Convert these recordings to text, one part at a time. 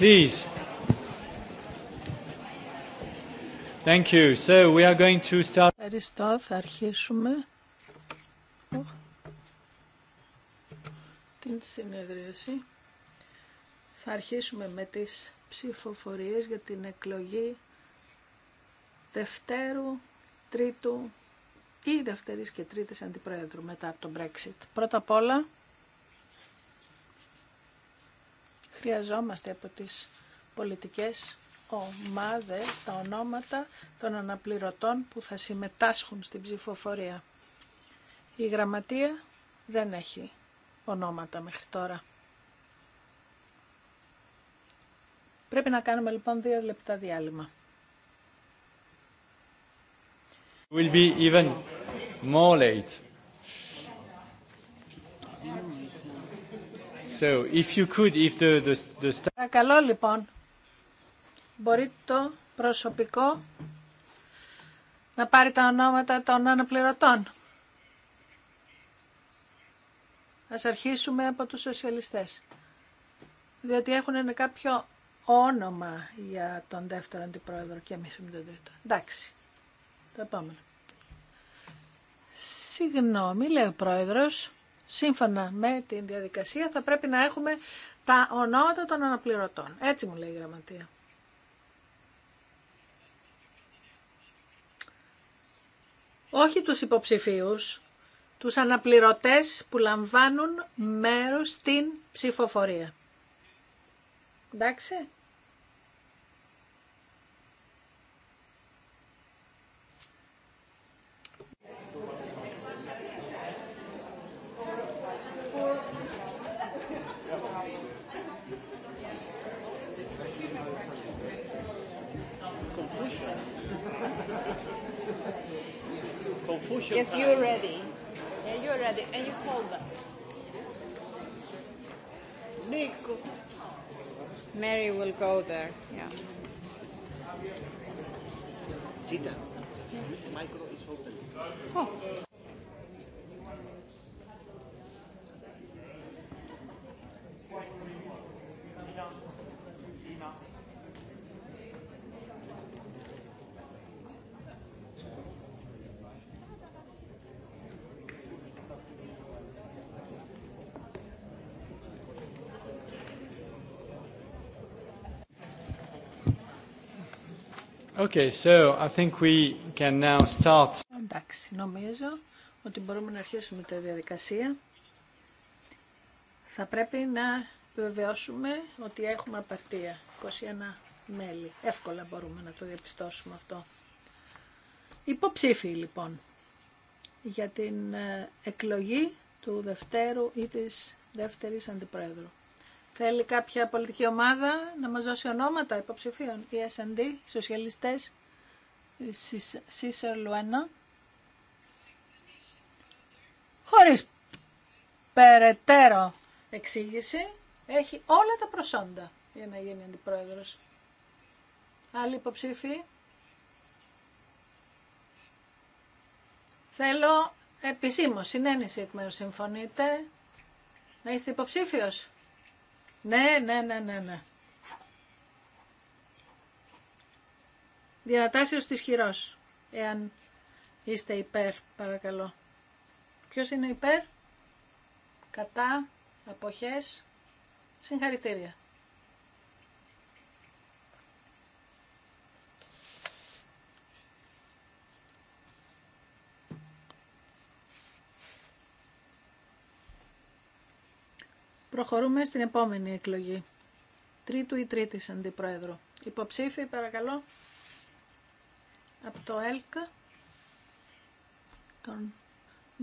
Please. Thank you. So we are Ευχαριστώ. Θα αρχίσουμε την συνεδρίαση. Θα αρχίσουμε με τις ψηφοφορίες για την εκλογή Δευτέρου, Τρίτου ή Δευτερής και Τρίτης Αντιπρόεδρου μετά από το Brexit. Πρώτα απ' όλα, χρειαζόμαστε από τις πολιτικές ομάδες τα ονόματα των αναπληρωτών που θα συμμετάσχουν στην ψηφοφορία. Η γραμματεία δεν έχει ονόματα μέχρι τώρα. Πρέπει να κάνουμε λοιπόν δύο λεπτά διάλειμμα. Will be even more late. Παρακαλώ λοιπόν, μπορεί το προσωπικό να πάρει τα ονόματα των αναπληρωτών. Ας αρχίσουμε από τους σοσιαλιστές, διότι έχουν ένα κάποιο όνομα για τον δεύτερο αντιπρόεδρο και εμείς με τον τρίτο. Εντάξει, το επόμενο. Συγγνώμη, λέει ο πρόεδρος σύμφωνα με την διαδικασία θα πρέπει να έχουμε τα ονόματα των αναπληρωτών. Έτσι μου λέει η γραμματεία. Όχι τους υποψηφίους, τους αναπληρωτές που λαμβάνουν μέρος στην ψηφοφορία. Εντάξει. Yes, you're ready. Yeah, you're ready. And you told them. Nico. Mary will go there. Yeah. Gita. Micro is open. Oh. Okay, so I Εντάξει, νομίζω ότι μπορούμε να αρχίσουμε τη διαδικασία. Θα πρέπει να βεβαιώσουμε ότι έχουμε απαρτία. 21 μέλη. Εύκολα μπορούμε να το διαπιστώσουμε αυτό. Υποψήφοι λοιπόν για την ε, εκλογή του Δευτέρου ή της Δεύτερης Αντιπρόεδρου. Θέλει κάποια πολιτική ομάδα να μας δώσει ονόματα υποψηφίων. Η S&D, σοσιαλιστές, Σίσερ Λουένα. Χωρίς περαιτέρω εξήγηση, έχει όλα τα προσόντα για να γίνει αντιπρόεδρος. Άλλοι υποψήφοι. Θέλω επισήμως συνένεση εκ μέρους συμφωνείτε. Να είστε υποψήφιος. Ναι, ναι, ναι, ναι, ναι. Διανατάσεως της χειρός, εάν είστε υπέρ, παρακαλώ. Ποιος είναι υπέρ, κατά, αποχές, συγχαρητήρια. Προχωρούμε στην επόμενη εκλογή. Τρίτου ή τρίτης αντιπρόεδρου. Υποψήφοι, παρακαλώ. Από το ΕΛΚΑ, τον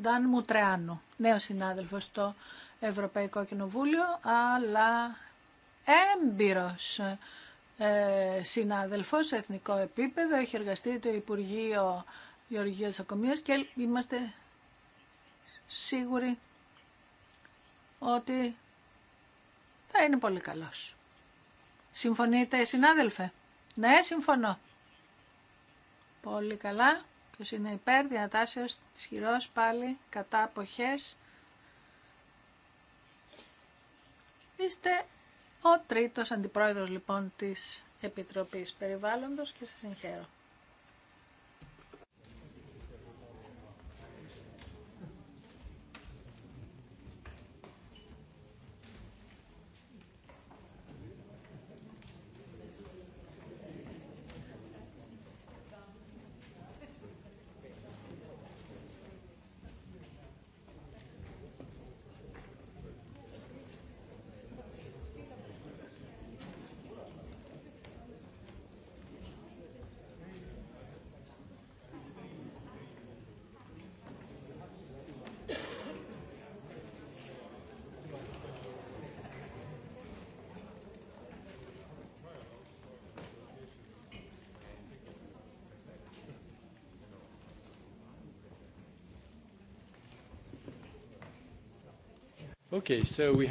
Ντάν Μουτρεάνου, νέο συνάδελφο στο Ευρωπαϊκό Κοινοβούλιο, αλλά έμπειρο ε, συνάδελφος σε εθνικό επίπεδο. Έχει εργαστεί το Υπουργείο Γεωργία Ακομίας και είμαστε σίγουροι ότι θα είναι πολύ καλός. Συμφωνείτε συνάδελφε. Ναι, συμφωνώ. Πολύ καλά. Ποιος είναι υπέρ, διατάσεως, πάλι, κατά, αποχές. Είστε ο τρίτος αντιπρόεδρος λοιπόν της Επιτροπής Περιβάλλοντος και σας συγχαίρω. Okay, so on uh,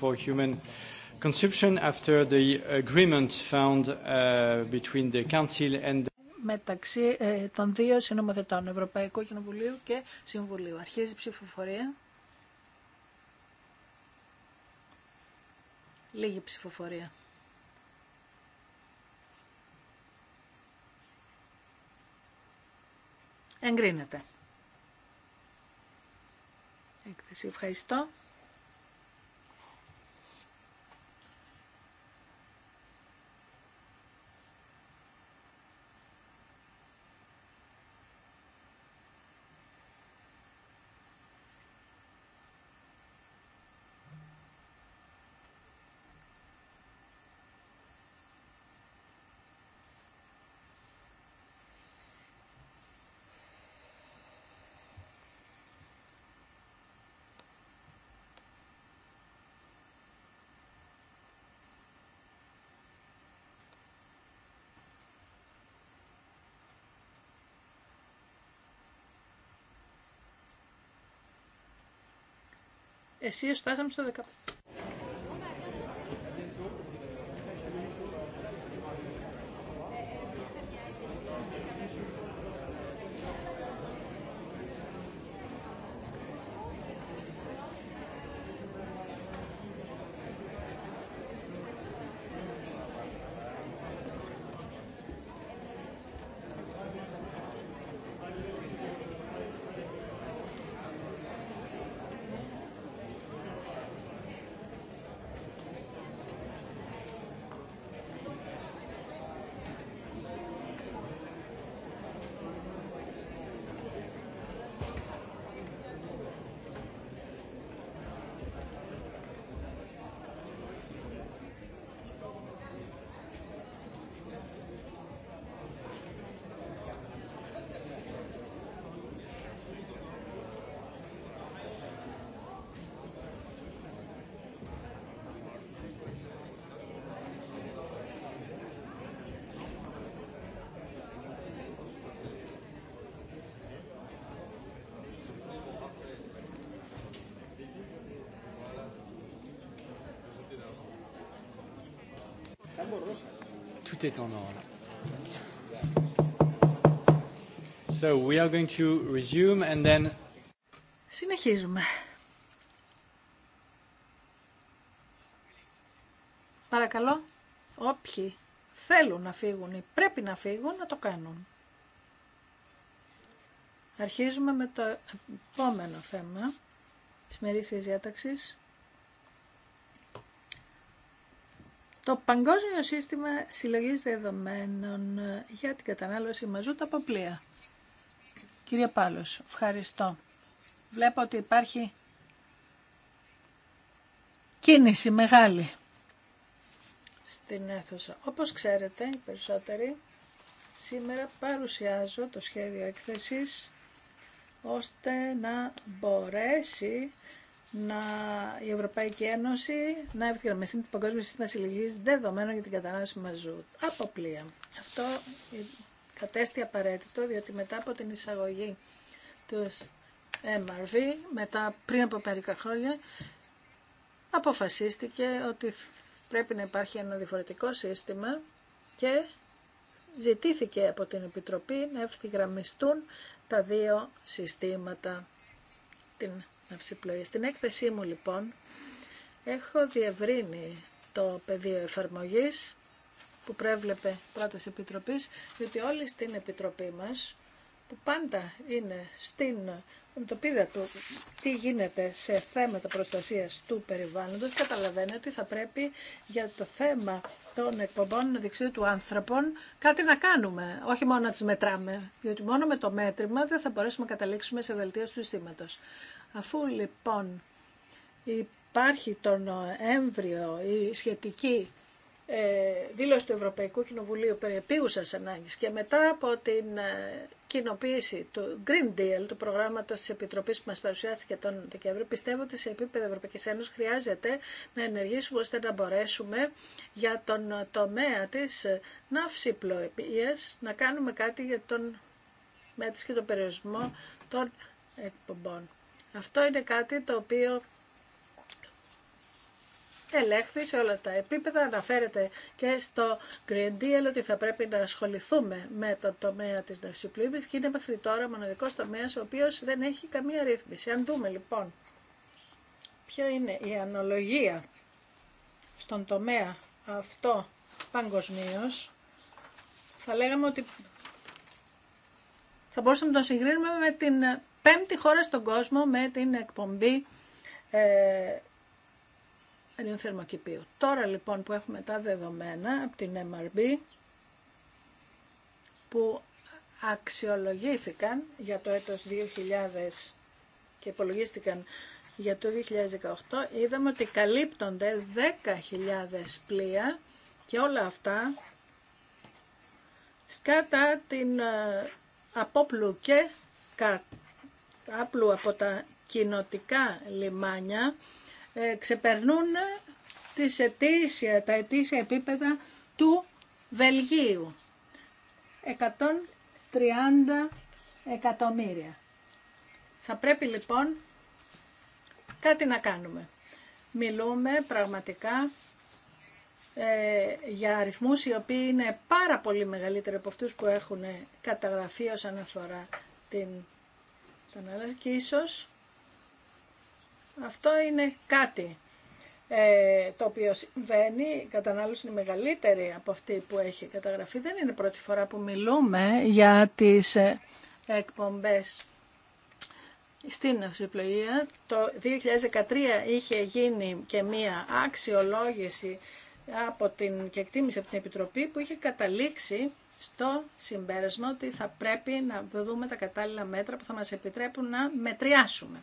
for human after the agreement found uh, between the Council and μεταξύ ε, των δύο συνομοθετών, Ευρωπαϊκού Κοινοβουλίου και Συμβουλίου. Αρχίζει η ψηφοφορία. Λίγη ψηφοφορία. Εγκρίνεται. Έκθεση ευχαριστώ. Εσύ φτάσαμε στο 15. Tout est en ordre. So we are going to resume and then... Συνεχίζουμε. Παρακαλώ, όποιοι θέλουν να φύγουν ή πρέπει να φύγουν, να το κάνουν. Αρχίζουμε με το επόμενο θέμα της μερίσιας διάταξης. το Παγκόσμιο Σύστημα Συλλογής Δεδομένων για την κατανάλωση μαζούτα από πλοία. Κύριε Πάλος, ευχαριστώ. Βλέπω ότι υπάρχει κίνηση μεγάλη στην αίθουσα. Όπως ξέρετε, οι περισσότεροι σήμερα παρουσιάζω το σχέδιο έκθεσης ώστε να μπορέσει να η Ευρωπαϊκή Ένωση να ευθυγραμμιστεί το Παγκόσμιο Σύστημα Συλλογής δεδομένων για την κατανάλωση μαζού από πλοία. Αυτό κατέστη απαραίτητο διότι μετά από την εισαγωγή του MRV, μετά πριν από μερικά χρόνια, αποφασίστηκε ότι πρέπει να υπάρχει ένα διαφορετικό σύστημα και ζητήθηκε από την Επιτροπή να ευθυγραμμιστούν τα δύο συστήματα, την στην έκθεσή μου λοιπόν έχω διευρύνει το πεδίο εφαρμογής που προέβλεπε πρώτος επιτροπής, διότι όλοι στην επιτροπή μας που πάντα είναι στην τοπίδα του τι γίνεται σε θέματα προστασίας του περιβάλλοντος, καταλαβαίνετε ότι θα πρέπει για το θέμα των εκπομπών δεξιού του άνθρωπων κάτι να κάνουμε, όχι μόνο να τις μετράμε, διότι μόνο με το μέτρημα δεν θα μπορέσουμε να καταλήξουμε σε βελτίωση του συστήματος. Αφού λοιπόν υπάρχει τον Νοέμβριο η σχετική ε, δήλωση του Ευρωπαϊκού Κοινοβουλίου περί επίγουσας ανάγκης και μετά από την ε, κοινοποίηση του Green Deal, του προγράμματος της Επιτροπής που μας παρουσιάστηκε τον Δεκέμβριο, πιστεύω ότι σε επίπεδο Ευρωπαϊκής Ένωσης χρειάζεται να ενεργήσουμε ώστε να μπορέσουμε για τον τομέα της ναυσιπλοεπίας να κάνουμε κάτι για τον μέτρηση και τον περιορισμό των εκπομπών. Αυτό είναι κάτι το οποίο ελέγχθη σε όλα τα επίπεδα, αναφέρεται και στο Green Deal ότι θα πρέπει να ασχοληθούμε με το τομέα της ναυσιπλήμης και είναι μέχρι τώρα μοναδικός τομέας ο οποίος δεν έχει καμία ρύθμιση. Αν δούμε λοιπόν ποια είναι η αναλογία στον τομέα αυτό παγκοσμίω, θα λέγαμε ότι θα μπορούσαμε να τον συγκρίνουμε με την πέμπτη χώρα στον κόσμο με την εκπομπή ε, θερμοκηπίου. Τώρα λοιπόν που έχουμε τα δεδομένα από την MRB που αξιολογήθηκαν για το έτος 2000 και υπολογίστηκαν για το 2018, είδαμε ότι καλύπτονται 10.000 πλοία και όλα αυτά σκάτα την ε, απόπλου και κατά άπλου από τα κοινοτικά λιμάνια ε, ξεπερνούν τις αιτήσια, τα ετήσια επίπεδα του Βελγίου. 130 εκατομμύρια. Θα πρέπει λοιπόν κάτι να κάνουμε. Μιλούμε πραγματικά ε, για αριθμούς οι οποίοι είναι πάρα πολύ μεγαλύτεροι από αυτούς που έχουν καταγραφεί όσον αφορά την τον και ίσως αυτό είναι κάτι ε, το οποίο συμβαίνει, η κατανάλωση είναι μεγαλύτερη από αυτή που έχει καταγραφεί. Δεν είναι πρώτη φορά που μιλούμε για τις ε, εκπομπές στην ευσυπλογία. Το 2013 είχε γίνει και μία αξιολόγηση από την, και εκτίμηση από την Επιτροπή που είχε καταλήξει στο συμπέρασμα ότι θα πρέπει να δούμε τα κατάλληλα μέτρα που θα μας επιτρέπουν να μετριάσουμε.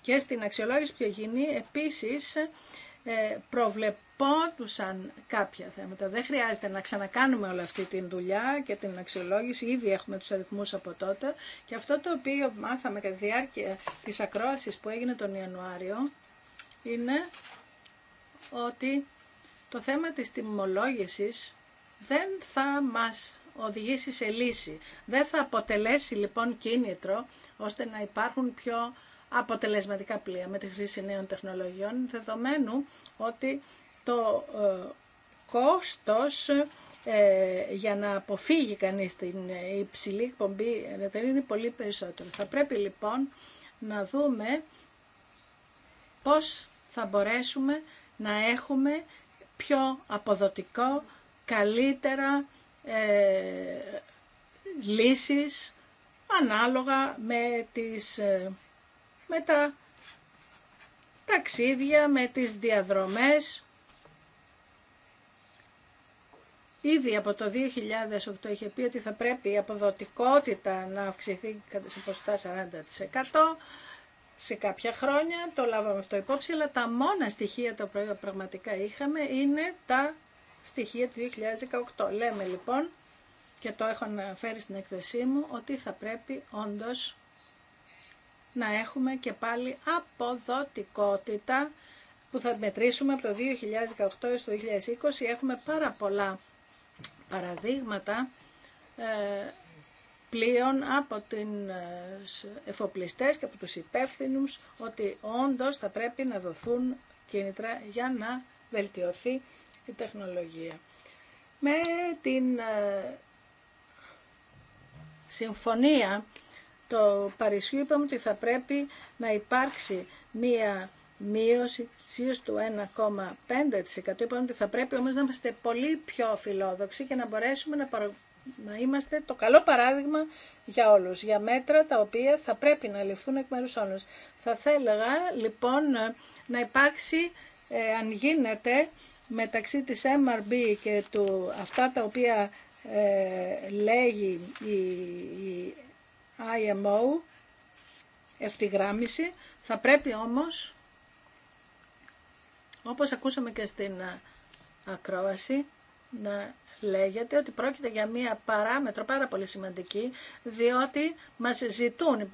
Και στην αξιολόγηση που γίνει επίσης ε, προβλεπόντουσαν κάποια θέματα. Δεν χρειάζεται να ξανακάνουμε όλη αυτή την δουλειά και την αξιολόγηση. Ήδη έχουμε τους αριθμούς από τότε. Και αυτό το οποίο μάθαμε κατά τη διάρκεια της ακρόασης που έγινε τον Ιανουάριο είναι ότι το θέμα της τιμολόγησης δεν θα μας οδηγήσει σε λύση. Δεν θα αποτελέσει λοιπόν κίνητρο ώστε να υπάρχουν πιο αποτελεσματικά πλοία με τη χρήση νέων τεχνολογιών, δεδομένου ότι το ε, κόστος ε, για να αποφύγει κανείς την ε, υψηλή εκπομπή δεν είναι πολύ περισσότερο. Θα πρέπει λοιπόν να δούμε πώς θα μπορέσουμε να έχουμε πιο αποδοτικό, καλύτερα ε, λύσεις ανάλογα με, τις, ε, με τα ταξίδια, με τις διαδρομές. Ήδη από το 2008 είχε πει ότι θα πρέπει η αποδοτικότητα να αυξηθεί σε ποσοστά 40% σε κάποια χρόνια, το λάβαμε αυτό υπόψη, αλλά τα μόνα στοιχεία τα οποία πραγματικά είχαμε είναι τα στοιχεία του 2018. Λέμε λοιπόν, και το έχω αναφέρει στην εκθεσή μου, ότι θα πρέπει όντως να έχουμε και πάλι αποδοτικότητα που θα μετρήσουμε από το 2018 έως το 2020. Έχουμε πάρα πολλά παραδείγματα ε, πλοίων από την ε, εφοπλιστές και από τους υπεύθυνου ότι όντως θα πρέπει να δοθούν κίνητρα για να βελτιωθεί η τεχνολογία. Με την ε, συμφωνία το Παρισιού είπαμε ότι θα πρέπει να υπάρξει μία μείωση σίως του 1,5%. Είπαμε ότι θα πρέπει όμως να είμαστε πολύ πιο φιλόδοξοι και να μπορέσουμε να, να είμαστε το καλό παράδειγμα για όλους, για μέτρα τα οποία θα πρέπει να ληφθούν εκ μέρους όλων Θα θέλεγα λοιπόν να υπάρξει, ε, αν γίνεται, μεταξύ της MRB και του, αυτά τα οποία ε, λέγει η, IMO, ευθυγράμμιση, θα πρέπει όμως, όπως ακούσαμε και στην ε, ακρόαση, να λέγεται ότι πρόκειται για μία παράμετρο πάρα πολύ σημαντική, διότι μας ζητούν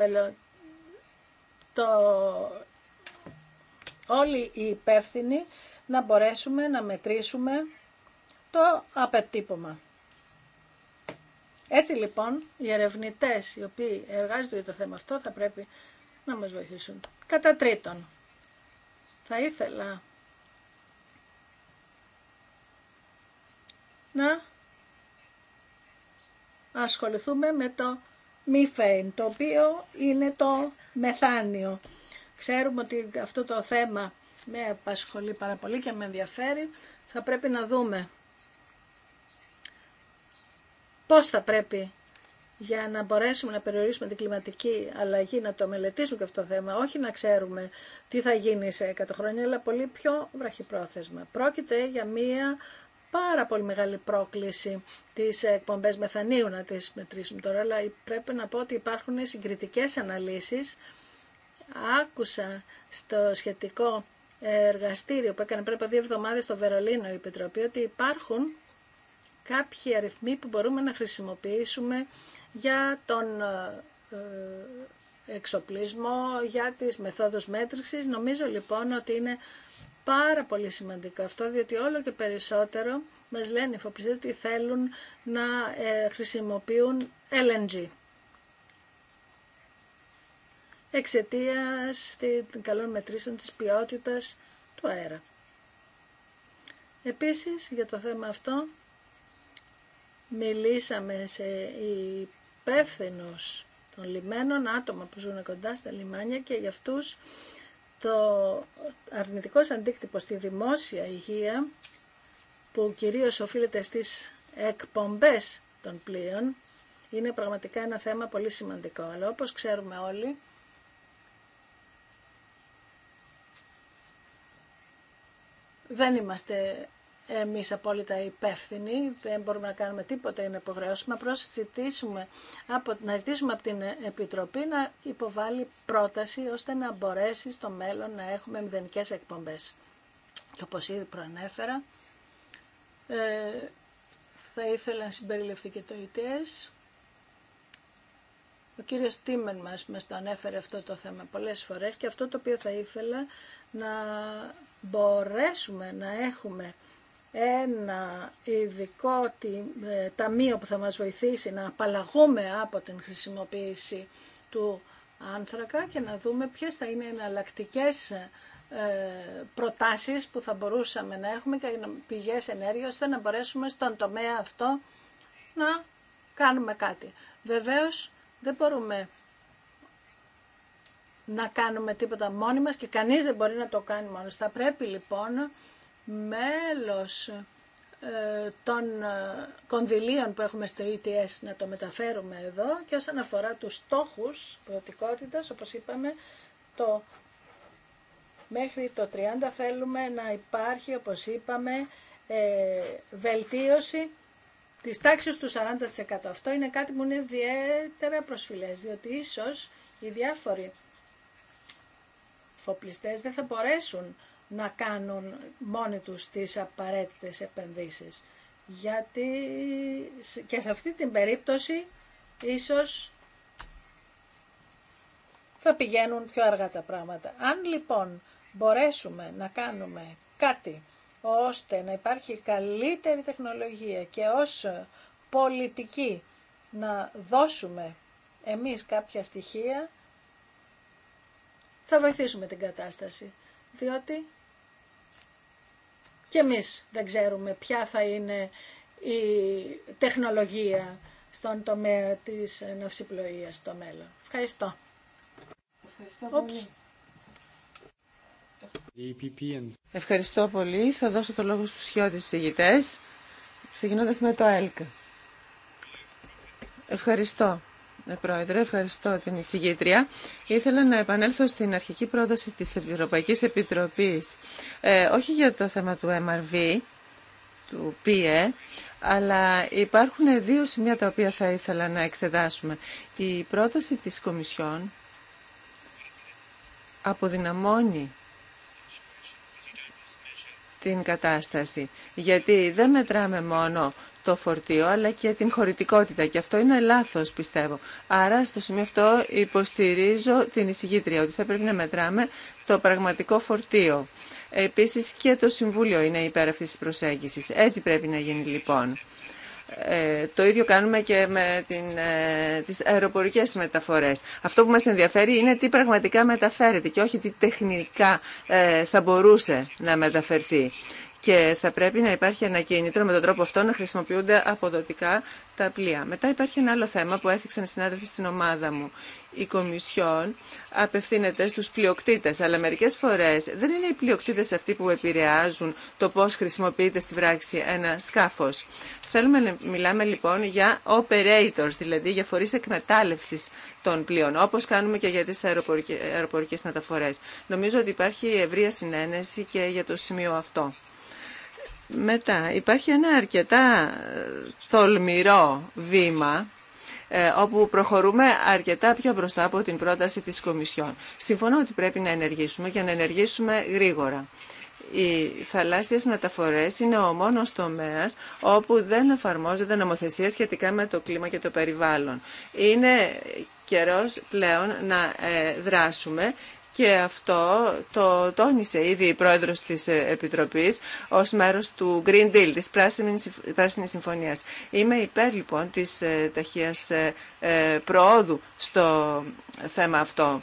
το, όλοι οι υπεύθυνοι να μπορέσουμε να μετρήσουμε το απετύπωμα. Έτσι λοιπόν οι ερευνητές οι οποίοι εργάζονται για το θέμα αυτό θα πρέπει να μας βοηθήσουν. Κατά τρίτον, θα ήθελα να ασχοληθούμε με το μηφέιν, το οποίο είναι το μεθάνιο. Ξέρουμε ότι αυτό το θέμα με απασχολεί πάρα πολύ και με ενδιαφέρει. Θα πρέπει να δούμε πώς θα πρέπει για να μπορέσουμε να περιορίσουμε την κλιματική αλλαγή, να το μελετήσουμε και αυτό το θέμα, όχι να ξέρουμε τι θα γίνει σε 100 χρόνια, αλλά πολύ πιο βραχυπρόθεσμα. Πρόκειται για μία πάρα πολύ μεγάλη πρόκληση τις εκπομπές μεθανίου να τις μετρήσουμε τώρα, αλλά πρέπει να πω ότι υπάρχουν συγκριτικές αναλύσεις. Άκουσα στο σχετικό εργαστήριο που έκανε πριν από δύο εβδομάδε στο Βερολίνο η Επιτροπή ότι υπάρχουν κάποιοι αριθμοί που μπορούμε να χρησιμοποιήσουμε για τον ε, ε, εξοπλισμό, για τις μεθόδους μέτρησης. Νομίζω λοιπόν ότι είναι πάρα πολύ σημαντικό αυτό, διότι όλο και περισσότερο μας λένε οι ότι θέλουν να ε, χρησιμοποιούν LNG. Εξαιτία των καλών μετρήσεων της ποιότητας του αέρα. Επίσης, για το θέμα αυτό, μιλήσαμε σε υπεύθυνου των λιμένων, άτομα που ζουν κοντά στα λιμάνια και για αυτούς το αρνητικός αντίκτυπο στη δημόσια υγεία, που κυρίως οφείλεται στις εκπομπές των πλοίων, είναι πραγματικά ένα θέμα πολύ σημαντικό. Αλλά όπως ξέρουμε όλοι, δεν είμαστε εμείς απόλυτα υπεύθυνοι, δεν μπορούμε να κάνουμε τίποτα είναι υποχρεώσιμο, απλώ από, να ζητήσουμε από την Επιτροπή να υποβάλει πρόταση ώστε να μπορέσει στο μέλλον να έχουμε μηδενικές εκπομπές. Και όπως ήδη προανέφερα, ε, θα ήθελα να συμπεριληφθεί και το ΙΤΕΣ. Ο κύριος Τίμεν μας μας το ανέφερε αυτό το θέμα πολλές φορές και αυτό το οποίο θα ήθελα να μπορέσουμε να έχουμε ένα ειδικό ε, ταμείο που θα μας βοηθήσει να απαλλαγούμε από την χρησιμοποίηση του άνθρακα και να δούμε ποιες θα είναι εναλλακτικέ ε, προτάσεις που θα μπορούσαμε να έχουμε και πηγές ενέργειας ώστε να μπορέσουμε στον τομέα αυτό να κάνουμε κάτι. Βεβαίως δεν μπορούμε να κάνουμε τίποτα μόνοι μας και κανείς δεν μπορεί να το κάνει μόνος. Θα πρέπει λοιπόν μέλος ε, των ε, κονδυλίων που έχουμε στο ETS να το μεταφέρουμε εδώ και όσον αφορά τους στόχους πρωτικότητας, όπως είπαμε, το μέχρι το 30 θέλουμε να υπάρχει, όπως είπαμε, ε, βελτίωση της τάξης του 40%. Αυτό είναι κάτι που είναι ιδιαίτερα προσφυλές, διότι ίσως οι διάφοροι φοπλιστές δεν θα μπορέσουν να κάνουν μόνοι τους τις απαραίτητες επενδύσεις. Γιατί και σε αυτή την περίπτωση ίσως θα πηγαίνουν πιο αργά τα πράγματα. Αν λοιπόν μπορέσουμε να κάνουμε κάτι ώστε να υπάρχει καλύτερη τεχνολογία και ως πολιτική να δώσουμε εμείς κάποια στοιχεία, θα βοηθήσουμε την κατάσταση. Διότι και εμείς δεν ξέρουμε ποια θα είναι η τεχνολογία στον τομέα της ναυσιπλοείας στο μέλλον. Ευχαριστώ. Ευχαριστώ πολύ. Ευχαριστώ Θα δώσω το λόγο στους χιώτες συζητητές, ξεκινώντας με το ΕΛΚ. Ευχαριστώ. Ε, πρόεδρε, ευχαριστώ την εισηγήτρια. Ήθελα να επανέλθω στην αρχική πρόταση της Ευρωπαϊκής Επιτροπής, ε, όχι για το θέμα του MRV, του ΠΙΕ, e, αλλά υπάρχουν δύο σημεία τα οποία θα ήθελα να εξετάσουμε. Η πρόταση της Κομισιόν αποδυναμώνει την κατάσταση, γιατί δεν μετράμε μόνο το φορτίο αλλά και την χωρητικότητα και αυτό είναι λάθος πιστεύω. Άρα στο σημείο αυτό υποστηρίζω την εισηγήτρια ότι θα πρέπει να μετράμε το πραγματικό φορτίο. Επίσης και το Συμβούλιο είναι υπέρ αυτής της προσέγγισης. Έτσι πρέπει να γίνει λοιπόν. Ε, το ίδιο κάνουμε και με την, ε, τις αεροπορικές μεταφορές. Αυτό που μας ενδιαφέρει είναι τι πραγματικά μεταφέρεται και όχι τι τεχνικά ε, θα μπορούσε να μεταφερθεί και θα πρέπει να υπάρχει ένα κίνητρο με τον τρόπο αυτό να χρησιμοποιούνται αποδοτικά τα πλοία. Μετά υπάρχει ένα άλλο θέμα που έθιξαν οι συνάδελφοι στην ομάδα μου. Η Κομισιόν απευθύνεται στους πλειοκτήτες, αλλά μερικές φορές δεν είναι οι πλειοκτήτες αυτοί που επηρεάζουν το πώς χρησιμοποιείται στη πράξη ένα σκάφος. Θέλουμε να μιλάμε λοιπόν για operators, δηλαδή για φορείς εκμετάλλευσης των πλοίων, όπως κάνουμε και για τις αεροπορικές μεταφορές. Νομίζω ότι υπάρχει ευρεία συνένεση και για το σημείο αυτό. Μετά υπάρχει ένα αρκετά τολμηρό ε, βήμα ε, όπου προχωρούμε αρκετά πιο μπροστά από την πρόταση της Κομισιόν. Συμφωνώ ότι πρέπει να ενεργήσουμε και να ενεργήσουμε γρήγορα. Οι θαλάσσιες μεταφορές είναι ο μόνος τομέας όπου δεν εφαρμόζεται νομοθεσία σχετικά με το κλίμα και το περιβάλλον. Είναι καιρός πλέον να ε, δράσουμε και αυτό το τόνισε ήδη η πρόεδρος της Επιτροπής ως μέρος του Green Deal, της Πράσινης Συμφωνίας. Είμαι υπέρ λοιπόν της ε, ταχείας ε, ε, προόδου στο θέμα αυτό.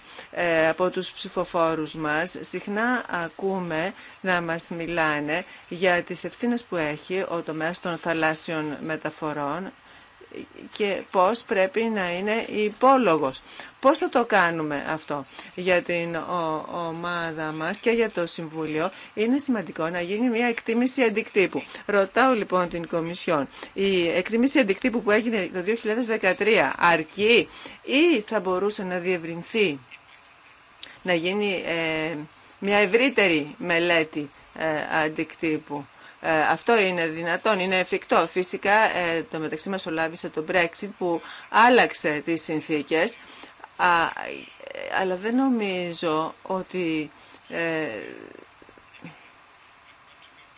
Από τους ψηφοφόρους μας συχνά ακούμε να μας μιλάνε για τις ευθύνες που έχει ο τομέας των θαλάσσιων μεταφορών και πώς πρέπει να είναι υπόλογος. Πώς θα το κάνουμε αυτό για την ομάδα μας και για το Συμβούλιο. Είναι σημαντικό να γίνει μια εκτίμηση αντικτύπου. Ρωτάω λοιπόν την Κομισιόν, η εκτίμηση αντικτύπου που έγινε το 2013 αρκεί ή θα μπορούσε να διευρυνθεί, να γίνει ε, μια ευρύτερη μελέτη ε, αντικτύπου. Ε, αυτό είναι δυνατόν, είναι εφικτό. Φυσικά ε, το μεταξύ μας ολάβησε το Brexit που άλλαξε τις συνθήκες, αλλά δεν νομίζω ότι ε,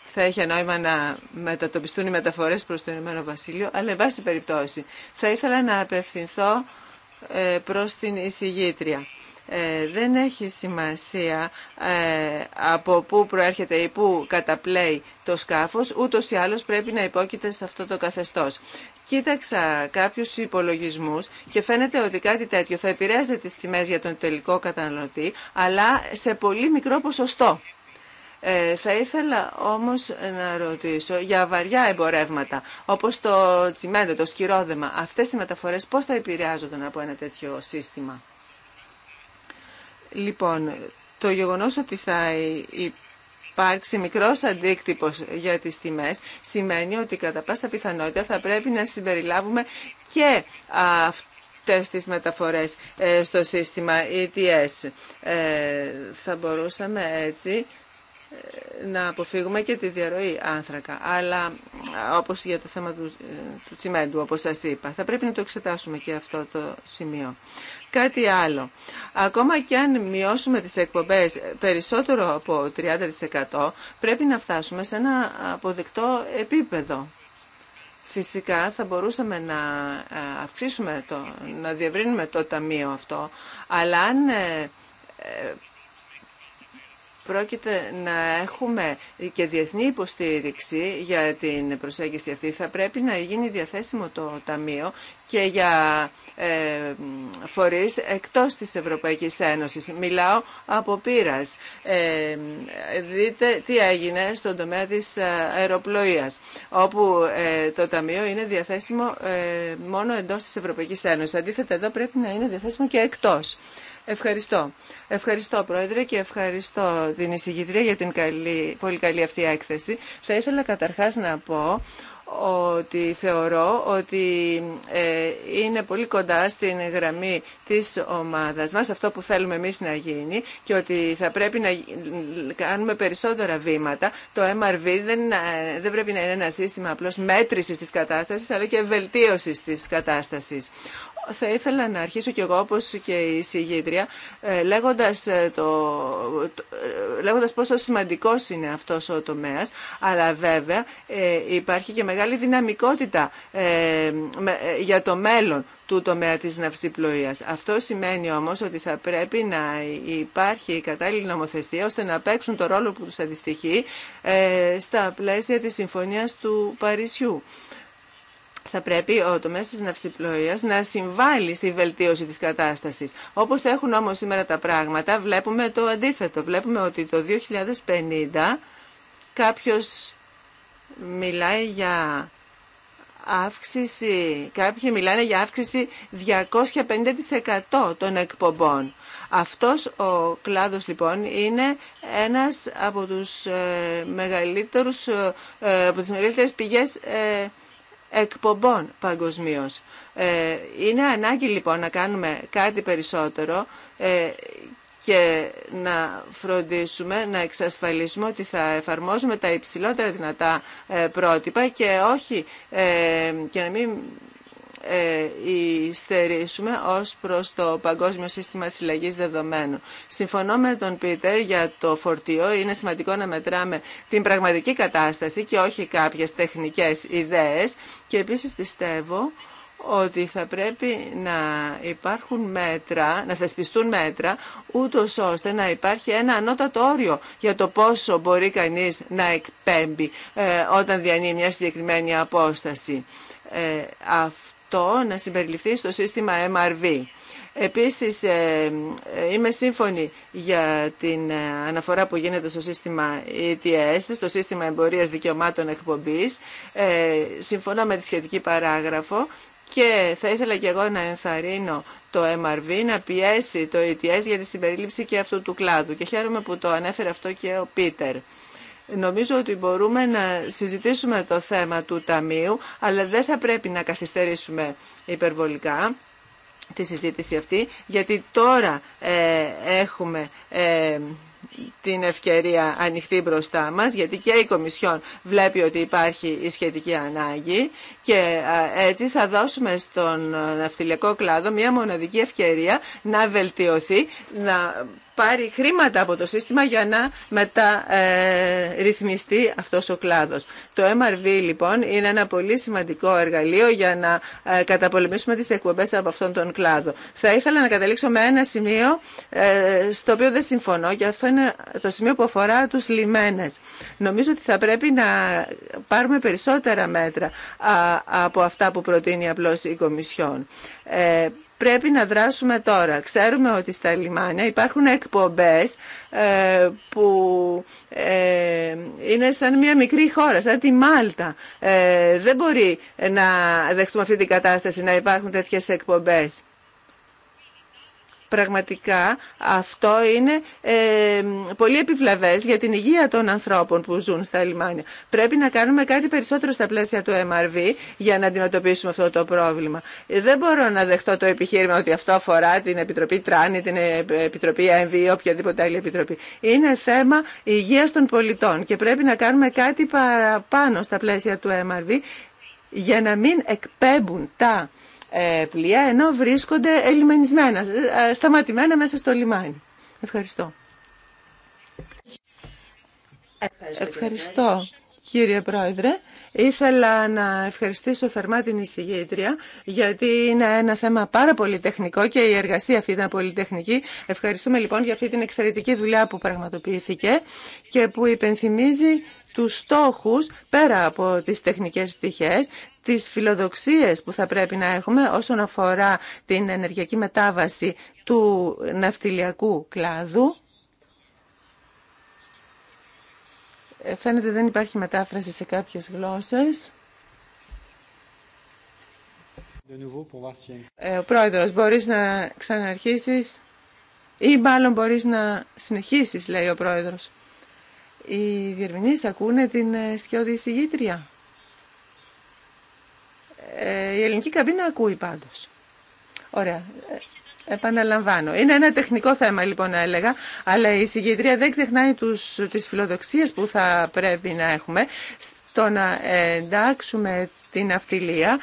θα έχει νόημα να μετατοπιστούν οι μεταφορές προς το Ηνωμένο Βασίλειο, αλλά εν πάση περιπτώσει θα ήθελα να απευθυνθώ προς την εισηγήτρια. Ε, δεν έχει σημασία ε, από πού προέρχεται ή πού καταπλέει το σκάφος, ούτως ή άλλως πρέπει να υπόκειται σε αυτό το καθεστώς. Κοίταξα κάποιους υπολογισμούς και φαίνεται ότι κάτι τέτοιο θα επηρέαζε τις τιμές για τον τελικό καταναλωτή, αλλά σε πολύ μικρό ποσοστό. Ε, θα ήθελα όμως να ρωτήσω για βαριά εμπορεύματα, όπως το τσιμέντο, το σκυρόδεμα, αυτές οι μεταφορές πώς θα επηρεάζονταν από ένα τέτοιο σύστημα. Λοιπόν, το γεγονός ότι θα υπάρξει μικρός αντίκτυπος για τις τιμές σημαίνει ότι κατά πάσα πιθανότητα θα πρέπει να συμπεριλάβουμε και αυτές τις μεταφορές ε, στο σύστημα ETS. Ε ε, θα μπορούσαμε έτσι να αποφύγουμε και τη διαρροή άνθρακα. Αλλά όπως για το θέμα του, του τσιμέντου, όπως σας είπα, θα πρέπει να το εξετάσουμε και αυτό το σημείο. Κάτι άλλο. Ακόμα και αν μειώσουμε τις εκπομπές περισσότερο από 30%, πρέπει να φτάσουμε σε ένα αποδεκτό επίπεδο. Φυσικά θα μπορούσαμε να ε, αυξήσουμε το, να διευρύνουμε το ταμείο αυτό, αλλά αν ε, ε, πρόκειται να έχουμε και διεθνή υποστήριξη για την προσέγγιση αυτή. Θα πρέπει να γίνει διαθέσιμο το Ταμείο και για ε, φορείς εκτός της Ευρωπαϊκής Ένωσης. Μιλάω από πείρας. Ε, δείτε τι έγινε στον τομέα της ε, αεροπλοείας, όπου ε, το Ταμείο είναι διαθέσιμο μόνο εντός της Ευρωπαϊκής Ένωσης. Αντίθετα, εδώ πρέπει να είναι διαθέσιμο και εκτός. Ευχαριστώ. Ευχαριστώ, Πρόεδρε, και ευχαριστώ την εισηγητρία για την καλή, πολύ καλή αυτή έκθεση. Θα ήθελα καταρχάς να πω ότι θεωρώ ότι ε, είναι πολύ κοντά στην γραμμή της ομάδας μας αυτό που θέλουμε εμείς να γίνει και ότι θα πρέπει να κάνουμε περισσότερα βήματα. Το MRV δεν, ε, δεν πρέπει να είναι ένα σύστημα απλώς μέτρησης της κατάστασης αλλά και βελτίωσης της κατάστασης θα ήθελα να αρχίσω κι εγώ όπως και η συγγήτρια ε, λέγοντας, ε, το, ε, λέγοντας πόσο σημαντικός είναι αυτός ο τομέας αλλά βέβαια υπάρχει και μεγάλη δυναμικότητα για το μέλλον του τομέα της ναυσιπλοείας. Αυτό σημαίνει όμως ότι θα πρέπει να υπάρχει η κατάλληλη νομοθεσία ώστε να παίξουν το ρόλο που τους αντιστοιχεί στα πλαίσια της Συμφωνίας του Παρισιού θα πρέπει ο τομέας της ναυσιπλοεία να συμβάλλει στη βελτίωση της κατάστασης. Όπως έχουν όμως σήμερα τα πράγματα, βλέπουμε το αντίθετο. Βλέπουμε ότι το 2050 μιλάει για αύξηση, κάποιοι μιλάνε για αύξηση 250% των εκπομπών. Αυτός ο κλάδος λοιπόν είναι ένας από, τους, ε, μεγαλύτερους, ε, από τις μεγαλύτερες πηγές ε, εκπομπών παγκοσμίω. Ε, είναι ανάγκη λοιπόν να κάνουμε κάτι περισσότερο ε, και να φροντίσουμε, να εξασφαλίσουμε ότι θα εφαρμόζουμε τα υψηλότερα δυνατά ε, πρότυπα και όχι και να μην ε, στερήσουμε ως προς το Παγκόσμιο Σύστημα Συλλαγής Δεδομένων. Συμφωνώ με τον Πίτερ για το φορτίο. Είναι σημαντικό να μετράμε την πραγματική κατάσταση και όχι κάποιες τεχνικές ιδέες. Και επίσης πιστεύω ότι θα πρέπει να υπάρχουν μέτρα, να θεσπιστούν μέτρα, ούτω ώστε να υπάρχει ένα ανώτατο όριο για το πόσο μπορεί κανείς να εκπέμπει ε, όταν διανύει μια συγκεκριμένη απόσταση. Ε, το να συμπεριληφθεί στο σύστημα MRV. Επίσης, ε, ε, είμαι σύμφωνη για την ε, αναφορά που γίνεται στο σύστημα ETS, στο σύστημα εμπορίας δικαιωμάτων εκπομπής. Συμφωνώ με τη σχετική παράγραφο και θα ήθελα και εγώ να ενθαρρύνω το MRV να πιέσει το ETS για τη συμπερίληψη και αυτού του κλάδου. Και χαίρομαι που το ανέφερε αυτό και ο Πίτερ. Νομίζω ότι μπορούμε να συζητήσουμε το θέμα του Ταμείου, αλλά δεν θα πρέπει να καθυστερήσουμε υπερβολικά τη συζήτηση αυτή, γιατί τώρα ε, έχουμε ε, την ευκαιρία ανοιχτή μπροστά μας, γιατί και η Κομισιόν βλέπει ότι υπάρχει η σχετική ανάγκη και έτσι θα δώσουμε στον ναυτιλιακό κλάδο μια μοναδική ευκαιρία να βελτιωθεί, να πάρει χρήματα από το σύστημα για να μεταρρυθμιστεί αυτός ο κλάδος. Το MRV λοιπόν είναι ένα πολύ σημαντικό εργαλείο για να ε, καταπολεμήσουμε τις εκπομπές από αυτόν τον κλάδο. Θα ήθελα να καταλήξω με ένα σημείο ε, στο οποίο δεν συμφωνώ και αυτό είναι το σημείο που αφορά τους λιμένες. Νομίζω ότι θα πρέπει να πάρουμε περισσότερα μέτρα από αυτά που προτείνει απλώς η Κομισιόν. Ε, πρέπει να δράσουμε τώρα. Ξέρουμε ότι στα λιμάνια υπάρχουν εκπομπές ε, που ε, είναι σαν μια μικρή χώρα, σαν τη Μάλτα. Ε, δεν μπορεί να δεχτούμε αυτή την κατάσταση να υπάρχουν τέτοιες εκπομπές. Πραγματικά αυτό είναι ε, πολύ επιβλαβές για την υγεία των ανθρώπων που ζουν στα λιμάνια. Πρέπει να κάνουμε κάτι περισσότερο στα πλαίσια του MRV για να αντιμετωπίσουμε αυτό το πρόβλημα. Δεν μπορώ να δεχτώ το επιχείρημα ότι αυτό αφορά την Επιτροπή Τράνη, την Επιτροπή ή οποιαδήποτε άλλη επιτροπή. Είναι θέμα υγείας των πολιτών και πρέπει να κάνουμε κάτι παραπάνω στα πλαίσια του MRV για να μην εκπέμπουν τα ε, πλοία, ενώ βρίσκονται ελιμενισμένα, ε, σταματημένα μέσα στο λιμάνι. Ευχαριστώ. Ευχαριστώ, κύριε Πρόεδρε. Ήθελα να ευχαριστήσω θερμά την εισηγήτρια, γιατί είναι ένα θέμα πάρα πολύ τεχνικό και η εργασία αυτή ήταν πολύ τεχνική. Ευχαριστούμε λοιπόν για αυτή την εξαιρετική δουλειά που πραγματοποιήθηκε και που υπενθυμίζει τους στόχους πέρα από τις τεχνικές πτυχές, τις φιλοδοξίες που θα πρέπει να έχουμε όσον αφορά την ενεργειακή μετάβαση του ναυτιλιακού κλάδου. Ε, φαίνεται δεν υπάρχει μετάφραση σε κάποιες γλώσσες. Ε, ο πρόεδρος, μπορείς να ξαναρχίσεις ή μάλλον μπορείς να συνεχίσεις, λέει ο πρόεδρος. Οι διερμηνείς ακούνε την ε, σκιώδη εισηγήτρια. Ε, η ελληνική καμπίνα ακούει πάντως. Ωραία. Ε, επαναλαμβάνω. Είναι ένα τεχνικό θέμα λοιπόν να έλεγα, αλλά η συγκεντρία δεν ξεχνάει τους, τις φιλοδοξίες που θα πρέπει να έχουμε στο να εντάξουμε την αυτιλία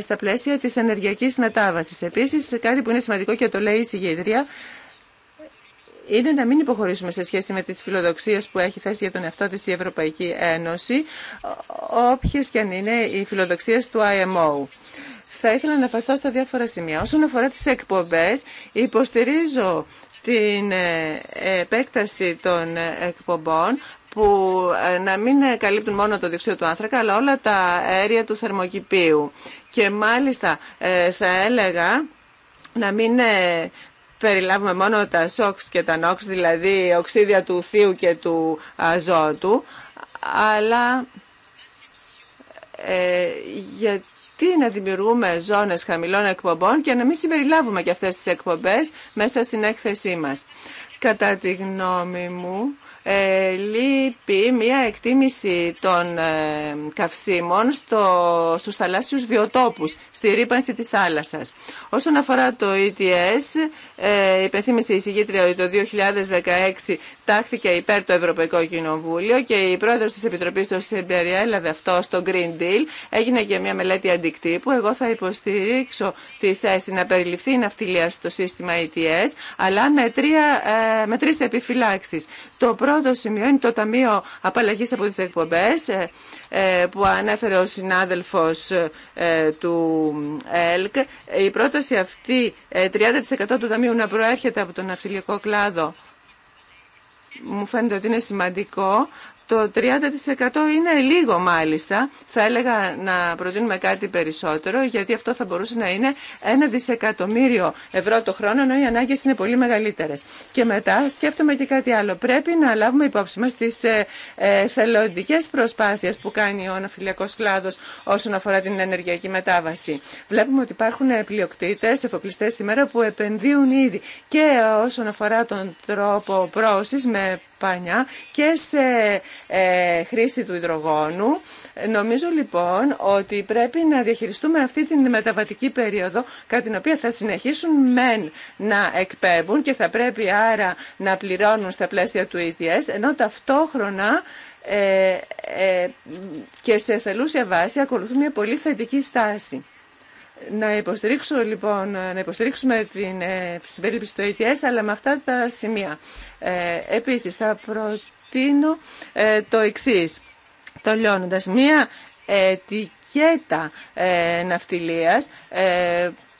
στα πλαίσια της ενεργειακής μετάβασης. Επίσης κάτι που είναι σημαντικό και το λέει η συγκεντρία, είναι να μην υποχωρήσουμε σε σχέση με τις φιλοδοξίες που έχει θέσει για τον εαυτό της η Ευρωπαϊκή Ένωση, όποιες και αν είναι οι φιλοδοξίες του IMO. Θα ήθελα να αναφερθώ στα διάφορα σημεία. Όσον αφορά τις εκπομπές, υποστηρίζω την ε, επέκταση των εκπομπών που ε, να μην καλύπτουν μόνο το διοξείδιο του άνθρακα, αλλά όλα τα αέρια του θερμοκηπίου. Και μάλιστα ε, θα έλεγα να μην περιλάβουμε μόνο τα σόξ και τα νόξ, δηλαδή οξύδια του θείου και του αζότου, αλλά ε, γιατί να δημιουργούμε ζώνες χαμηλών εκπομπών και να μην συμπεριλάβουμε και αυτές τις εκπομπές μέσα στην έκθεσή μας. Κατά τη γνώμη μου, ε, λείπει μία εκτίμηση των ε, καυσίμων στο, στους θαλάσσιους βιοτόπους, στη ρήπανση της θάλασσας. Όσον αφορά το ETS, ε, υπεθύμησε η συγκήτρια ότι το 2016 τάχθηκε υπέρ το Ευρωπαϊκό Κοινοβούλιο και η πρόεδρος της Επιτροπής το έλαβε αυτό στο Green Deal. Έγινε και μια μελέτη αντικτύπου. Εγώ θα υποστηρίξω τη θέση να περιληφθεί η ναυτιλία στο σύστημα ETS, αλλά με, τρία, με τρεις επιφυλάξεις. Το πρώτο σημείο είναι το Ταμείο Απαλλαγής από τις Εκπομπές ε, ε, που ανέφερε ο συνάδελφος ε, του ΕΛΚ. Η πρόταση αυτή 30% του Ταμείου να προέρχεται από τον αυθυλικό κλάδο μου φαίνεται ότι είναι σημαντικό το 30% είναι λίγο μάλιστα. Θα έλεγα να προτείνουμε κάτι περισσότερο, γιατί αυτό θα μπορούσε να είναι ένα δισεκατομμύριο ευρώ το χρόνο, ενώ οι ανάγκε είναι πολύ μεγαλύτερε. Και μετά σκέφτομαι και κάτι άλλο. Πρέπει να λάβουμε υπόψη μα τι ε, ε, θελοντικέ προσπάθειε που κάνει ο αναφυλιακό κλάδο όσον αφορά την ενεργειακή μετάβαση. Βλέπουμε ότι υπάρχουν πλειοκτήτε, εφοπλιστέ σήμερα που επενδύουν ήδη και όσον αφορά τον τρόπο πρόωση με και σε ε, χρήση του υδρογόνου. Νομίζω λοιπόν ότι πρέπει να διαχειριστούμε αυτή την μεταβατική περίοδο κατά την οποία θα συνεχίσουν μεν να εκπέμπουν και θα πρέπει άρα να πληρώνουν στα πλαίσια του ETS ενώ ταυτόχρονα ε, ε, και σε θελούσια βάση ακολουθούν μια πολύ θετική στάση. Να, υποστηρίξω, λοιπόν, να υποστηρίξουμε την ε, συμπερίληψη στο ATS, ε αλλά με αυτά τα σημεία. Ε, επίσης, θα προτείνω ε, το εξής. Το λιώνοντας, μία ετικέτα ε, ναυτιλίας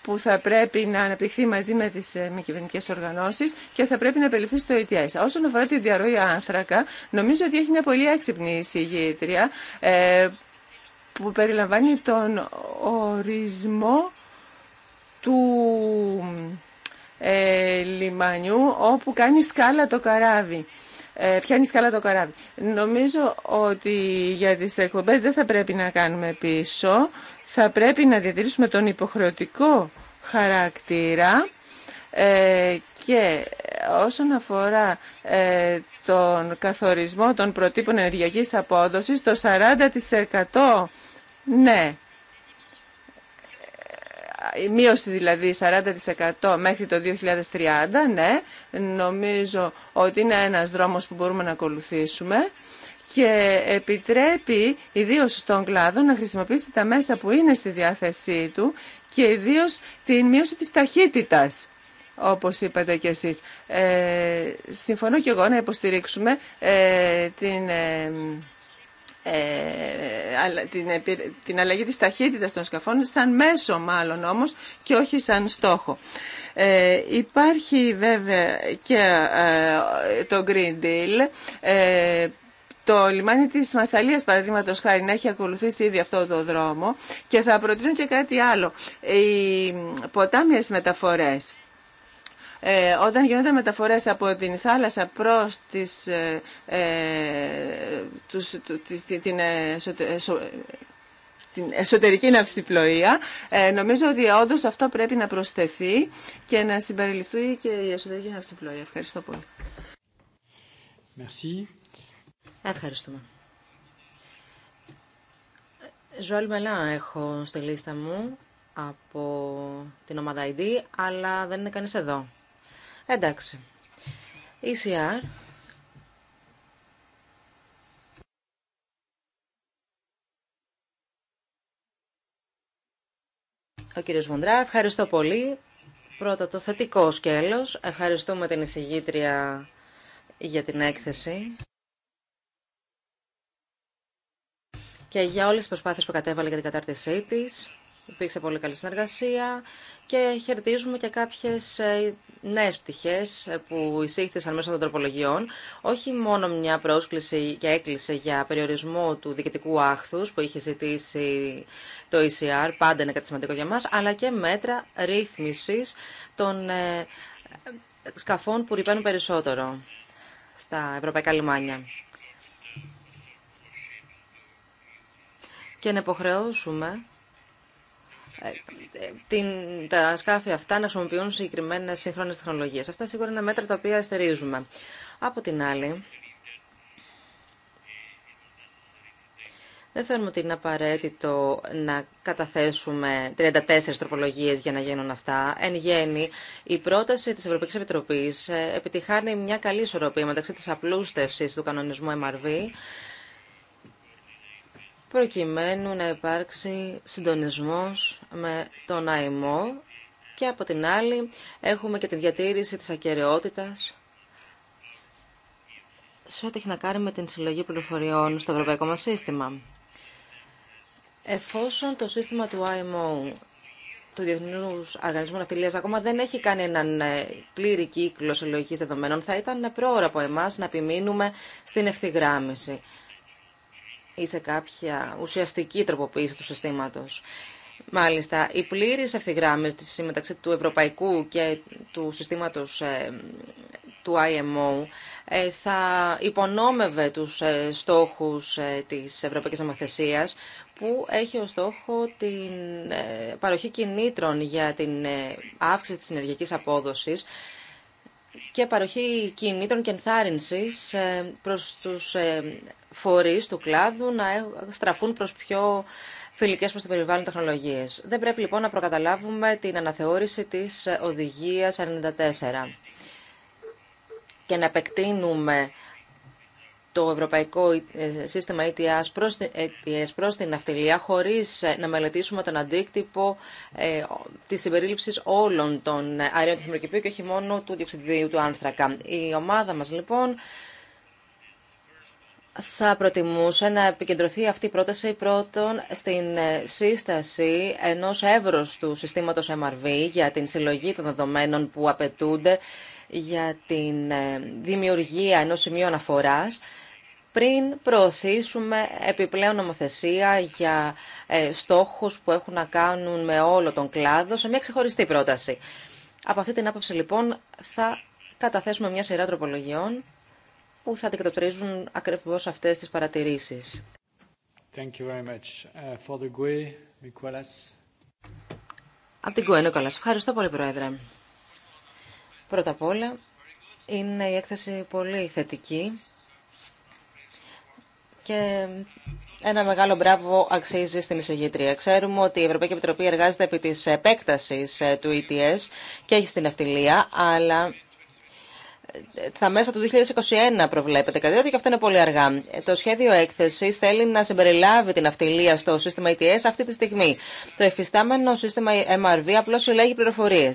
που θα πρέπει να αναπτυχθεί μαζί με τις μη κυβερνητικέ οργανώσει και θα πρέπει να περιληφθεί στο ETS. Όσον αφορά τη διαρροή άνθρακα, νομίζω ότι έχει μια πολύ έξυπνη εισηγήτρια που περιλαμβάνει τον ορισμό του ε, λιμανιού όπου κάνει σκάλα το καράβι. Ε, πιάνει σκάλα το καράβι. Νομίζω ότι για τις εκπομπές δεν θα πρέπει να κάνουμε πίσω. Θα πρέπει να διατηρήσουμε τον υποχρεωτικό χαρακτήρα ε, και όσον αφορά ε, τον καθορισμό των προτύπων ενεργειακής απόδοσης, το 40% ναι, η μείωση δηλαδή 40% μέχρι το 2030, ναι, νομίζω ότι είναι ένας δρόμος που μπορούμε να ακολουθήσουμε και επιτρέπει ιδίω στον κλάδο να χρησιμοποιήσει τα μέσα που είναι στη διάθεσή του και ιδίω την μείωση της ταχύτητας όπως είπατε κι εσείς. Ε, συμφωνώ κι εγώ να υποστηρίξουμε ε, την... Ε, ε την, την αλλαγή της ταχύτητας των σκαφών σαν μέσο μάλλον όμως και όχι σαν στόχο. Ε, υπάρχει βέβαια και ε, το Green Deal ε, το λιμάνι της Μασαλίας, παραδείγματο χάρη, να έχει ακολουθήσει ήδη αυτό το δρόμο και θα προτείνω και κάτι άλλο. Οι ε, ποτάμιες μεταφορές ε, όταν γίνονται μεταφορές από την θάλασσα προς τις, ε, ε, την την εσωτερική ναυσιπλοεία. Ε, νομίζω ότι όντως αυτό πρέπει να προσθεθεί και να συμπεριληφθεί και η εσωτερική ναυσιπλοεία. Ευχαριστώ πολύ. Merci. Ευχαριστούμε. Ζωάλ Μελά έχω στη λίστα μου από την ομάδα ID, αλλά δεν είναι κανείς εδώ. Εντάξει. ECR. Ο κύριος Βοντρά, ευχαριστώ πολύ. Πρώτα το θετικό σκέλος. Ευχαριστούμε την εισηγήτρια για την έκθεση. Και για όλες τις προσπάθειες που κατέβαλε για την κατάρτισή της. Υπήρξε πολύ καλή συνεργασία και χαιρετίζουμε και κάποιες ε, νέες πτυχές ε, που εισήχθησαν μέσω των τροπολογιών. Όχι μόνο μια πρόσκληση και έκκληση για περιορισμό του διοικητικού άχθους που είχε ζητήσει το ECR, πάντα είναι κάτι σημαντικό για μας, αλλά και μέτρα ρύθμισης των ε, σκαφών που ρηπαίνουν περισσότερο στα ευρωπαϊκά λιμάνια. Και να υποχρεώσουμε την, τα σκάφη αυτά να χρησιμοποιούν συγκεκριμένε σύγχρονε τεχνολογίε. Αυτά σίγουρα είναι μέτρα τα οποία στερίζουμε. Από την άλλη, δεν θεωρούμε ότι είναι απαραίτητο να καταθέσουμε 34 τροπολογίες για να γίνουν αυτά. Εν γέννη, η πρόταση της Ευρωπαϊκής Επιτροπής επιτυχάνει μια καλή ισορροπία μεταξύ της απλούστευσης του κανονισμού MRV προκειμένου να υπάρξει συντονισμός με τον ΆΙΜΟ και από την άλλη έχουμε και τη διατήρηση της ακαιρεότητας σε ό,τι έχει να κάνει με την συλλογή πληροφοριών στο ευρωπαϊκό μας σύστημα. Εφόσον το σύστημα του IMO, του Διεθνού Οργανισμού Ναυτιλία, ακόμα δεν έχει κάνει έναν ε, πλήρη κύκλο συλλογική δεδομένων, θα ήταν πρόωρα από εμά να επιμείνουμε στην ευθυγράμμιση ή σε κάποια ουσιαστική τροποποίηση του συστήματος. Μάλιστα, η πλήρης ευθυγράμμιση μεταξύ του ευρωπαϊκού και του συστήματος ε, του IMO ε, θα υπονόμευε τους ε, στόχους της Ευρωπαϊκής Νομοθεσίας που έχει ως στόχο την παροχή κινήτρων για την αύξηση της ενεργειακής απόδοσης και παροχή κινήτρων και ενθάρρυνσης προς τους Φορεί του κλάδου να στραφούν προ πιο φιλικέ προ το περιβάλλον τεχνολογίε. Δεν πρέπει λοιπόν να προκαταλάβουμε την αναθεώρηση τη οδηγία 94 και να επεκτείνουμε το ευρωπαϊκό ε, σύστημα ETS ε προς, ε προς την ναυτιλία χωρίς να μελετήσουμε τον αντίκτυπο ε, της συμπερίληψης όλων των αερίων του και όχι μόνο του διοξιδίου του άνθρακα. Η ομάδα μας λοιπόν θα προτιμούσα να επικεντρωθεί αυτή η πρόταση πρώτον στην ε, σύσταση ενός του συστήματος MRV για την συλλογή των δεδομένων που απαιτούνται για την ε, δημιουργία ενός σημείου αναφοράς πριν προωθήσουμε επιπλέον νομοθεσία για ε, στόχους που έχουν να κάνουν με όλο τον κλάδο σε μια ξεχωριστή πρόταση. Από αυτή την άποψη λοιπόν θα καταθέσουμε μια σειρά τροπολογιών που θα αντικατοπτρίζουν ακριβώ αυτές τις παρατηρήσεις. Thank uh, την Ευχαριστώ πολύ, Πρόεδρε. Πρώτα απ' όλα, είναι η έκθεση πολύ θετική και ένα μεγάλο μπράβο αξίζει στην εισηγήτρια. Ξέρουμε ότι η Ευρωπαϊκή Επιτροπή εργάζεται επί της επέκτασης ε, του ETS και έχει στην ευθυλία, αλλά θα μέσα του 2021 προβλέπεται κάτι τέτοιο και αυτό είναι πολύ αργά. Ε, το σχέδιο έκθεση θέλει να συμπεριλάβει την αυτιλία στο σύστημα ETS ε αυτή τη στιγμή. Το εφιστάμενο σύστημα MRV ε απλώ συλλέγει πληροφορίε.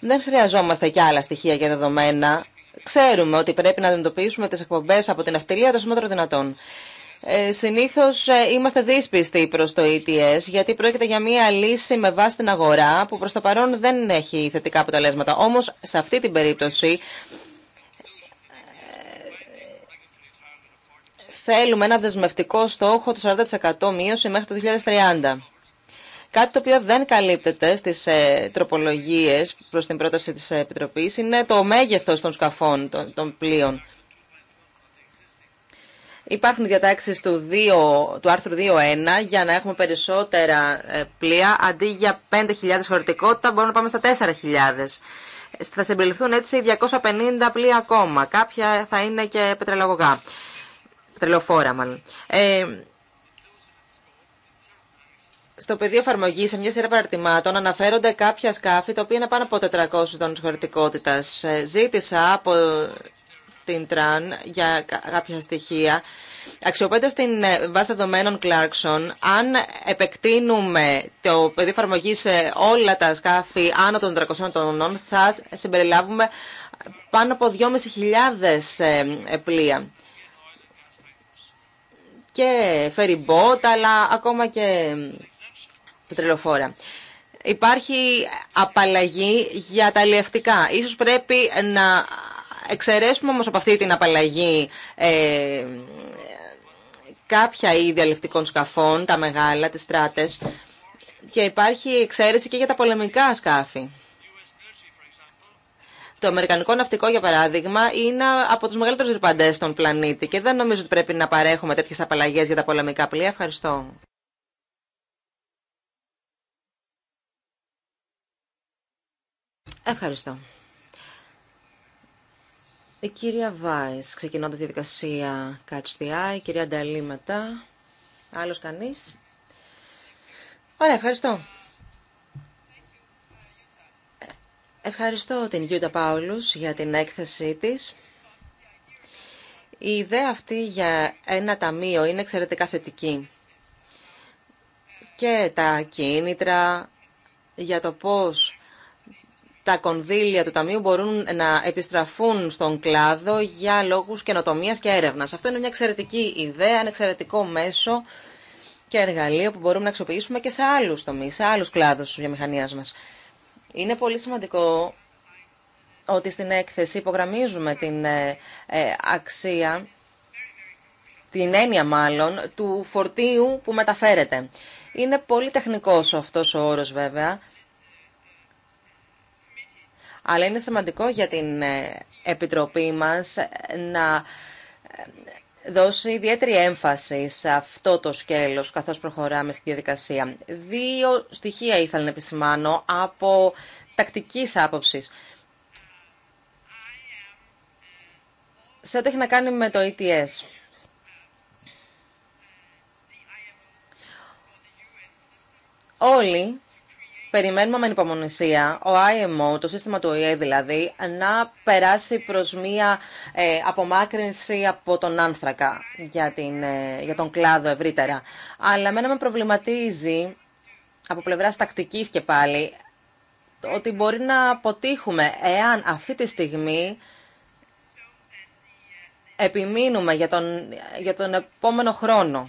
Δεν χρειαζόμαστε και άλλα στοιχεία και δεδομένα. Ξέρουμε ότι πρέπει να αντιμετωπίσουμε τι εκπομπέ από την αυτιλία το σύμμετρο δυνατόν. Ε, συνήθως ε, είμαστε δύσπιστοι προς το ETS γιατί πρόκειται για μια λύση με βάση την αγορά που προς το παρόν δεν έχει θετικά αποτελέσματα. Όμω, σε αυτή την περίπτωση ε, θέλουμε ένα δεσμευτικό στόχο του 40% μείωση μέχρι το 2030. Κάτι το οποίο δεν καλύπτεται στις τροπολογίες προς την πρόταση της Επιτροπής είναι το μέγεθος των σκαφών, των πλοίων. Υπάρχουν διατάξεις του, 2, του άρθρου 2.1 για να έχουμε περισσότερα ε, πλοία. Αντί για 5.000 χωρητικότητα μπορούμε να πάμε στα 4.000. Θα συμπεριληφθούν έτσι 250 πλοία ακόμα. Κάποια θα είναι και πετρελαγωγά. Πετρελοφόρα μάλλον. Ε, στο πεδίο εφαρμογή, σε μια σειρά παραρτημάτων, αναφέρονται κάποια σκάφη τα οποία είναι πάνω από 400 τόνου χωρητικότητα. Ε, ζήτησα από την Τραν για κάποια στοιχεία. Αξιοποιώντα την ε, βάση δεδομένων Clarkson, αν επεκτείνουμε το πεδίο εφαρμογή σε όλα τα σκάφη άνω των 300 τονών, θα συμπεριλάβουμε πάνω από 2.500 ε, ε, πλοία. Και φεριμπότα, αλλά ακόμα και πετρελοφόρα. Υπάρχει απαλλαγή για τα αλλιευτικά. Ίσως πρέπει να εξαιρέσουμε όμως από αυτή την απαλλαγή ε, κάποια είδη αλευτικών σκαφών, τα μεγάλα, τις στράτες, και υπάρχει εξαίρεση και για τα πολεμικά σκάφη. Το Αμερικανικό Ναυτικό, για παράδειγμα, είναι από τους μεγαλύτερους ρηπαντέ στον πλανήτη και δεν νομίζω ότι πρέπει να παρέχουμε τέτοιες απαλλαγέ για τα πολεμικά πλοία. Ευχαριστώ. Ευχαριστώ. Η ε, κυρία Βάης, ξεκινώντας τη διαδικασία Catch the Eye, η κυρία Νταλή μετά. Άλλος κανείς. Ωραία, ευχαριστώ. Ευχαριστώ την Γιούτα Πάουλους για την έκθεσή της. Η ιδέα αυτή για ένα ταμείο είναι εξαιρετικά θετική. Και τα κίνητρα για το πώς τα κονδύλια του Ταμείου μπορούν να επιστραφούν στον κλάδο για λόγους καινοτομίας και έρευνας. Αυτό είναι μια εξαιρετική ιδέα, ένα εξαιρετικό μέσο και εργαλείο που μπορούμε να αξιοποιήσουμε και σε άλλους τομείς, σε άλλους κλάδους της βιομηχανίας μας. Είναι πολύ σημαντικό ότι στην έκθεση υπογραμμίζουμε την ε, ε, αξία, την έννοια μάλλον, του φορτίου που μεταφέρεται. Είναι πολύ τεχνικός αυτός ο όρος βέβαια, αλλά είναι σημαντικό για την ε, Επιτροπή μας ε, να ε, δώσει ιδιαίτερη έμφαση σε αυτό το σκέλος καθώς προχωράμε στη διαδικασία. Δύο στοιχεία ήθελα να επισημάνω από τακτικής άποψης. Σε ό,τι έχει να κάνει με το ETS. Όλοι Περιμένουμε με ανυπομονησία ο IMO, το σύστημα του ΟΗΕ δηλαδή, να περάσει προς μία ε, απομάκρυνση από τον άνθρακα για, την, ε, τον κλάδο ευρύτερα. Αλλά εμένα με προβληματίζει, από πλευράς τακτικής και πάλι, ότι μπορεί να αποτύχουμε εάν αυτή τη στιγμή επιμείνουμε για τον, για τον επόμενο χρόνο.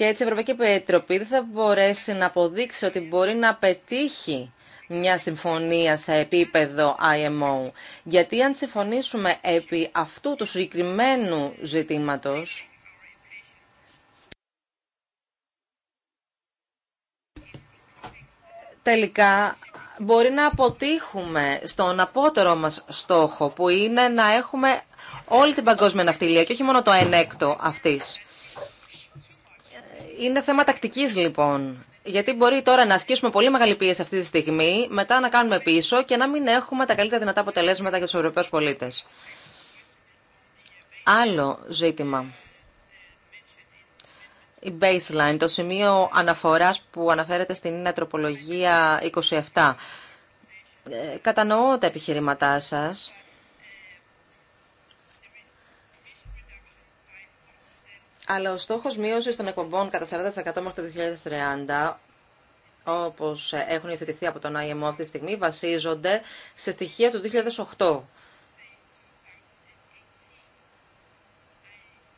Και έτσι η Ευρωπαϊκή Επιτροπή δεν θα μπορέσει να αποδείξει ότι μπορεί να πετύχει μια συμφωνία σε επίπεδο IMO. Γιατί αν συμφωνήσουμε επί αυτού του συγκεκριμένου ζητήματος, τελικά μπορεί να αποτύχουμε στον απότερο μας στόχο, που είναι να έχουμε όλη την παγκόσμια ναυτιλία και όχι μόνο το ενέκτο αυτής. Είναι θέμα τακτικής λοιπόν. Γιατί μπορεί τώρα να ασκήσουμε πολύ μεγάλη πίεση αυτή τη στιγμή, μετά να κάνουμε πίσω και να μην έχουμε τα καλύτερα δυνατά αποτελέσματα για του Ευρωπαίους πολίτες. Άλλο ζήτημα. Η baseline, το σημείο αναφοράς που αναφέρεται στην νετροπολογία τροπολογία 27. Ε, κατανοώ τα επιχειρήματά σας αλλά ο στόχος μείωσης των εκπομπών κατά 40% μέχρι το 2030 όπως έχουν υιοθετηθεί από τον IMO αυτή τη στιγμή, βασίζονται σε στοιχεία του 2008.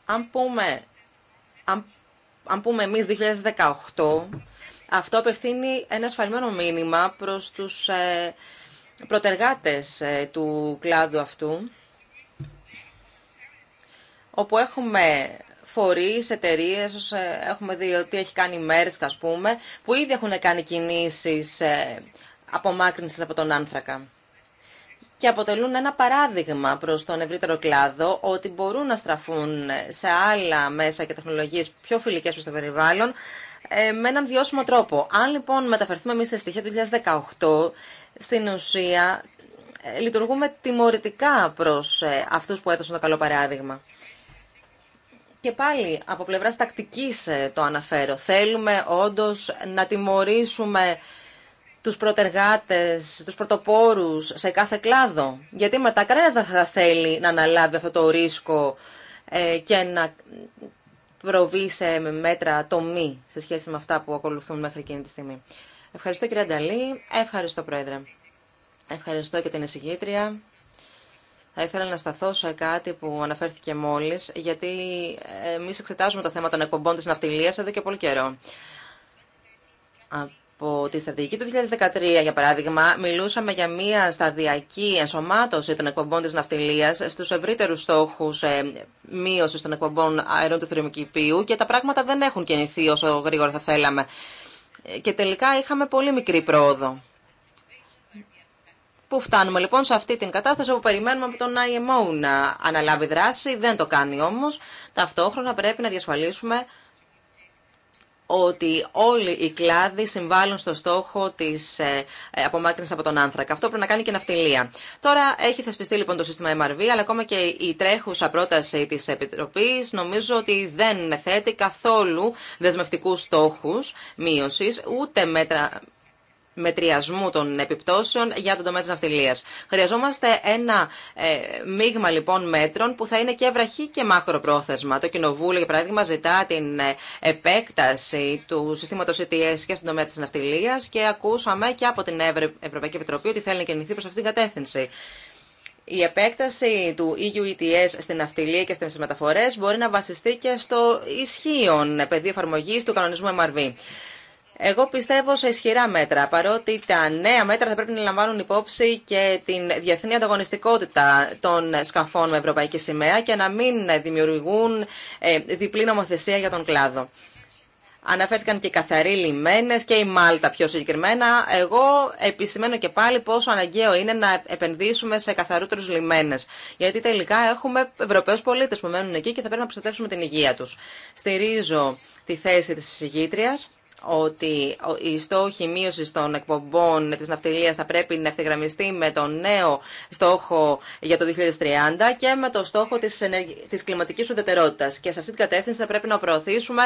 Αν πούμε, αν, αν πούμε εμείς 2018, αυτό απευθύνει ένα σφαλμένο μήνυμα προς τους ε, προτεργάτες ε, του κλάδου αυτού, όπου έχουμε φορείς, εταιρείε, έχουμε δει ότι έχει κάνει μέρες, ας πούμε, που ήδη έχουν κάνει κινήσεις ε, απομάκρυνσης από τον άνθρακα και αποτελούν ένα παράδειγμα προς τον ευρύτερο κλάδο ότι μπορούν να στραφούν σε άλλα μέσα και τεχνολογίες πιο φιλικές προς το περιβάλλον ε, με έναν βιώσιμο τρόπο. Αν λοιπόν μεταφερθούμε εμείς σε στοιχεία του 2018, στην ουσία ε, λειτουργούμε τιμωρητικά προς αυτούς που έδωσαν το καλό παράδειγμα. Και πάλι από πλευρά τακτική, ε, το αναφέρω. Θέλουμε όντως να τιμωρήσουμε τους προτεργάτες, τους πρωτοπόρου σε κάθε κλάδο. Γιατί μετά κανένας δεν θα θέλει να αναλάβει αυτό το ρίσκο ε, και να προβεί σε μέτρα τομή σε σχέση με αυτά που ακολουθούν μέχρι εκείνη τη στιγμή. Ευχαριστώ κύριε Ανταλή, ευχαριστώ πρόεδρε. Ευχαριστώ και την εισηγήτρια θα ήθελα να σταθώ σε κάτι που αναφέρθηκε μόλι, γιατί εμεί εξετάζουμε το θέμα των εκπομπών τη ναυτιλία εδώ και πολύ καιρό. Από τη στρατηγική του 2013, για παράδειγμα, μιλούσαμε για μια σταδιακή ενσωμάτωση των εκπομπών της ναυτιλίας στους ευρύτερους στόχους ε, μείωση των εκπομπών αερών του θερμοκηπίου και τα πράγματα δεν έχουν κινηθεί όσο γρήγορα θα θέλαμε. Και τελικά είχαμε πολύ μικρή πρόοδο. Πού φτάνουμε λοιπόν σε αυτή την κατάσταση όπου περιμένουμε από τον IMO να αναλάβει δράση, δεν το κάνει όμως. Ταυτόχρονα πρέπει να διασφαλίσουμε ότι όλοι οι κλάδοι συμβάλλουν στο στόχο τη ε, ε, απομάκρυνση από τον άνθρακα. Αυτό πρέπει να κάνει και η ναυτιλία. Τώρα έχει θεσπιστεί λοιπόν το σύστημα MRV, αλλά ακόμα και η τρέχουσα πρόταση τη Επιτροπή νομίζω ότι δεν θέτει καθόλου δεσμευτικού στόχου μείωση, ούτε μέτρα μετριασμού των επιπτώσεων για τον τομέα της ναυτιλίας. Χρειαζόμαστε ένα ε, μείγμα λοιπόν μέτρων που θα είναι και βραχή και μάχρο πρόθεσμα. Το Κοινοβούλιο, για παράδειγμα, ζητά την ε, επέκταση του συστήματος ETS ε και στον τομέα της ναυτιλίας και ακούσαμε και από την Ευρωπαϊκή Επιτροπή ότι θέλει να κινηθεί προς αυτήν την κατεύθυνση. Η επέκταση του EU ETS ε στην ναυτιλία και στις μεταφορές μπορεί να βασιστεί και στο ισχύον πεδίο εφαρμογής του κανονισμού MRV. Εγώ πιστεύω σε ισχυρά μέτρα, παρότι τα νέα μέτρα θα πρέπει να λαμβάνουν υπόψη και την διεθνή ανταγωνιστικότητα των σκαφών με ευρωπαϊκή σημαία και να μην δημιουργούν ε, διπλή νομοθεσία για τον κλάδο. Αναφέρθηκαν και οι καθαροί λιμένε και η Μάλτα πιο συγκεκριμένα. Εγώ επισημαίνω και πάλι πόσο αναγκαίο είναι να επενδύσουμε σε καθαρότερου λιμένε. Γιατί τελικά έχουμε Ευρωπαίου πολίτε που μένουν εκεί και θα πρέπει να προστατεύσουμε την υγεία του. Στηρίζω τη θέση τη συγγήτρια ότι η στόχη μείωση των εκπομπών τη ναυτιλία θα πρέπει να ευθυγραμμιστεί με τον νέο στόχο για το 2030 και με το στόχο τη ενεργ... κλιματική Και σε αυτή την κατεύθυνση θα πρέπει να προωθήσουμε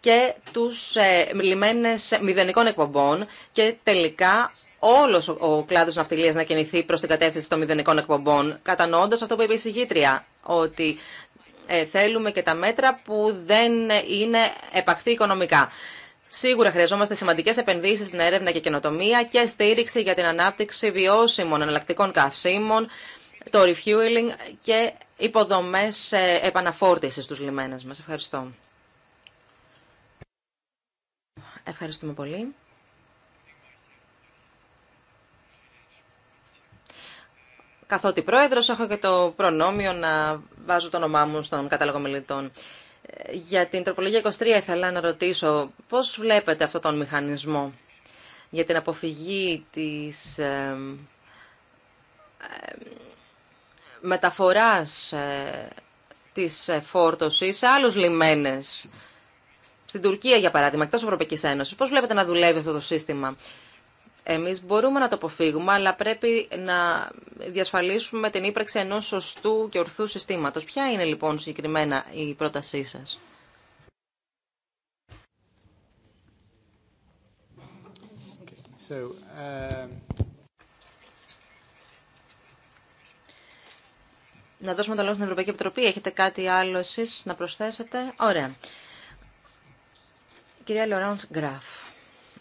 και του ε, μηδενικών εκπομπών και τελικά όλο ο κλάδο ναυτιλία να κινηθεί προ την κατεύθυνση των μηδενικών εκπομπών, κατανοώντα αυτό που είπε η συγγήτρια, ότι ε, θέλουμε και τα μέτρα που δεν είναι επαχθή οικονομικά. Σίγουρα χρειαζόμαστε σημαντικέ επενδύσει στην έρευνα και καινοτομία και στήριξη για την ανάπτυξη βιώσιμων εναλλακτικών καυσίμων, το refueling και υποδομέ ε, επαναφόρτηση στου λιμένε μα. Ευχαριστώ. Ευχαριστούμε πολύ. Καθότι πρόεδρος έχω και το προνόμιο να βάζω το όνομά μου στον κατάλογο μελητών. Για την τροπολογία 23 ήθελα να ρωτήσω πώς βλέπετε αυτόν τον μηχανισμό για την αποφυγή της ε, ε, μεταφοράς της φόρτωσης σε άλλους λιμένες. Στην Τουρκία, για παράδειγμα, εκτός Ευρωπαϊκής Ένωσης. Πώς βλέπετε να δουλεύει αυτό το σύστημα. Εμείς μπορούμε να το αποφύγουμε, αλλά πρέπει να διασφαλίσουμε την ύπαρξη ενός σωστού και ορθού συστήματος. Ποια είναι λοιπόν συγκεκριμένα η πρότασή σας. Uh, να δώσουμε το λόγο στην Ευρωπαϊκή Επιτροπή. Έχετε κάτι άλλο εσείς να προσθέσετε. Ωραία. Κυρία Λεωράνς Γκράφ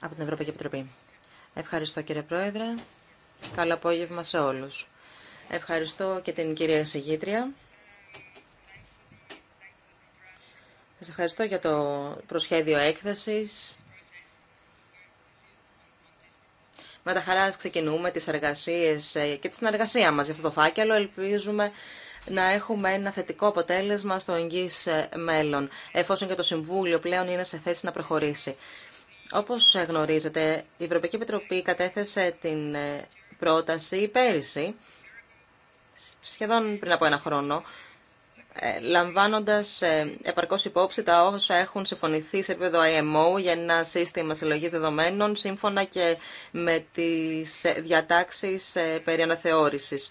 από την Ευρωπαϊκή Επιτροπή. Ευχαριστώ κύριε Πρόεδρε. Καλό απόγευμα σε όλους. Ευχαριστώ και την κυρία Συγήτρια. Σας ευχαριστώ για το προσχέδιο έκθεσης. Με τα χαρά ξεκινούμε τις εργασίες ε, και τη συνεργασία μας για αυτό το φάκελο. Ελπίζουμε να έχουμε ένα θετικό αποτέλεσμα στο εγγύς ε, μέλλον, εφόσον και το Συμβούλιο πλέον είναι σε θέση να προχωρήσει. Όπως γνωρίζετε, η Ευρωπαϊκή Επιτροπή κατέθεσε την ε, πρόταση πέρυσι, σχεδόν πριν από ένα χρόνο, ε, λαμβάνοντας ε, επαρκώς υπόψη τα όσα έχουν συμφωνηθεί σε επίπεδο IMO για ένα σύστημα συλλογής δεδομένων σύμφωνα και με τις διατάξεις περί αναθεώρησης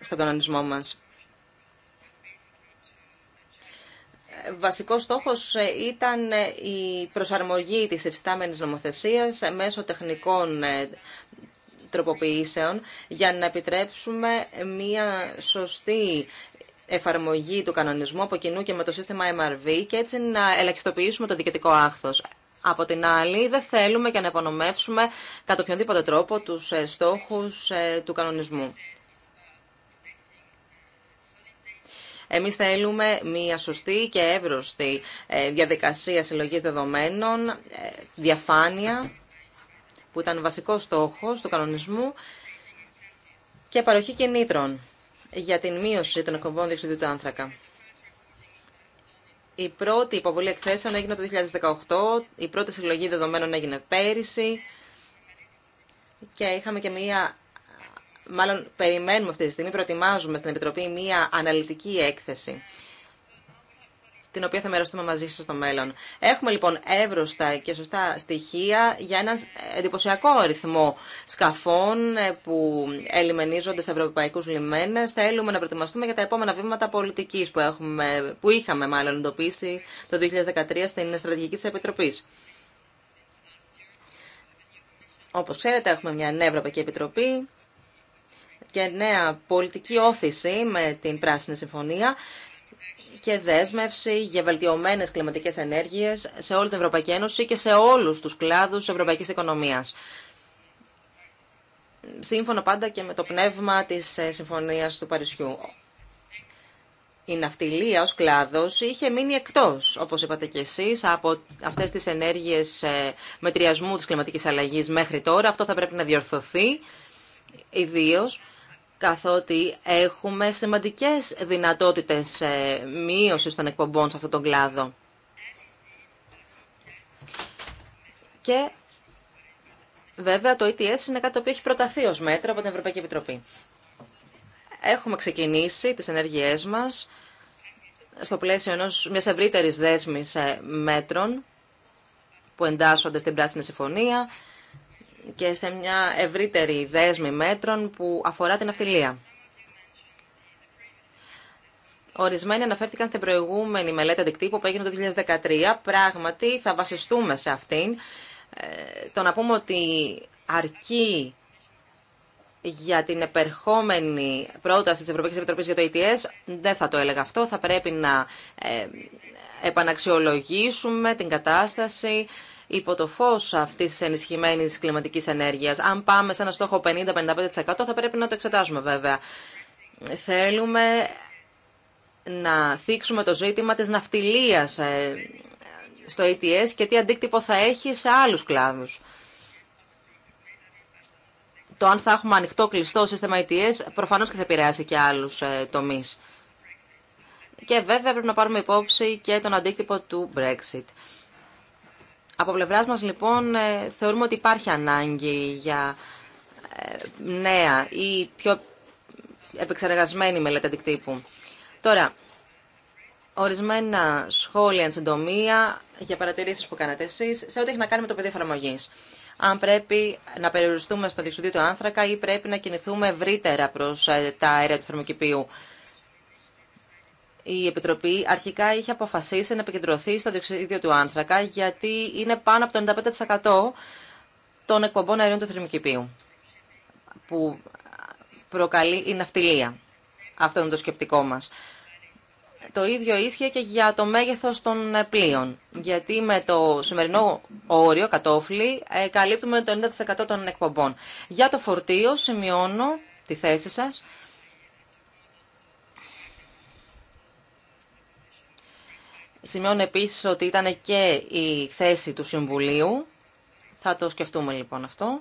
στον κανονισμό μας. βασικός στόχος ε, ήταν ε, η προσαρμογή της υφιστάμενης νομοθεσίας μέσω τεχνικών ε, τροποποιήσεων για να επιτρέψουμε μια σωστή εφαρμογή του κανονισμού από κοινού και με το σύστημα MRV και έτσι να ελαχιστοποιήσουμε το διοικητικό άχθος. Από την άλλη, δεν θέλουμε και να επανομεύσουμε κατά οποιονδήποτε τρόπο τους στόχους του κανονισμού. Εμείς θέλουμε μια σωστή και εύρωστη ε, διαδικασία συλλογής δεδομένων, ε, διαφάνεια, που ήταν βασικό στόχος του κανονισμού, και παροχή κινήτρων για την μείωση των εκπομπών διεξουδίου του άνθρακα. Η πρώτη υποβολή εκθέσεων έγινε το 2018, η πρώτη συλλογή δεδομένων έγινε πέρυσι και είχαμε και μία μάλλον περιμένουμε αυτή τη στιγμή, προετοιμάζουμε στην Επιτροπή μία αναλυτική έκθεση την οποία θα μοιραστούμε μαζί σας στο μέλλον. Έχουμε λοιπόν εύρωστα και σωστά στοιχεία για ένα εντυπωσιακό αριθμό σκαφών ε, που ελιμενίζονται σε ευρωπαϊκούς λιμένες. Θέλουμε να προετοιμαστούμε για τα επόμενα βήματα πολιτικής που, έχουμε, που είχαμε μάλλον εντοπίσει το 2013 στην Στρατηγική της Επιτροπής. Όπως ξέρετε έχουμε μια νέα Ευρωπαϊκή Επιτροπή και νέα πολιτική όθηση με την Πράσινη Συμφωνία και δέσμευση για βελτιωμένε κλιματικέ ενέργειε σε όλη την Ευρωπαϊκή Ένωση και σε όλου του κλάδου της ευρωπαϊκή οικονομία. Σύμφωνα πάντα και με το πνεύμα τη ε, Συμφωνία του Παρισιού. Η ναυτιλία ως κλάδος είχε μείνει εκτός, όπως είπατε και εσεί από αυτές τι ενέργειε ε, μετριασμού της κλιματική αλλαγή μέχρι τώρα. Αυτό θα πρέπει να διορθωθεί, ιδίω καθότι έχουμε σημαντικές δυνατότητες ε, μείωσης των εκπομπών σε αυτόν τον κλάδο. Και βέβαια το ETS είναι κάτι το οποίο έχει προταθεί ως μέτρο από την Ευρωπαϊκή Επιτροπή. Έχουμε ξεκινήσει τις ενέργειές μας στο πλαίσιο ενός, μιας ευρύτερης δέσμης ε, μέτρων που εντάσσονται στην Πράσινη Συμφωνία και σε μια ευρύτερη δέσμη μέτρων που αφορά την αυτιλία. Ορισμένοι αναφέρθηκαν στην προηγούμενη μελέτη αντικτύπου που έγινε το 2013. Πράγματι, θα βασιστούμε σε αυτήν. Ε, το να πούμε ότι αρκεί για την επερχόμενη πρόταση της Ευρωπαϊκής Επιτροπής για το ETS, ε δεν θα το έλεγα αυτό. Θα πρέπει να ε, επαναξιολογήσουμε την κατάσταση υπό το φως αυτής της ενισχυμένης κλιματικής ενέργειας. Αν πάμε σε ένα στόχο 50-55% θα πρέπει να το εξετάσουμε βέβαια. Θέλουμε να θίξουμε το ζήτημα της ναυτιλίας ε, στο ETS ε και τι αντίκτυπο θα έχει σε άλλους κλάδους. Το αν θα έχουμε ανοιχτό κλειστό σύστημα ETS ε προφανώς και θα επηρεάσει και άλλους τομείς. Και βέβαια πρέπει να πάρουμε υπόψη και τον αντίκτυπο του Brexit. Από πλευράς μας λοιπόν ε, θεωρούμε ότι υπάρχει ανάγκη για ε, νέα ή πιο επεξεργασμένη μελέτη αντικτύπου. Τώρα, ορισμένα σχόλια εν συντομία για παρατηρήσεις που κάνατε εσείς σε ό,τι έχει να κάνει με το πεδίο εφαρμογή. Αν πρέπει να περιοριστούμε στο διεξουδίο του άνθρακα ή πρέπει να κινηθούμε ευρύτερα προς ε, τα αέρια του θερμοκηπίου η Επιτροπή αρχικά είχε αποφασίσει να επικεντρωθεί στο διοξείδιο του άνθρακα γιατί είναι πάνω από το 95% των εκπομπών αερίων του θερμοκηπίου που προκαλεί η ναυτιλία. Αυτό είναι το σκεπτικό μας. Το ίδιο ίσχυε και για το μέγεθος των πλοίων, γιατί με το σημερινό όριο κατόφλι ε, καλύπτουμε το 90% των εκπομπών. Για το φορτίο σημειώνω τη θέση σας Σημειώνω επίση ότι ήταν και η θέση του Συμβουλίου. Θα το σκεφτούμε λοιπόν αυτό.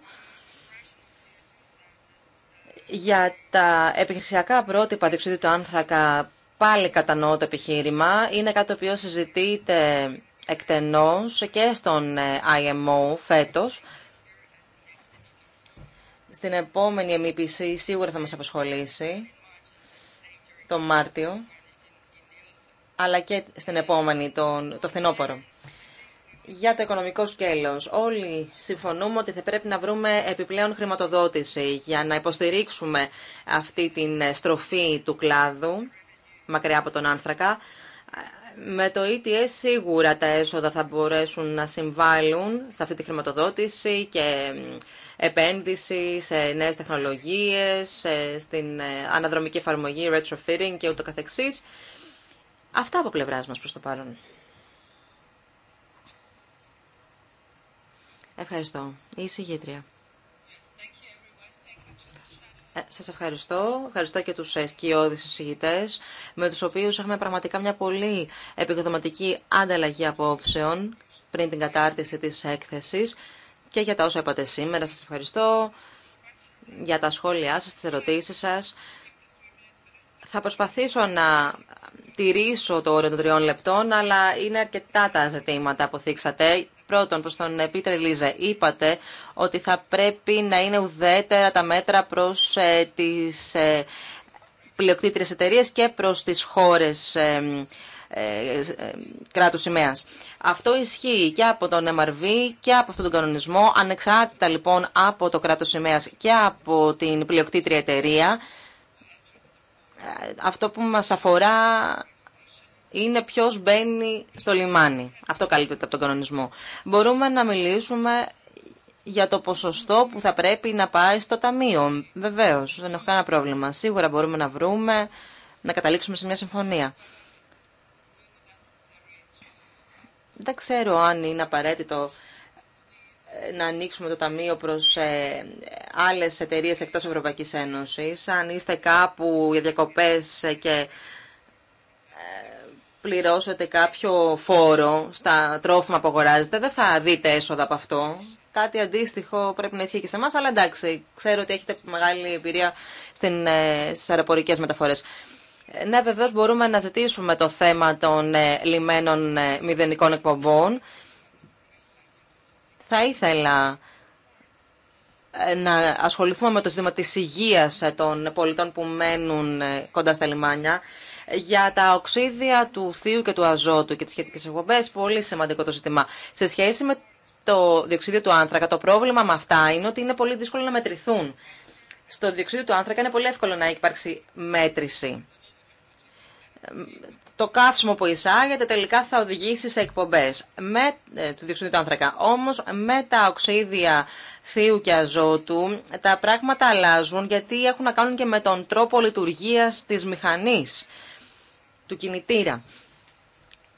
Για τα επιχειρησιακά πρότυπα διεξοδίου του άνθρακα πάλι κατανοώ το επιχείρημα. Είναι κάτι το οποίο συζητείται εκτενώς και στον IMO ε, φέτος. Στην επόμενη MEPC σίγουρα θα μας απασχολήσει το Μάρτιο αλλά και στην επόμενη, τον, το φθινόπωρο. Για το οικονομικό σκέλος, όλοι συμφωνούμε ότι θα πρέπει να βρούμε επιπλέον χρηματοδότηση για να υποστηρίξουμε αυτή την στροφή του κλάδου, μακριά από τον άνθρακα. Με το ETS σίγουρα τα έσοδα θα μπορέσουν να συμβάλλουν σε αυτή τη χρηματοδότηση και επένδυση σε νέες τεχνολογίες, στην ε, αναδρομική εφαρμογή, retrofitting και ούτω καθεξής. Αυτά από πλευρά μας προς το παρόν. Ευχαριστώ. Η συγγήτρια. Ε, σας ευχαριστώ. Ευχαριστώ και τους ε, σκιώδεις συζητητές, με τους οποίους έχουμε πραγματικά μια πολύ επικοδοματική ανταλλαγή απόψεων πριν την κατάρτιση της έκθεσης και για τα όσα είπατε σήμερα. Σας ευχαριστώ για τα σχόλιά σας, τις ερωτήσεις σας. Θα προσπαθήσω να τηρήσω το όριο των τριών λεπτών, αλλά είναι αρκετά τα ζητήματα που θίξατε. Πρώτον, προς τον Πίτερ Λίζε, είπατε ότι θα πρέπει να είναι ουδέτερα τα μέτρα προς ε, τις ε, πλειοκτήτριες εταιρείε και προς τις χώρες ε, κράτους σημαία. Αυτό ισχύει και από τον MRV και από αυτόν τον κανονισμό, ανεξάρτητα λοιπόν από το κράτος σημαία και από την πλειοκτήτρια εταιρεία αυτό που μας αφορά είναι ποιος μπαίνει στο λιμάνι. Αυτό καλύπτεται από τον κανονισμό. Μπορούμε να μιλήσουμε για το ποσοστό που θα πρέπει να πάει στο ταμείο. Βεβαίω, δεν έχω κανένα πρόβλημα. Σίγουρα μπορούμε να βρούμε, να καταλήξουμε σε μια συμφωνία. Δεν ξέρω αν είναι απαραίτητο ε, να ανοίξουμε το ταμείο προς ε, άλλες εταιρείες εκτός Ευρωπαϊκής Ένωσης. Αν είστε κάπου για διακοπές και ε, πληρώσετε κάποιο φόρο στα τρόφιμα που αγοράζετε, δεν θα δείτε έσοδα από αυτό. Κάτι αντίστοιχο πρέπει να ισχύει και σε εμά, αλλά εντάξει, ξέρω ότι έχετε μεγάλη εμπειρία στι αεροπορικέ μεταφορές. Ναι, βεβαίως, μπορούμε να ζητήσουμε το θέμα των λιμένων μηδενικών εκπομπών. Θα ήθελα ε, να ασχοληθούμε με το ζήτημα της υγείας των πολιτών που μένουν ε, κοντά στα λιμάνια. Για τα οξύδια του θείου και του αζότου και τις σχετικές εκπομπές, πολύ σημαντικό το ζήτημα. Σε σχέση με το διοξίδιο του άνθρακα, το πρόβλημα με αυτά είναι ότι είναι πολύ δύσκολο να μετρηθούν. Στο διοξίδιο του άνθρακα είναι πολύ εύκολο να υπάρξει μέτρηση το καύσιμο που εισάγεται τελικά θα οδηγήσει σε εκπομπές με, ε, του διοξιδίου του άνθρακα. Όμως με τα οξύδια θείου και αζότου τα πράγματα αλλάζουν γιατί έχουν να κάνουν και με τον τρόπο λειτουργίας της μηχανής, του κινητήρα.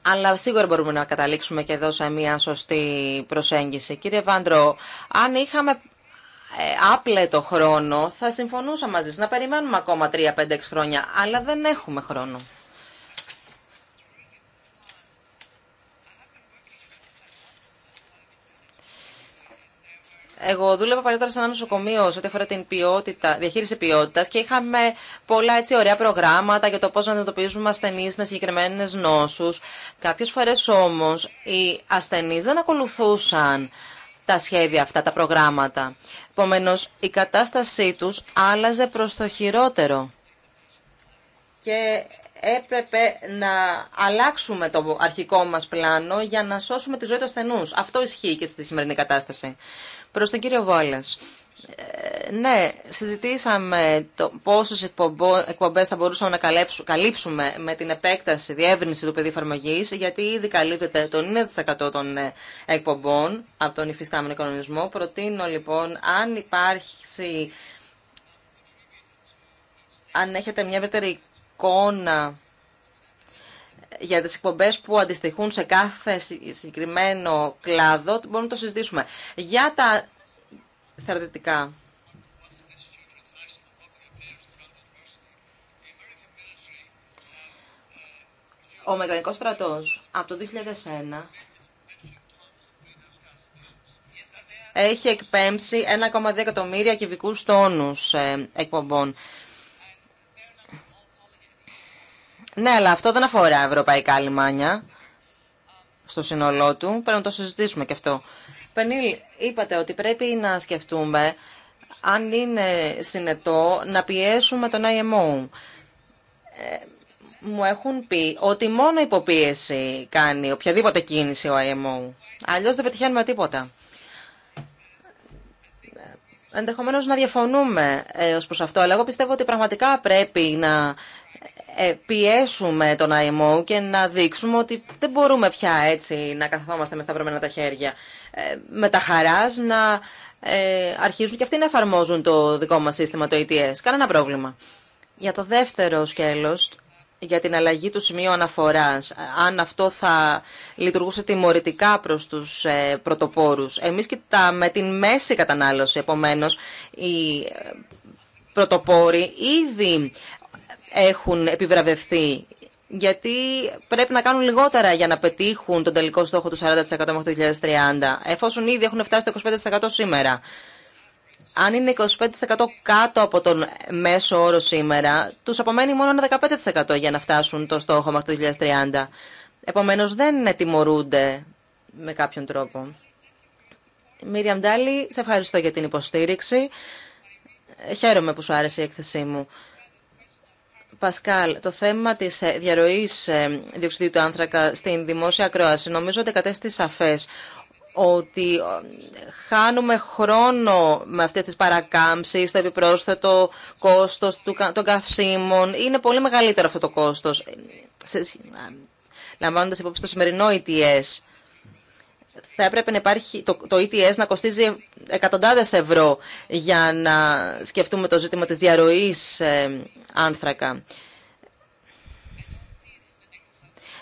Αλλά σίγουρα μπορούμε να καταλήξουμε και εδώ σε μια σωστή προσέγγιση. Κύριε Βάντρο, αν είχαμε ε, άπλετο χρόνο θα συμφωνούσα μαζί σας να περιμένουμε ακόμα 3-5-6 χρόνια, αλλά δεν έχουμε χρόνο. Εγώ δούλευα παλιότερα σε ένα νοσοκομείο σε ό,τι αφορά την ποιότητα, διαχείριση ποιότητα και είχαμε πολλά έτσι ωραία προγράμματα για το πώ να αντιμετωπίζουμε ασθενεί με συγκεκριμένε νόσου. Κάποιε φορέ όμω οι ασθενεί δεν ακολουθούσαν τα σχέδια αυτά, τα προγράμματα. Επομένω, η κατάστασή του άλλαζε προ το χειρότερο. Και έπρεπε να αλλάξουμε το αρχικό μας πλάνο για να σώσουμε τη ζωή του ασθενούς. Αυτό ισχύει και στη σημερινή κατάσταση. Προς τον κύριο Βόλας. Ε, ναι, συζητήσαμε το πόσες εκπομπές θα μπορούσαμε να καλύψουμε με την επέκταση, διεύρυνση του πεδίου γιατί ήδη καλύπτεται το 9% των ε, εκπομπών από τον υφιστάμενο οικονομισμό. Προτείνω λοιπόν, αν υπάρχει, αν έχετε μια ευρύτερη εικόνα για τις εκπομπές που αντιστοιχούν σε κάθε συγκεκριμένο κλάδο, μπορούμε να το συζητήσουμε. Για τα στρατιωτικά. Ο Αμερικανικός στρατός από το 2001 έχει εκπέμψει 1,2 εκατομμύρια κυβικούς τόνους ε, εκπομπών. Ναι, αλλά αυτό δεν αφορά ευρωπαϊκά λιμάνια στο σύνολό του. Πρέπει να το συζητήσουμε και αυτό. Πενίλ, είπατε ότι πρέπει να σκεφτούμε αν είναι συνετό να πιέσουμε τον IMO. Ε, μου έχουν πει ότι μόνο υποπίεση κάνει οποιαδήποτε κίνηση ο IMO. Αλλιώς δεν πετυχαίνουμε τίποτα. Ε, ενδεχομένως να διαφωνούμε ε, ως προς αυτό, αλλά εγώ πιστεύω ότι πραγματικά πρέπει να ε, πιέσουμε τον IMO και να δείξουμε ότι δεν μπορούμε πια έτσι να καθόμαστε με σταυρωμένα τα χέρια. Ε, με τα χαράς να ε, αρχίζουν και αυτοί να εφαρμόζουν το δικό μας σύστημα, το ETS. Κανένα πρόβλημα. Για το δεύτερο σκέλος, για την αλλαγή του σημείου αναφοράς, αν αυτό θα λειτουργούσε τιμωρητικά προς τους πρωτοπόρους. Εμείς κοιτάμε την μέση κατανάλωση, επομένως, η πρωτοπόροι ήδη έχουν επιβραβευθεί γιατί πρέπει να κάνουν λιγότερα για να πετύχουν τον τελικό στόχο του 40% μέχρι το 2030, εφόσον ήδη έχουν φτάσει το 25% σήμερα. Αν είναι 25% κάτω από τον μέσο όρο σήμερα, τους απομένει μόνο ένα 15% για να φτάσουν το στόχο μέχρι το 2030. Επομένως δεν τιμωρούνται με κάποιον τρόπο. Μίρια Μντάλη, σε ευχαριστώ για την υποστήριξη. Χαίρομαι που σου άρεσε η έκθεσή μου. Πασκάλ, το θέμα της ε, διαρροής ε, διοξιδίου του άνθρακα στην δημόσια ακρόαση, νομίζω ότι κατέστη σαφές ότι ε, χάνουμε χρόνο με αυτές τις παρακάμψεις, το επιπρόσθετο κόστος των καυσίμων. Είναι πολύ μεγαλύτερο αυτό το κόστος, λαμβάνοντας υπόψη το σημερινό ETS θα έπρεπε να υπάρχει το, το ETS να κοστίζει εκατοντάδες ευρώ για να σκεφτούμε το ζήτημα της διαρροής ε, άνθρακα.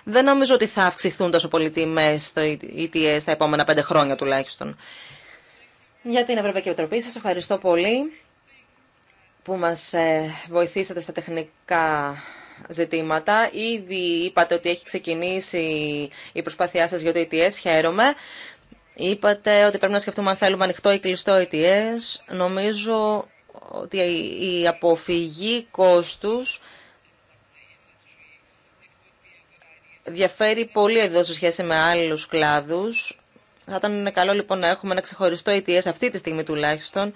Δεν νομίζω ότι θα αυξηθούν τόσο πολύ τιμέ στο ETS τα επόμενα πέντε χρόνια τουλάχιστον. Για την Ευρωπαϊκή Επιτροπή σας ευχαριστώ πολύ που μας ε, βοηθήσατε στα τεχνικά ζητήματα. Ήδη είπατε ότι έχει ξεκινήσει η προσπάθειά σας για το ETS, χαίρομαι. Είπατε ότι πρέπει να σκεφτούμε αν θέλουμε ανοιχτό ή κλειστό ETS. Νομίζω ότι η αποφυγή κόστους διαφέρει πολύ εδώ σε σχέση με άλλους κλάδους. Θα ήταν καλό λοιπόν να έχουμε ένα ξεχωριστό ETS αυτή τη στιγμή τουλάχιστον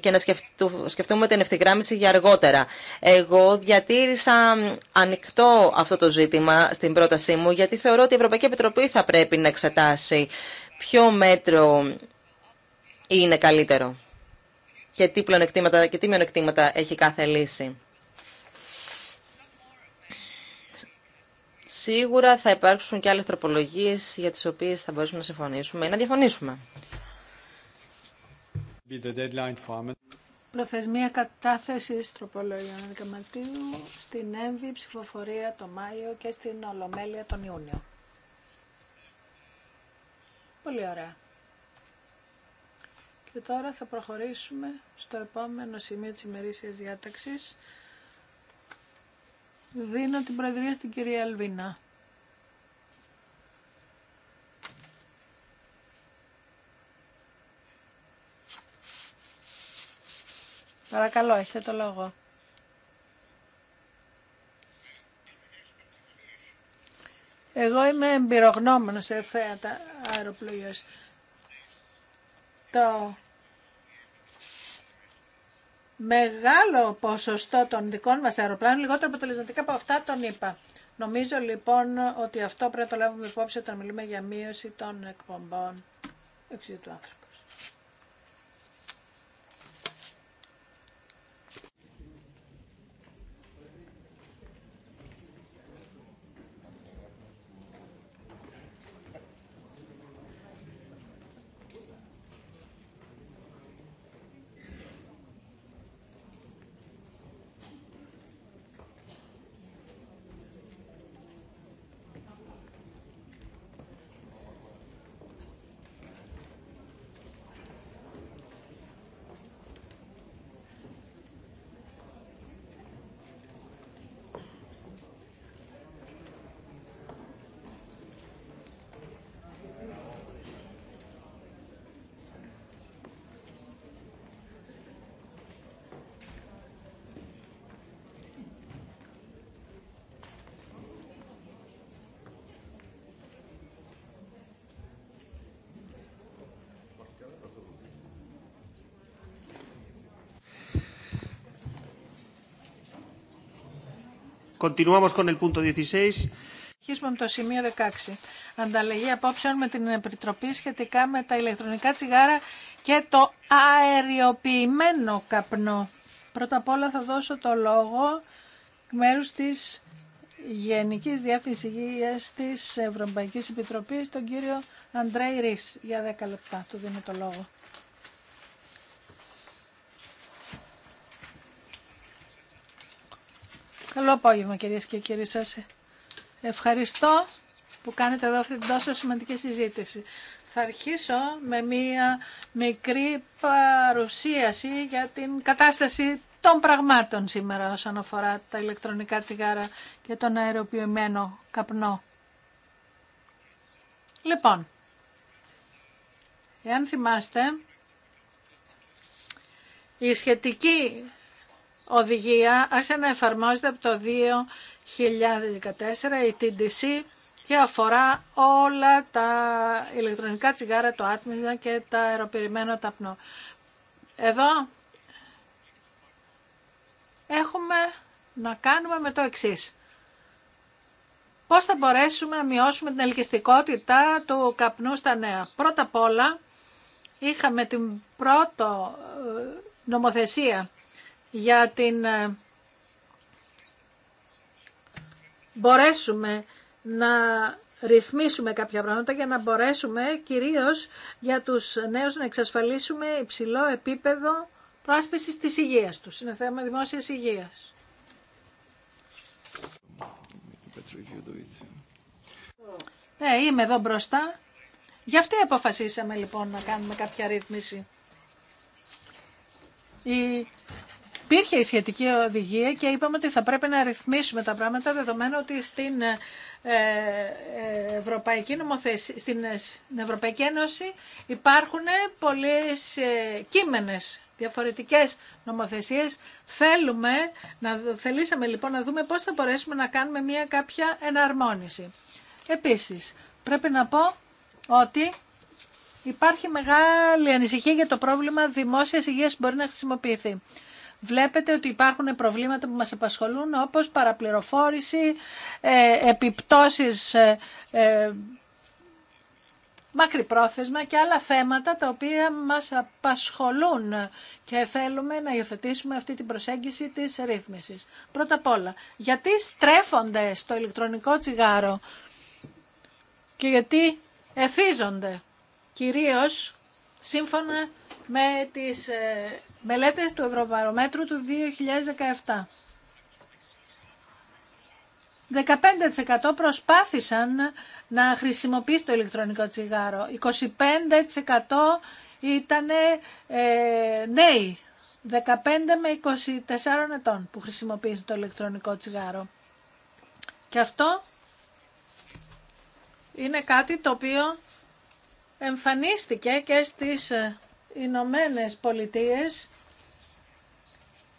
και να σκεφτούμε την ευθυγράμμιση για αργότερα. Εγώ διατήρησα ανοιχτό αυτό το ζήτημα στην πρότασή μου, γιατί θεωρώ ότι η Ευρωπαϊκή Επιτροπή θα πρέπει να εξετάσει ποιο μέτρο είναι καλύτερο και τι πλεονεκτήματα και τι μειονεκτήματα έχει κάθε λύση. Σίγουρα θα υπάρξουν και άλλες τροπολογίες για τις οποίες θα μπορέσουμε να συμφωνήσουμε ή να διαφωνήσουμε. Προθεσμία κατάθεση τροπολογιών 11 στην ΕΜΒΗ ψηφοφορία το Μάιο και στην Ολομέλεια τον Ιούνιο. Πολύ ωραία. Και τώρα θα προχωρήσουμε στο επόμενο σημείο της ημερήσιας διάταξης. Δίνω την προεδρία στην κυρία Αλβίνα. Παρακαλώ, έχετε το λόγο. Εγώ είμαι εμπειρογνώμενο σε θέατα αεροπλοίας. Το μεγάλο ποσοστό των δικών μας αεροπλάνων, λιγότερο αποτελεσματικά από αυτά τον είπα. Νομίζω λοιπόν ότι αυτό πρέπει να το λάβουμε υπόψη όταν μιλούμε για μείωση των εκπομπών εξή του άνθρωπου. Continuamos con el punto 16. Αρχίσουμε με το σημείο 16. Ανταλλαγή απόψεων με την Επιτροπή σχετικά με τα ηλεκτρονικά τσιγάρα και το αεριοποιημένο καπνό. Πρώτα απ' όλα θα δώσω το λόγο μέρους της Γενικής Διάθεσης Υγείας της Ευρωπαϊκής Επιτροπής, τον κύριο Αντρέη Ρης Για 10 λεπτά του δίνω το λόγο. Καλό απόγευμα κυρίες και κύριοι σας. Ευχαριστώ που κάνετε εδώ αυτή την τόσο σημαντική συζήτηση. Θα αρχίσω με μία μικρή παρουσίαση για την κατάσταση των πραγμάτων σήμερα όσον αφορά τα ηλεκτρονικά τσιγάρα και τον αεροποιημένο καπνό. Λοιπόν, εάν θυμάστε, η σχετική οδηγία άρχισε να εφαρμόζεται από το 2014 η TDC και αφορά όλα τα ηλεκτρονικά τσιγάρα, το άτμιδα και τα αεροπηρημένα ταπνό. Εδώ έχουμε να κάνουμε με το εξής. Πώς θα μπορέσουμε να μειώσουμε την ελκυστικότητα του καπνού στα νέα. Πρώτα απ' όλα είχαμε την πρώτη ε, νομοθεσία για την ε, μπορέσουμε να ρυθμίσουμε κάποια πράγματα για να μπορέσουμε κυρίως για τους νέους να εξασφαλίσουμε υψηλό επίπεδο πρόσπισης της υγείας τους. Είναι θέμα δημόσιας υγείας. Ναι, είμαι εδώ μπροστά. Γι' αυτή αποφασίσαμε λοιπόν να κάνουμε κάποια ρύθμιση. Η υπήρχε η σχετική οδηγία και είπαμε ότι θα πρέπει να ρυθμίσουμε τα πράγματα δεδομένου ότι στην, ε, ε, Ευρωπαϊκή νομοθεσία, ε, στην Ευρωπαϊκή Ένωση υπάρχουν πολλές κείμενες διαφορετικές νομοθεσίες. Θέλουμε, να, θελήσαμε λοιπόν να δούμε πώς θα μπορέσουμε να κάνουμε μια κάποια εναρμόνιση. Επίσης, πρέπει να πω ότι υπάρχει μεγάλη ανησυχία για το πρόβλημα δημόσιας υγείας που μπορεί να χρησιμοποιηθεί βλέπετε ότι υπάρχουν προβλήματα που μας απασχολούν όπως παραπληροφόρηση, ε, επιπτώσεις ε, ε, μακρυπρόθεσμα και άλλα θέματα τα οποία μας απασχολούν και θέλουμε να υιοθετήσουμε αυτή την προσέγγιση της ρύθμισης. Πρώτα απ' όλα, γιατί στρέφονται στο ηλεκτρονικό τσιγάρο και γιατί εθίζονται κυρίως σύμφωνα με τις Μελέτες του Ευρωβαρομέτρου του 2017. 15% προσπάθησαν να χρησιμοποιήσουν το ηλεκτρονικό τσιγάρο. 25% ήταν ε, νέοι 15 με 24 ετών που χρησιμοποίησαν το ηλεκτρονικό τσιγάρο. Και αυτό είναι κάτι το οποίο εμφανίστηκε και στις Ηνωμένε Πολιτείες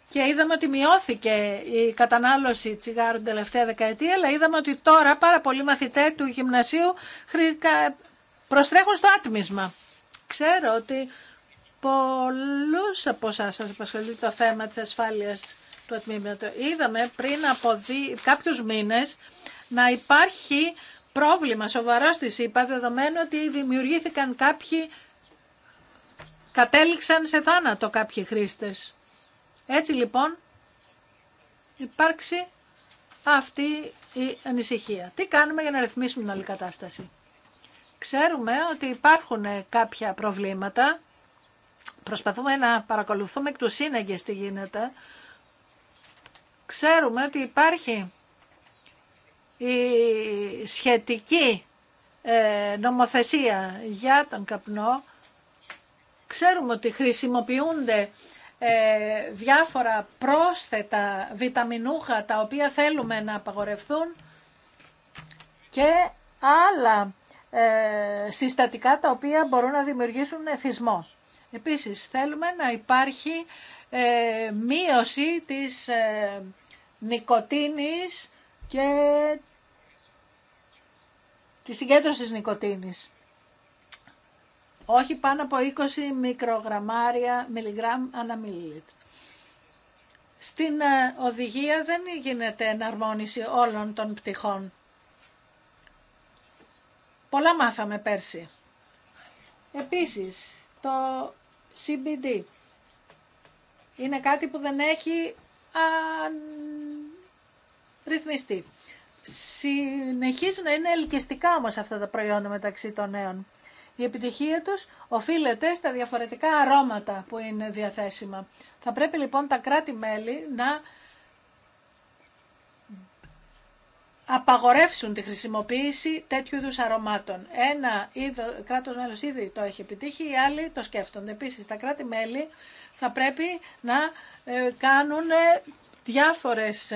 και είδαμε ότι μειώθηκε η κατανάλωση τσιγάρου την τελευταία δεκαετία, αλλά είδαμε ότι τώρα πάρα πολλοί μαθητέ του γυμνασίου προστρέχουν στο άτμισμα. Ξέρω ότι πολλούς από εσάς σας απασχολεί το θέμα της ασφάλειας του ατμήματος. Είδαμε πριν από κάποιους μήνες να υπάρχει πρόβλημα σοβαρό στη ΣΥΠΑ, δεδομένου ότι δημιουργήθηκαν κάποιοι, κατέληξαν σε θάνατο κάποιοι χρήστες. Έτσι λοιπόν υπάρξει αυτή η ανησυχία. Τι κάνουμε για να ρυθμίσουμε την όλη κατάσταση. Ξέρουμε ότι υπάρχουν κάποια προβλήματα. Προσπαθούμε να παρακολουθούμε εκ του σύναγκες τι γίνεται. Ξέρουμε ότι υπάρχει η σχετική ε, νομοθεσία για τον καπνό. Ξέρουμε ότι χρησιμοποιούνται ε, διάφορα πρόσθετα βιταμινούχα τα οποία θέλουμε να απαγορευθούν και άλλα ε, συστατικά τα οποία μπορούν να δημιουργήσουν εθισμό. Επίσης θέλουμε να υπάρχει ε, μείωση της νικοτίνης και της συγκέντρωσης νικοτίνης όχι πάνω από 20 μικρογραμμάρια μιλιγκράμμ ανά Στην ε, οδηγία δεν γίνεται εναρμόνιση όλων των πτυχών. Πολλά μάθαμε πέρσι. Επίσης, το CBD είναι κάτι που δεν έχει ρυθμιστεί. Συνεχίζουν είναι ελκυστικά όμως αυτά τα προϊόντα μεταξύ των νέων η επιτυχία τους οφείλεται στα διαφορετικά αρώματα που είναι διαθέσιμα. Θα πρέπει λοιπόν τα κράτη-μέλη να απαγορεύσουν τη χρησιμοποίηση τέτοιου είδου αρωμάτων. Ένα είδο, κράτος μέλος ήδη το έχει επιτύχει, οι άλλοι το σκέφτονται. Επίσης, τα κράτη-μέλη θα πρέπει να ε, κάνουν ε, διάφορες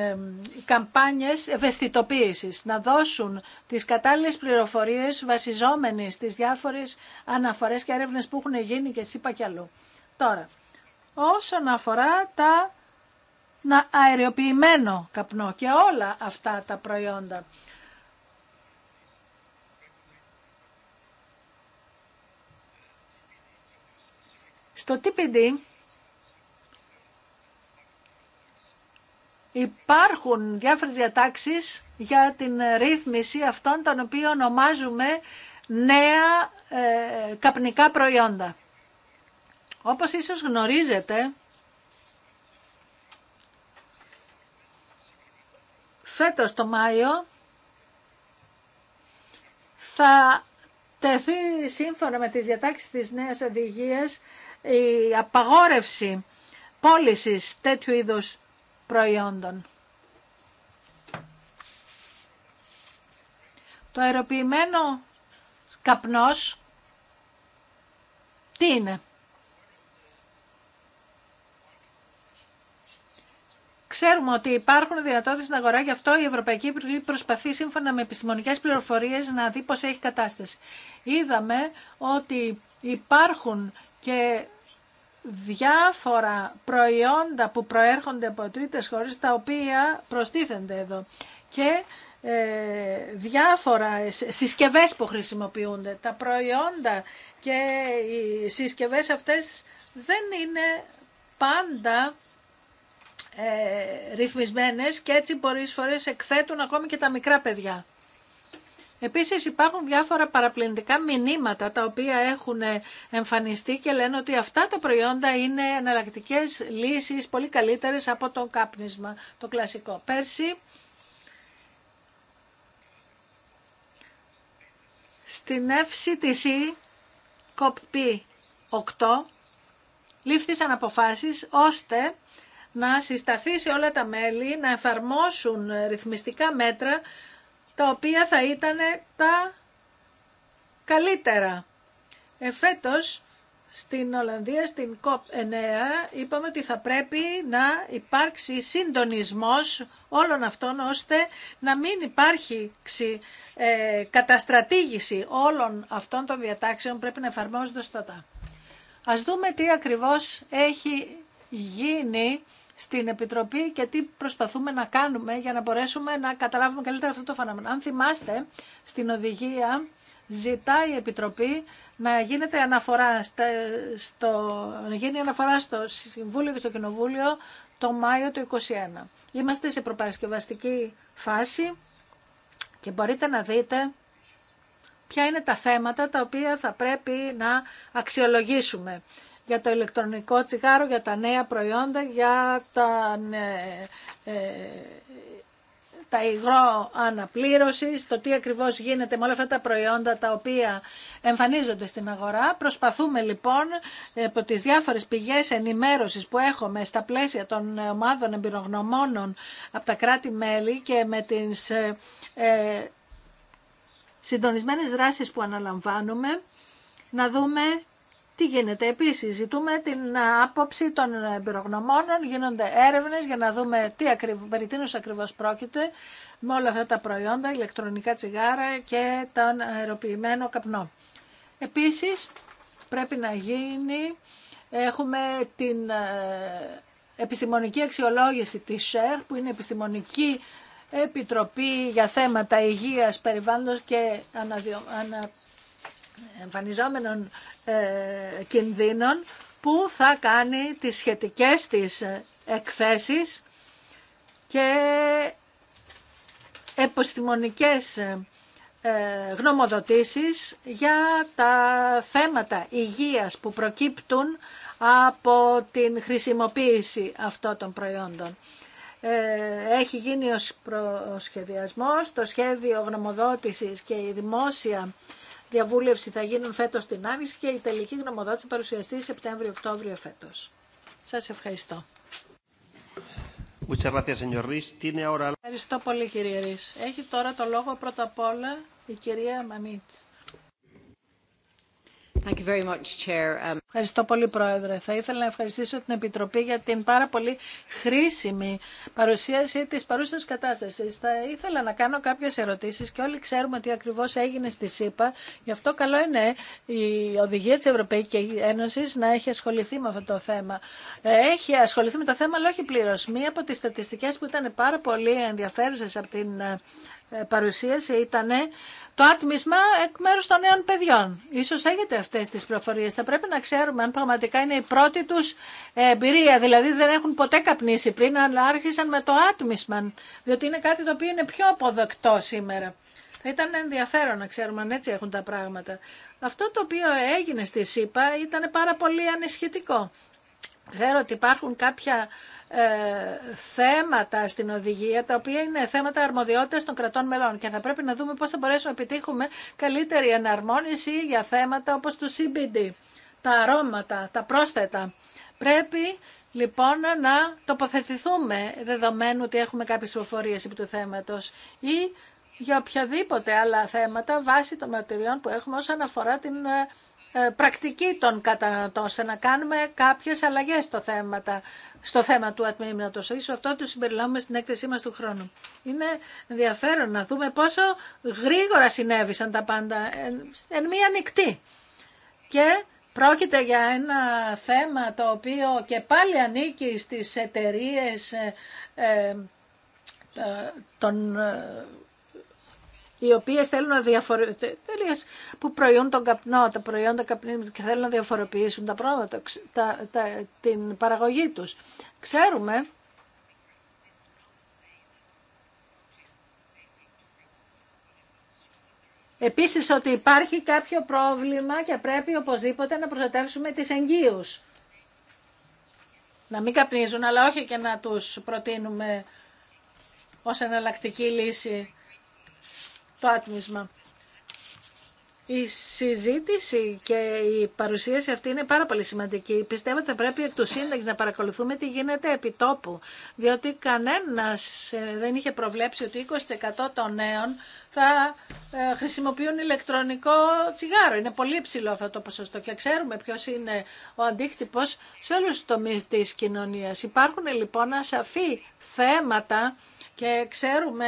καμπάνιες ευαισθητοποίησης, να δώσουν τις κατάλληλες πληροφορίες βασιζόμενες στις διάφορες αναφορές και έρευνες που έχουν γίνει και είπα κι αλλού. Τώρα, όσον αφορά τα να αεριοποιημένο καπνό και όλα αυτά τα προϊόντα. Στο TPD υπάρχουν διάφορες διατάξεις για την ρύθμιση αυτών των οποίων ονομάζουμε νέα ε, καπνικά προϊόντα. Όπως ίσως γνωρίζετε, φέτος το Μάιο θα τεθεί σύμφωνα με τις διατάξεις της νέας οδηγίας η απαγόρευση πώληση τέτοιου είδους προϊόντων. Το αεροποιημένο καπνός τι είναι. Ξέρουμε ότι υπάρχουν δυνατότητες στην αγορά, γι' αυτό η Ευρωπαϊκή Υπουργή προσπαθεί σύμφωνα με επιστημονικές πληροφορίες να δει πώς έχει κατάσταση. Είδαμε ότι υπάρχουν και διάφορα προϊόντα που προέρχονται από τρίτες χώρες τα οποία προστίθενται εδώ και ε, διάφορα συσκευές που χρησιμοποιούνται. Τα προϊόντα και οι συσκευές αυτές δεν είναι πάντα ε, ρυθμισμένες και έτσι πολλές φορές εκθέτουν ακόμη και τα μικρά παιδιά. Επίσης υπάρχουν διάφορα παραπληντικά μηνύματα τα οποία έχουν εμφανιστεί και λένε ότι αυτά τα προϊόντα είναι εναλλακτικέ λύσεις πολύ καλύτερες από το κάπνισμα, το κλασικό. Πέρσι στην FCTC COP8 λήφθησαν αποφάσεις ώστε να συσταθεί σε όλα τα μέλη να εφαρμόσουν ρυθμιστικά μέτρα τα οποία θα ήταν τα καλύτερα. Εφέτος, στην Ολλανδία, στην COP9, είπαμε ότι θα πρέπει να υπάρξει συντονισμός όλων αυτών, ώστε να μην υπάρχει ε, καταστρατήγηση όλων αυτών των διατάξεων πρέπει να εφαρμόζονται τά. Ας δούμε τι ακριβώς έχει γίνει στην Επιτροπή και τι προσπαθούμε να κάνουμε για να μπορέσουμε να καταλάβουμε καλύτερα αυτό το φαινόμενο. Αν θυμάστε, στην οδηγία ζητάει η Επιτροπή να γίνεται αναφορά στο, να γίνει αναφορά στο Συμβούλιο και στο Κοινοβούλιο το Μάιο του 2021. Είμαστε σε προπαρασκευαστική φάση και μπορείτε να δείτε ποια είναι τα θέματα τα οποία θα πρέπει να αξιολογήσουμε για το ηλεκτρονικό τσιγάρο, για τα νέα προϊόντα, για τα, ε, ε, τα υγρό αναπλήρωση, το τι ακριβώς γίνεται με όλα αυτά τα προϊόντα τα οποία εμφανίζονται στην αγορά. Προσπαθούμε λοιπόν από τις διάφορες πηγές ενημέρωσης που έχουμε στα πλαίσια των ομάδων εμπειρογνωμόνων από τα κράτη-μέλη και με τις ε, ε συντονισμένες δράσεις που αναλαμβάνουμε, να δούμε τι γίνεται επίσης, ζητούμε την άποψη των εμπειρογνωμόνων, γίνονται έρευνες για να δούμε τι ακριβ, περί ακριβώς πρόκειται με όλα αυτά τα προϊόντα, ηλεκτρονικά τσιγάρα και τον αεροποιημένο καπνό. Επίσης πρέπει να γίνει, έχουμε την ε, επιστημονική αξιολόγηση της ΣΕΡ που είναι επιστημονική επιτροπή για θέματα υγείας, περιβάλλοντος και αναδιο εμφανιζόμενων ε, κινδύνων που θα κάνει τις σχετικές της ε, εκθέσεις και επιστημονικές ε, γνωμοδοτήσεις για τα θέματα υγείας που προκύπτουν από την χρησιμοποίηση αυτών των προϊόντων. Έχει γίνει ο σχεδιασμός, το σχέδιο γνωμοδότησης και η δημόσια διαβούλευση θα γίνουν φέτος στην Άνοιξη και η τελική γνωμοδότηση παρουσιαστεί Σεπτέμβριο-Οκτώβριο φέτος. Σας ευχαριστώ. Ευχαριστώ πολύ κύριε Ρης. Έχει τώρα το λόγο πρώτα απ' όλα η κυρία Μανίτς. Um, Ευχαριστώ πολύ, Πρόεδρε. Θα ήθελα να ευχαριστήσω την Επιτροπή για την πάρα πολύ χρήσιμη παρουσίαση της παρούσας κατάστασης. Θα ήθελα να κάνω κάποιες ερωτήσεις και όλοι ξέρουμε τι ακριβώς έγινε στη ΣΥΠΑ. Γι' αυτό καλό είναι η οδηγία της Ευρωπαϊκής Ένωσης να έχει ασχοληθεί με αυτό το θέμα. Ε, έχει ασχοληθεί με το θέμα, αλλά όχι πλήρως. Μία από τις στατιστικές που ήταν πάρα πολύ ενδιαφέρουσες από την ε, ε, παρουσίαση ήταν το άτμισμα εκ μέρους των νέων παιδιών. Ίσως έχετε αυτές τις προφορίες. Θα πρέπει να ξέρουμε αν πραγματικά είναι η πρώτη τους εμπειρία. Δηλαδή δεν έχουν ποτέ καπνίσει πριν, αλλά άρχισαν με το άτμισμα, διότι είναι κάτι το οποίο είναι πιο αποδοκτό σήμερα. Θα ήταν ενδιαφέρον να ξέρουμε αν έτσι έχουν τα πράγματα. Αυτό το οποίο έγινε στη ΣΥΠΑ ήταν πάρα πολύ ανησυχητικό. Ξέρω ότι υπάρχουν κάποια ε, θέματα στην οδηγία, τα οποία είναι θέματα αρμοδιότητας των κρατών μελών και θα πρέπει να δούμε πώς θα μπορέσουμε να επιτύχουμε καλύτερη εναρμόνιση για θέματα όπως το CBD, τα αρώματα, τα πρόσθετα. Πρέπει Λοιπόν, να τοποθετηθούμε δεδομένου ότι έχουμε κάποιες υποφορίες επί του θέματος ή για οποιαδήποτε άλλα θέματα βάσει των μαρτυριών που έχουμε όσον αφορά την ε, ε, πρακτική των καταναλωτών, ώστε να κάνουμε κάποιες αλλαγές στο, θέματα, στο θέμα του ατμήματος. Ίσως αυτό το συμπεριλάβουμε στην έκθεσή μας του χρόνου. Είναι ενδιαφέρον να δούμε πόσο γρήγορα συνέβησαν τα πάντα εν, μία νυχτή. Και πρόκειται για ένα θέμα το οποίο και πάλι ανήκει στις εταιρείε ε, ε, των οι οποίες θέλουν να διαφοροποιήσουν, που προϊόν τον καπνό, τα προϊόντα και θέλουν να διαφοροποιήσουν τα τα, την παραγωγή τους. Ξέρουμε Επίσης ότι υπάρχει κάποιο πρόβλημα και πρέπει οπωσδήποτε να προστατεύσουμε τις εγγύους. Να μην καπνίζουν, αλλά όχι και να τους προτείνουμε ως εναλλακτική λύση το άτμισμα. Η συζήτηση και η παρουσίαση αυτή είναι πάρα πολύ σημαντική. Πιστεύω ότι θα πρέπει εκ του σύνταξη να παρακολουθούμε τι γίνεται επί τόπου. Διότι κανένας ε, δεν είχε προβλέψει ότι 20% των νέων θα ε, χρησιμοποιούν ηλεκτρονικό τσιγάρο. Είναι πολύ ψηλό αυτό το ποσοστό και ξέρουμε ποιο είναι ο αντίκτυπο σε όλου του τομεί τη κοινωνία. Υπάρχουν λοιπόν ασαφή θέματα και ξέρουμε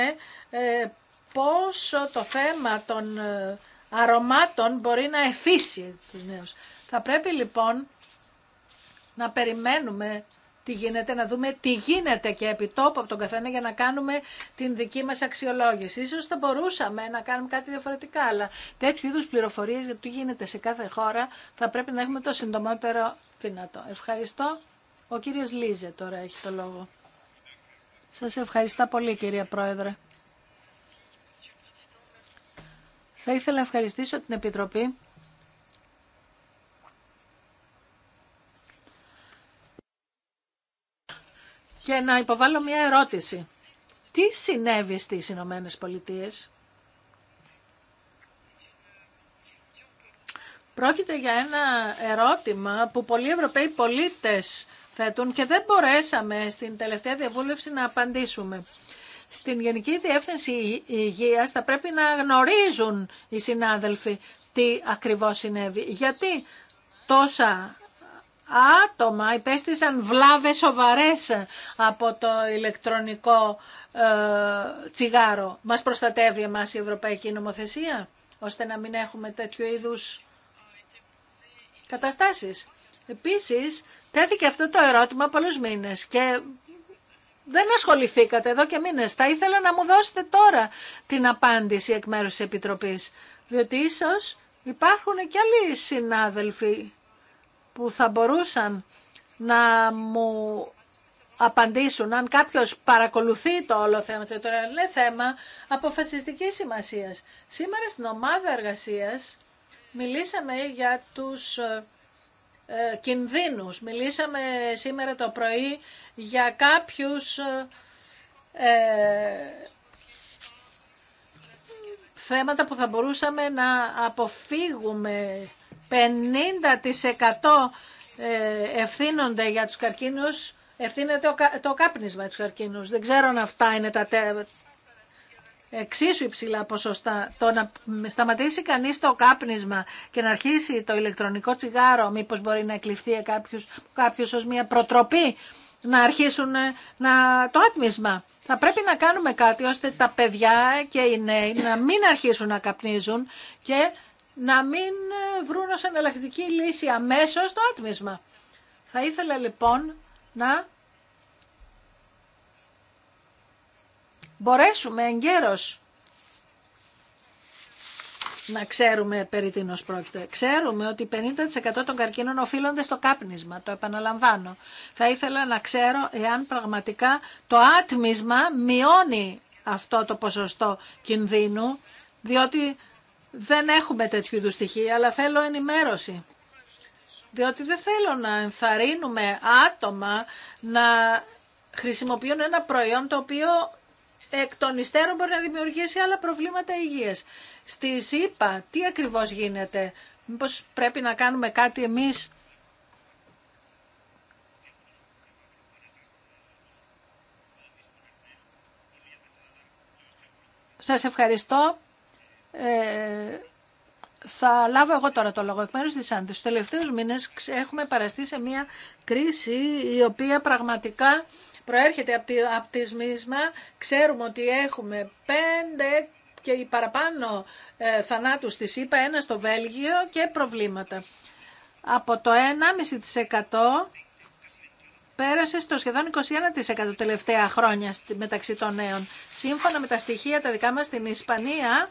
ε, πόσο το θέμα των ε, αρωμάτων μπορεί να εθίσει τους νέους. Θα πρέπει λοιπόν να περιμένουμε τι γίνεται, να δούμε τι γίνεται και επί τόπου από τον καθένα για να κάνουμε την δική μας αξιολόγηση. Ίσως θα μπορούσαμε να κάνουμε κάτι διαφορετικά, αλλά τέτοιου είδους πληροφορίες για το τι γίνεται σε κάθε χώρα θα πρέπει να έχουμε το συντομότερο δυνατό. Ευχαριστώ. Ο κύριος Λίζε τώρα έχει το λόγο. Σας ευχαριστώ πολύ κυρία Πρόεδρε. Θα ήθελα να ευχαριστήσω την Επιτροπή και να υποβάλω μια ερώτηση. Τι συνέβη στις Ηνωμένε Πολιτείε. Πρόκειται για ένα ερώτημα που πολλοί Ευρωπαίοι πολίτες θέτουν και δεν μπορέσαμε στην τελευταία διαβούλευση να απαντήσουμε στην Γενική Διεύθυνση Υγείας θα πρέπει να γνωρίζουν οι συνάδελφοι τι ακριβώς συνέβη. Γιατί τόσα άτομα υπέστησαν βλάβες σοβαρές από το ηλεκτρονικό ε, τσιγάρο. Μας προστατεύει εμάς η Ευρωπαϊκή Νομοθεσία, ώστε να μην έχουμε τέτοιου είδους καταστάσεις. Επίσης, τέθηκε αυτό το ερώτημα πολλούς μήνες και δεν ασχοληθήκατε εδώ και μήνες. Θα ήθελα να μου δώσετε τώρα την απάντηση εκ μέρους της Επιτροπής. Διότι ίσως υπάρχουν και άλλοι συνάδελφοι που θα μπορούσαν να μου απαντήσουν. Αν κάποιος παρακολουθεί το όλο θέμα, το τώρα είναι θέμα αποφασιστικής σημασίας. Σήμερα στην ομάδα εργασίας μιλήσαμε για τους ε, ε, κινδύνους. Μιλήσαμε σήμερα το πρωί για κάποιους ε, θέματα που θα μπορούσαμε να αποφύγουμε. 50% ε, ευθύνονται για τους καρκίνους, ευθύνεται το κάπνισμα τους καρκίνους. Δεν ξέρω αν αυτά είναι τα εξίσου υψηλά ποσοστά. Το να σταματήσει κανείς το κάπνισμα και να αρχίσει το ηλεκτρονικό τσιγάρο, μήπως μπορεί να εκλειφθεί κάποιος, κάποιος ως μια προτροπή να αρχίσουν ε, να, το άτμισμα. Θα πρέπει να κάνουμε κάτι ώστε τα παιδιά και οι νέοι να μην αρχίσουν να καπνίζουν και να μην ε, βρουν ως εναλλακτική λύση αμέσως το άτμισμα. Θα ήθελα λοιπόν να μπορέσουμε γέρος να ξέρουμε περί τίνος πρόκειται. Ξέρουμε ότι 50% των καρκίνων οφείλονται στο κάπνισμα, το επαναλαμβάνω. Θα ήθελα να ξέρω εάν πραγματικά το άτμισμα μειώνει αυτό το ποσοστό κινδύνου, διότι δεν έχουμε τέτοιου είδου στοιχεία, αλλά θέλω ενημέρωση. Διότι δεν θέλω να ενθαρρύνουμε άτομα να χρησιμοποιούν ένα προϊόν το οποίο εκ των υστέρων μπορεί να δημιουργήσει άλλα προβλήματα υγείας. Στη ΣΥΠΑ τι ακριβώς γίνεται, μήπως πρέπει να κάνουμε κάτι εμείς Σας ευχαριστώ. Ε, θα λάβω εγώ τώρα το λόγο εκ μέρους της Άντε. Στους τελευταίους μήνες έχουμε παραστεί σε μια κρίση η οποία πραγματικά προέρχεται από τη σμίσμα, ξέρουμε ότι έχουμε πέντε και παραπάνω ε, θανάτους στη ΣΥΠΑ, ένα στο Βέλγιο και προβλήματα. Από το 1,5% πέρασε στο σχεδόν 21% τελευταία χρόνια μεταξύ των νέων. Σύμφωνα με τα στοιχεία τα δικά μας στην Ισπανία,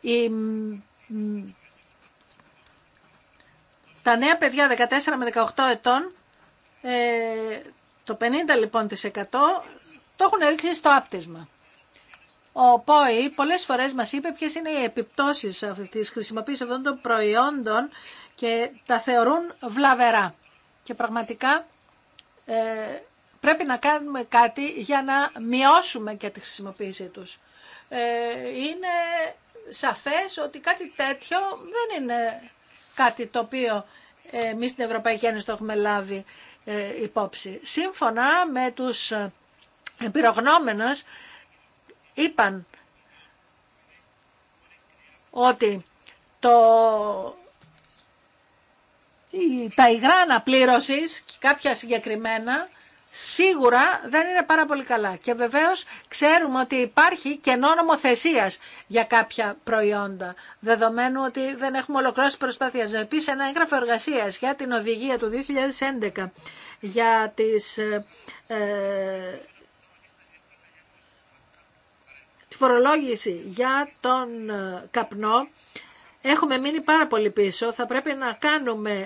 η... τα νέα παιδιά 14 με 18 ετών ε, το 50 λοιπόν το έχουν ρίξει στο άπτισμα. Ο ΠΟΗ πολλές φορές μας είπε ποιες είναι οι επιπτώσεις της χρησιμοποίησης αυτών των προϊόντων και τα θεωρούν βλαβερά. Και πραγματικά ε, πρέπει να κάνουμε κάτι για να μειώσουμε και τη χρησιμοποίησή τους. Ε, είναι σαφές ότι κάτι τέτοιο δεν είναι κάτι το οποίο εμείς στην Ευρωπαϊκή Ένωση το έχουμε λάβει ε, υπόψη. Σύμφωνα με τους ε, εμπειρογνώμενους είπαν ότι το... τα υγρά αναπλήρωσης, κάποια συγκεκριμένα, σίγουρα δεν είναι πάρα πολύ καλά. Και βεβαίως ξέρουμε ότι υπάρχει κενό νομοθεσία για κάποια προϊόντα, δεδομένου ότι δεν έχουμε ολοκληρώσει προσπάθεια. Επίσης ένα έγγραφο εργασία για την οδηγία του 2011 για τις... Ε, ε, τη φορολόγηση για τον ε, καπνό Έχουμε μείνει πάρα πολύ πίσω. Θα πρέπει να κάνουμε α,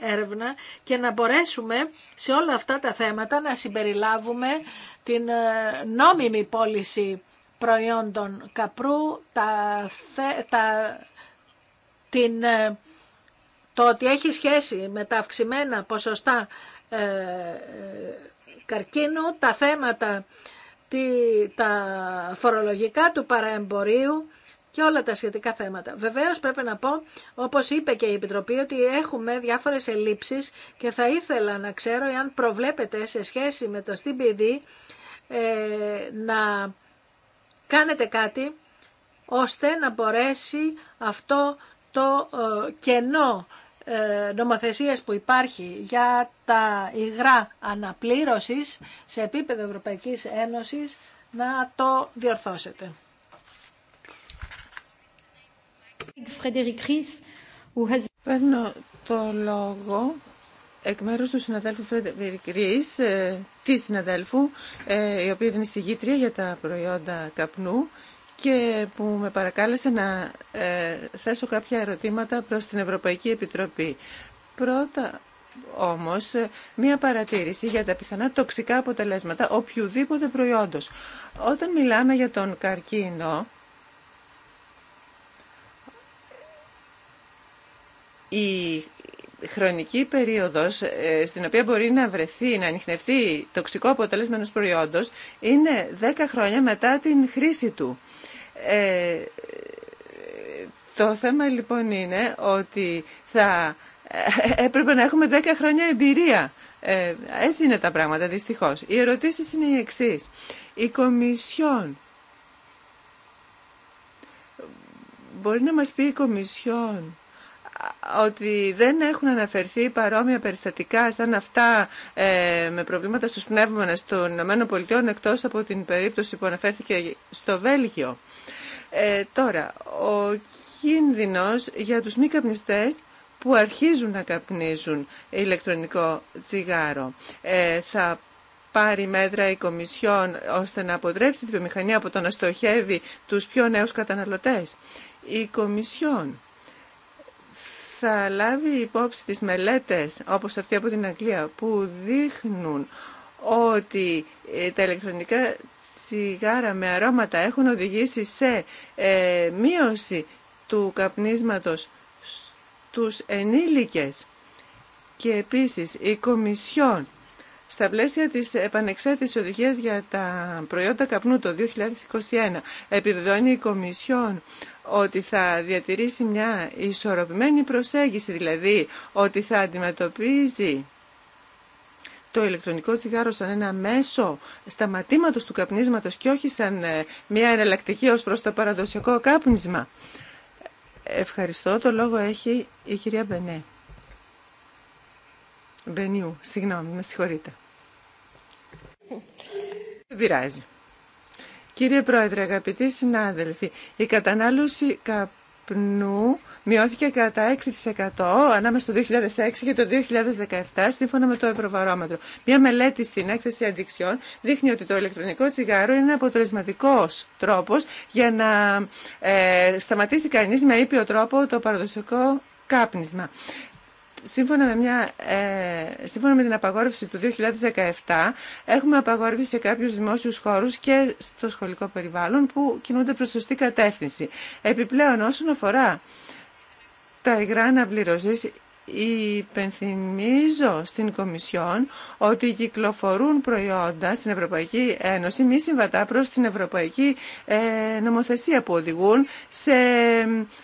έρευνα και να μπορέσουμε σε όλα αυτά τα θέματα να συμπεριλάβουμε την ε, νόμιμη πώληση προϊόντων καπρού, τα, τα, την, ε, το ότι έχει σχέση με τα αυξημένα ποσοστά ε, καρκίνου, τα θέματα τα φορολογικά του παραεμπορίου και όλα τα σχετικά θέματα. Βεβαίω πρέπει να πω, όπω είπε και η Επιτροπή, ότι έχουμε διάφορε ελλείψει και θα ήθελα να ξέρω εάν προβλέπετε σε σχέση με το STBD ε, να κάνετε κάτι ώστε να μπορέσει αυτό το ε, κενό ε, που υπάρχει για τα υγρά αναπλήρωσης σε επίπεδο Ευρωπαϊκής Ένωσης να το διορθώσετε. Παίρνω το λόγο εκ μέρους του συναδέλφου Φρέντερικ Ρίς, τη συναδέλφου, ε, η οποία είναι συγγήτρια για τα προϊόντα καπνού και που με παρακάλεσε να ε, θέσω κάποια ερωτήματα προς την Ευρωπαϊκή Επιτροπή. Πρώτα όμως ε, μία παρατήρηση για τα πιθανά τοξικά αποτελέσματα οποιοδήποτε προϊόντος. Όταν μιλάμε για τον καρκίνο, η χρονική περίοδος ε, στην οποία μπορεί να βρεθεί, να ανοιχνευτεί τοξικό αποτέλεσμα ενός προϊόντος είναι 10 χρόνια μετά την χρήση του. Ε, το θέμα λοιπόν είναι ότι θα ε, έπρεπε να έχουμε 10 χρόνια εμπειρία. Ε, έτσι είναι τα πράγματα δυστυχώς. Οι ερωτήσεις είναι οι εξής. Η Κομισιόν μπορεί να μας πει η Κομισιόν ότι δεν έχουν αναφερθεί παρόμοια περιστατικά σαν αυτά ε, με προβλήματα στους πνεύμονες των ΗΠΑ εκτός από την περίπτωση που αναφέρθηκε στο Βέλγιο. Ε, τώρα, ο κίνδυνος για τους μη καπνιστές που αρχίζουν να καπνίζουν ηλεκτρονικό τσιγάρο. Ε, θα πάρει μέτρα η Κομισιόν ώστε να αποτρέψει την βιομηχανία από το να στοχεύει τους πιο νέους καταναλωτές. Η Κομισιόν θα λάβει υπόψη τις μελέτες, όπως αυτή από την Αγγλία, που δείχνουν ότι ε, τα ηλεκτρονικά τσιγάρα με αρώματα έχουν οδηγήσει σε ε, μείωση του καπνίσματος στους ενήλικες. Και επίσης η Κομισιόν στα πλαίσια της επανεξέτησης οδηγίας για τα προϊόντα καπνού το 2021 επιβεβαιώνει η Κομισιόν ότι θα διατηρήσει μια ισορροπημένη προσέγγιση, δηλαδή ότι θα αντιμετωπίζει το ηλεκτρονικό τσιγάρο σαν ένα μέσο σταματήματος του καπνίσματος και όχι σαν ε, μια εναλλακτική ως προς το παραδοσιακό κάπνισμα. Ευχαριστώ. Το λόγο έχει η κυρία Μπενέ. Μπενιού, συγγνώμη, με συγχωρείτε. Δεν πειράζει. Κύριε Πρόεδρε, αγαπητοί συνάδελφοι, η κατανάλωση καπνού μειώθηκε κατά 6% ανάμεσα στο 2006 και το 2017 σύμφωνα με το Ευρωβαρόμετρο. Μια μελέτη στην έκθεση αντιξιών δείχνει ότι το ηλεκτρονικό τσιγάρο είναι αποτελεσματικό τρόπος για να ε, σταματήσει κανεί με ήπιο τρόπο το παραδοσιακό κάπνισμα. Σύμφωνα με, μια, ε, σύμφωνα με την απαγόρευση του 2017, έχουμε απαγόρευση σε κάποιους δημόσιους χώρους και στο σχολικό περιβάλλον που κινούνται προς σωστή κατεύθυνση. Επιπλέον, όσον αφορά τα υγρά αναπληρώσεις, υπενθυμίζω στην Κομισιόν ότι κυκλοφορούν προϊόντα στην Ευρωπαϊκή Ένωση μη συμβατά προς την Ευρωπαϊκή ε, Νομοθεσία που οδηγούν σε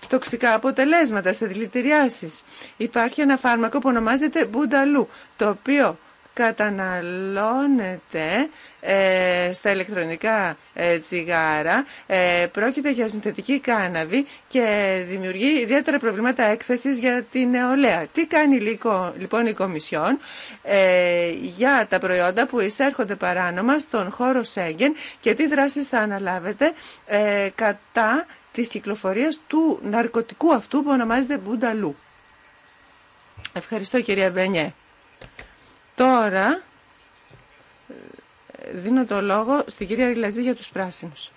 τοξικά αποτελέσματα, σε δηλητηριάσεις. Υπάρχει ένα φάρμακο που ονομάζεται Μπουνταλού, το οποίο καταναλώνεται ε, στα ηλεκτρονικά ε, τσιγάρα, ε, πρόκειται για συνθετική κάναβη και δημιουργεί ιδιαίτερα προβλήματα έκθεσης για την νεολαία. Τι κάνει λοιπόν η Κομισιόν ε, για τα προϊόντα που εισέρχονται παράνομα στον χώρο Σέγγεν και τι δράσεις θα αναλάβετε κατά της κυκλοφορίας του ναρκωτικού αυτού που ονομάζεται Μπουνταλού. Ευχαριστώ κυρία Μπένιε. Τώρα ε, δίνω το λόγο στην κυρία Ριλαζή για τους πράσινους.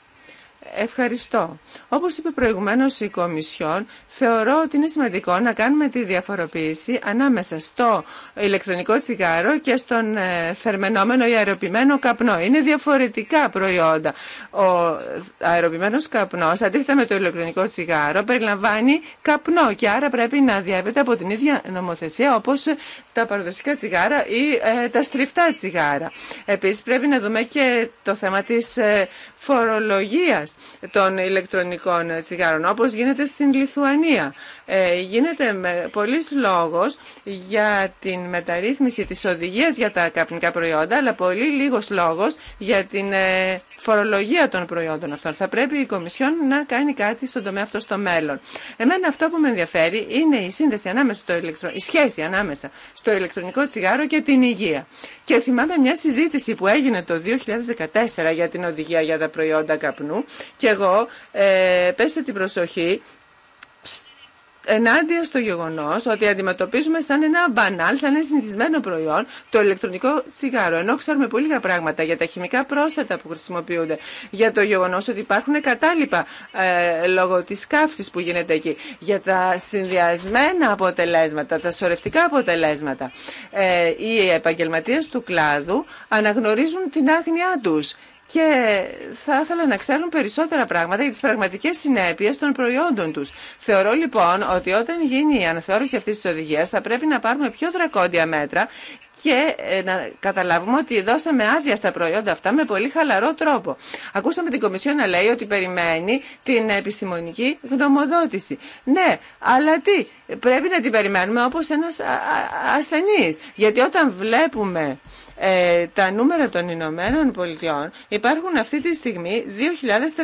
Ευχαριστώ. Όπως είπε προηγουμένως η Κομισιόν, θεωρώ ότι είναι σημαντικό να κάνουμε τη διαφοροποίηση ανάμεσα στο ηλεκτρονικό τσιγάρο και στον θερμενόμενο ε, ή αεροποιημένο καπνό. Είναι διαφορετικά προϊόντα. Ο αεροποιημένος καπνός, αντίθετα με το ηλεκτρονικό τσιγάρο, περιλαμβάνει καπνό και άρα πρέπει να διαβέται από την ίδια νομοθεσία όπως τα παραδοσιακά τσιγάρα ή ε, τα στριφτά τσιγάρα. Επίσης πρέπει να δούμε και το θέμα της ε, φορολογίας των ηλεκτρονικών τσιγάρων, όπως γίνεται στην Λιθουανία. Ε, γίνεται με, πολλής λόγος για την μεταρρύθμιση της οδηγίας για τα καπνικά προϊόντα, αλλά πολύ λίγος λόγος για την ε, φορολογία των προϊόντων αυτών. Θα πρέπει η Κομισιόν να κάνει κάτι στον τομέα αυτό στο μέλλον. Εμένα αυτό που με ενδιαφέρει είναι η σύνδεση ανάμεσα στο ηλεκτρο... η σχέση ανάμεσα στο ηλεκτρονικό τσιγάρο και την υγεία. Και θυμάμαι μια συζήτηση που έγινε το 2014 για την οδηγία για τα προϊόντα καπνού και εγώ ε, πέσα την προσοχή ενάντια στο γεγονό ότι αντιμετωπίζουμε σαν ένα μπανάλ, σαν ένα συνηθισμένο προϊόν το ηλεκτρονικό σιγάρο. Ενώ ξέρουμε πολύ λίγα πράγματα για τα χημικά πρόσθετα που χρησιμοποιούνται, για το γεγονό ότι υπάρχουν κατάλοιπα ε, λόγω τη καύση που γίνεται εκεί, για τα συνδυασμένα αποτελέσματα, τα σωρευτικά αποτελέσματα. Ε, οι επαγγελματίε του κλάδου αναγνωρίζουν την άγνοιά του και θα ήθελα να ξέρουν περισσότερα πράγματα για τις πραγματικές συνέπειες των προϊόντων τους. Θεωρώ λοιπόν ότι όταν γίνει η αναθεώρηση αυτής της οδηγίας θα πρέπει να πάρουμε πιο δρακόντια μέτρα και ε, να καταλάβουμε ότι δώσαμε άδεια στα προϊόντα αυτά με πολύ χαλαρό τρόπο. Ακούσαμε την Κομισιόν να λέει ότι περιμένει την επιστημονική γνωμοδότηση. Ναι, αλλά τι, πρέπει να την περιμένουμε όπως ένας ασθενής. Γιατί όταν βλέπουμε ε, τα νούμερα των Ηνωμένων Πολιτειών υπάρχουν αυτή τη στιγμή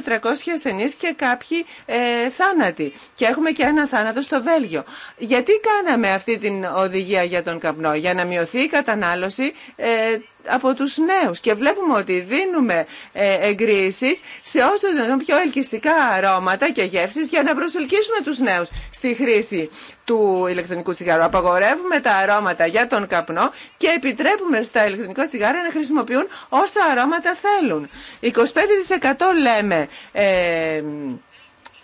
2.400 ασθενεί και κάποιοι ε, θάνατοι. Και έχουμε και ένα θάνατο στο Βέλγιο. Γιατί κάναμε αυτή την οδηγία για τον καπνό, για να μειωθεί η κατανάλωση ε, από τους νέους και βλέπουμε ότι δίνουμε ε, εγκρίσεις σε όσο δυνατόν πιο ελκυστικά αρώματα και γεύσεις για να προσελκύσουμε τους νέους στη χρήση του ηλεκτρονικού τσιγάρου. Απαγορεύουμε τα αρώματα για τον καπνό και επιτρέπουμε στα ηλεκτρονικά τσιγάρα να χρησιμοποιούν όσα αρώματα θέλουν. 25% λέμε... Ε,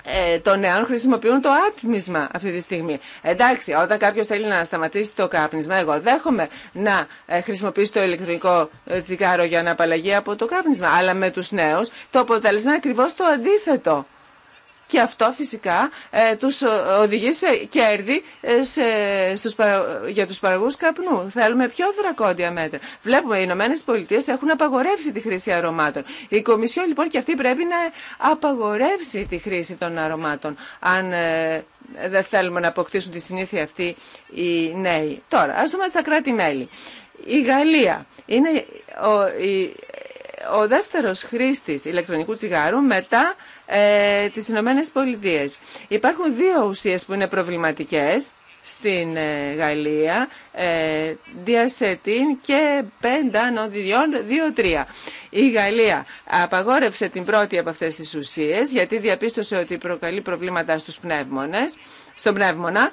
ε, των νέων χρησιμοποιούν το άτμισμα αυτή τη στιγμή. Εντάξει, όταν κάποιο θέλει να σταματήσει το κάπνισμα, εγώ δέχομαι να ε, χρησιμοποιήσει το ηλεκτρονικό ε, τσιγάρο για να απαλλαγεί από το κάπνισμα. Αλλά με του νέου το αποτέλεσμα είναι ακριβώ το αντίθετο και αυτό φυσικά ε, τους οδηγεί σε κέρδη ε, σε, στους, για τους παραγωγούς καπνού. Θέλουμε πιο δρακόντια μέτρα. Βλέπουμε οι Ηνωμένε Πολιτείε έχουν απαγορεύσει τη χρήση αρωμάτων. Η Κομισιό λοιπόν και αυτή πρέπει να απαγορεύσει τη χρήση των αρωμάτων. Αν ε, δεν θέλουμε να αποκτήσουν τη συνήθεια αυτή οι νέοι. Τώρα, ας δούμε στα κράτη-μέλη. Η Γαλλία είναι ο, η, ο δεύτερος χρήστης ηλεκτρονικού τσιγάρου μετά ε, τις Ηνωμένε Πολιτείε. Υπάρχουν δύο ουσίες που είναι προβληματικές στην ε, Γαλλία, ε, διασετίν και πέντα νοδιδιών, δύο-τρία. Η Γαλλία απαγόρευσε την πρώτη από αυτές τις ουσίες, γιατί διαπίστωσε ότι προκαλεί προβλήματα στους πνεύμονες, στον πνεύμονα,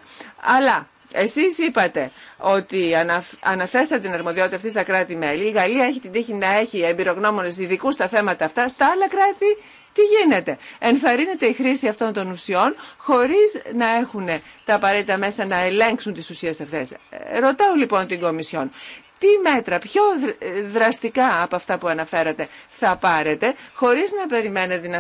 αλλά εσείς είπατε ότι αναθέσατε την αρμοδιότητα αυτή στα κράτη-μέλη. Η Γαλλία έχει την τύχη να έχει εμπειρογνώμονες ειδικού στα θέματα αυτά. Στα άλλα κράτη τι γίνεται. Ενθαρρύνεται η χρήση αυτών των ουσιών χωρίς να έχουν τα απαραίτητα μέσα να ελέγξουν τι ουσίες αυτές. Ε, ρωτάω λοιπόν την Κομισιόν. Τι μέτρα πιο δραστικά από αυτά που αναφέρατε θα πάρετε χωρίς να περιμένετε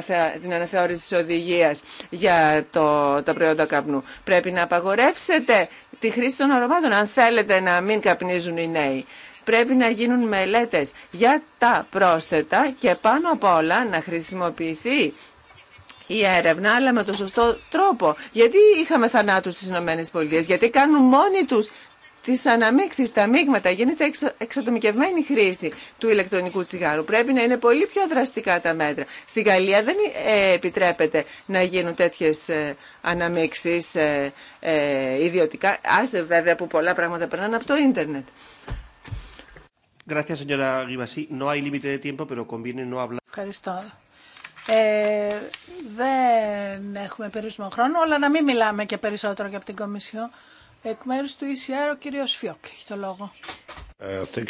την αναθεώρηση τη οδηγία για το, τα προϊόντα καπνού. Πρέπει να απαγορεύσετε τη χρήση των αρωμάτων αν θέλετε να μην καπνίζουν οι νέοι πρέπει να γίνουν μελέτες για τα πρόσθετα και πάνω απ' όλα να χρησιμοποιηθεί η έρευνα, αλλά με το σωστό τρόπο. Γιατί είχαμε θανάτους στις ΗΠΑ, γιατί κάνουν μόνοι τους τι αναμίξει, τα μείγματα. Γίνεται εξατομικευμένη χρήση του ηλεκτρονικού τσιγάρου. Πρέπει να είναι πολύ πιο δραστικά τα μέτρα. Στη Γαλλία δεν ε, επιτρέπεται να γίνουν τέτοιε ε, ε, ε, ιδιωτικά. Άσε βέβαια που πολλά πράγματα περνάνε από το ίντερνετ. Ευχαριστώ. Ε, δεν έχουμε περισσότερο χρόνο, αλλά να μην μιλάμε και περισσότερο για από την Κομισιό. Εκ μέρου του ECR ο κύριο Φιόκ έχει το λόγο. Uh,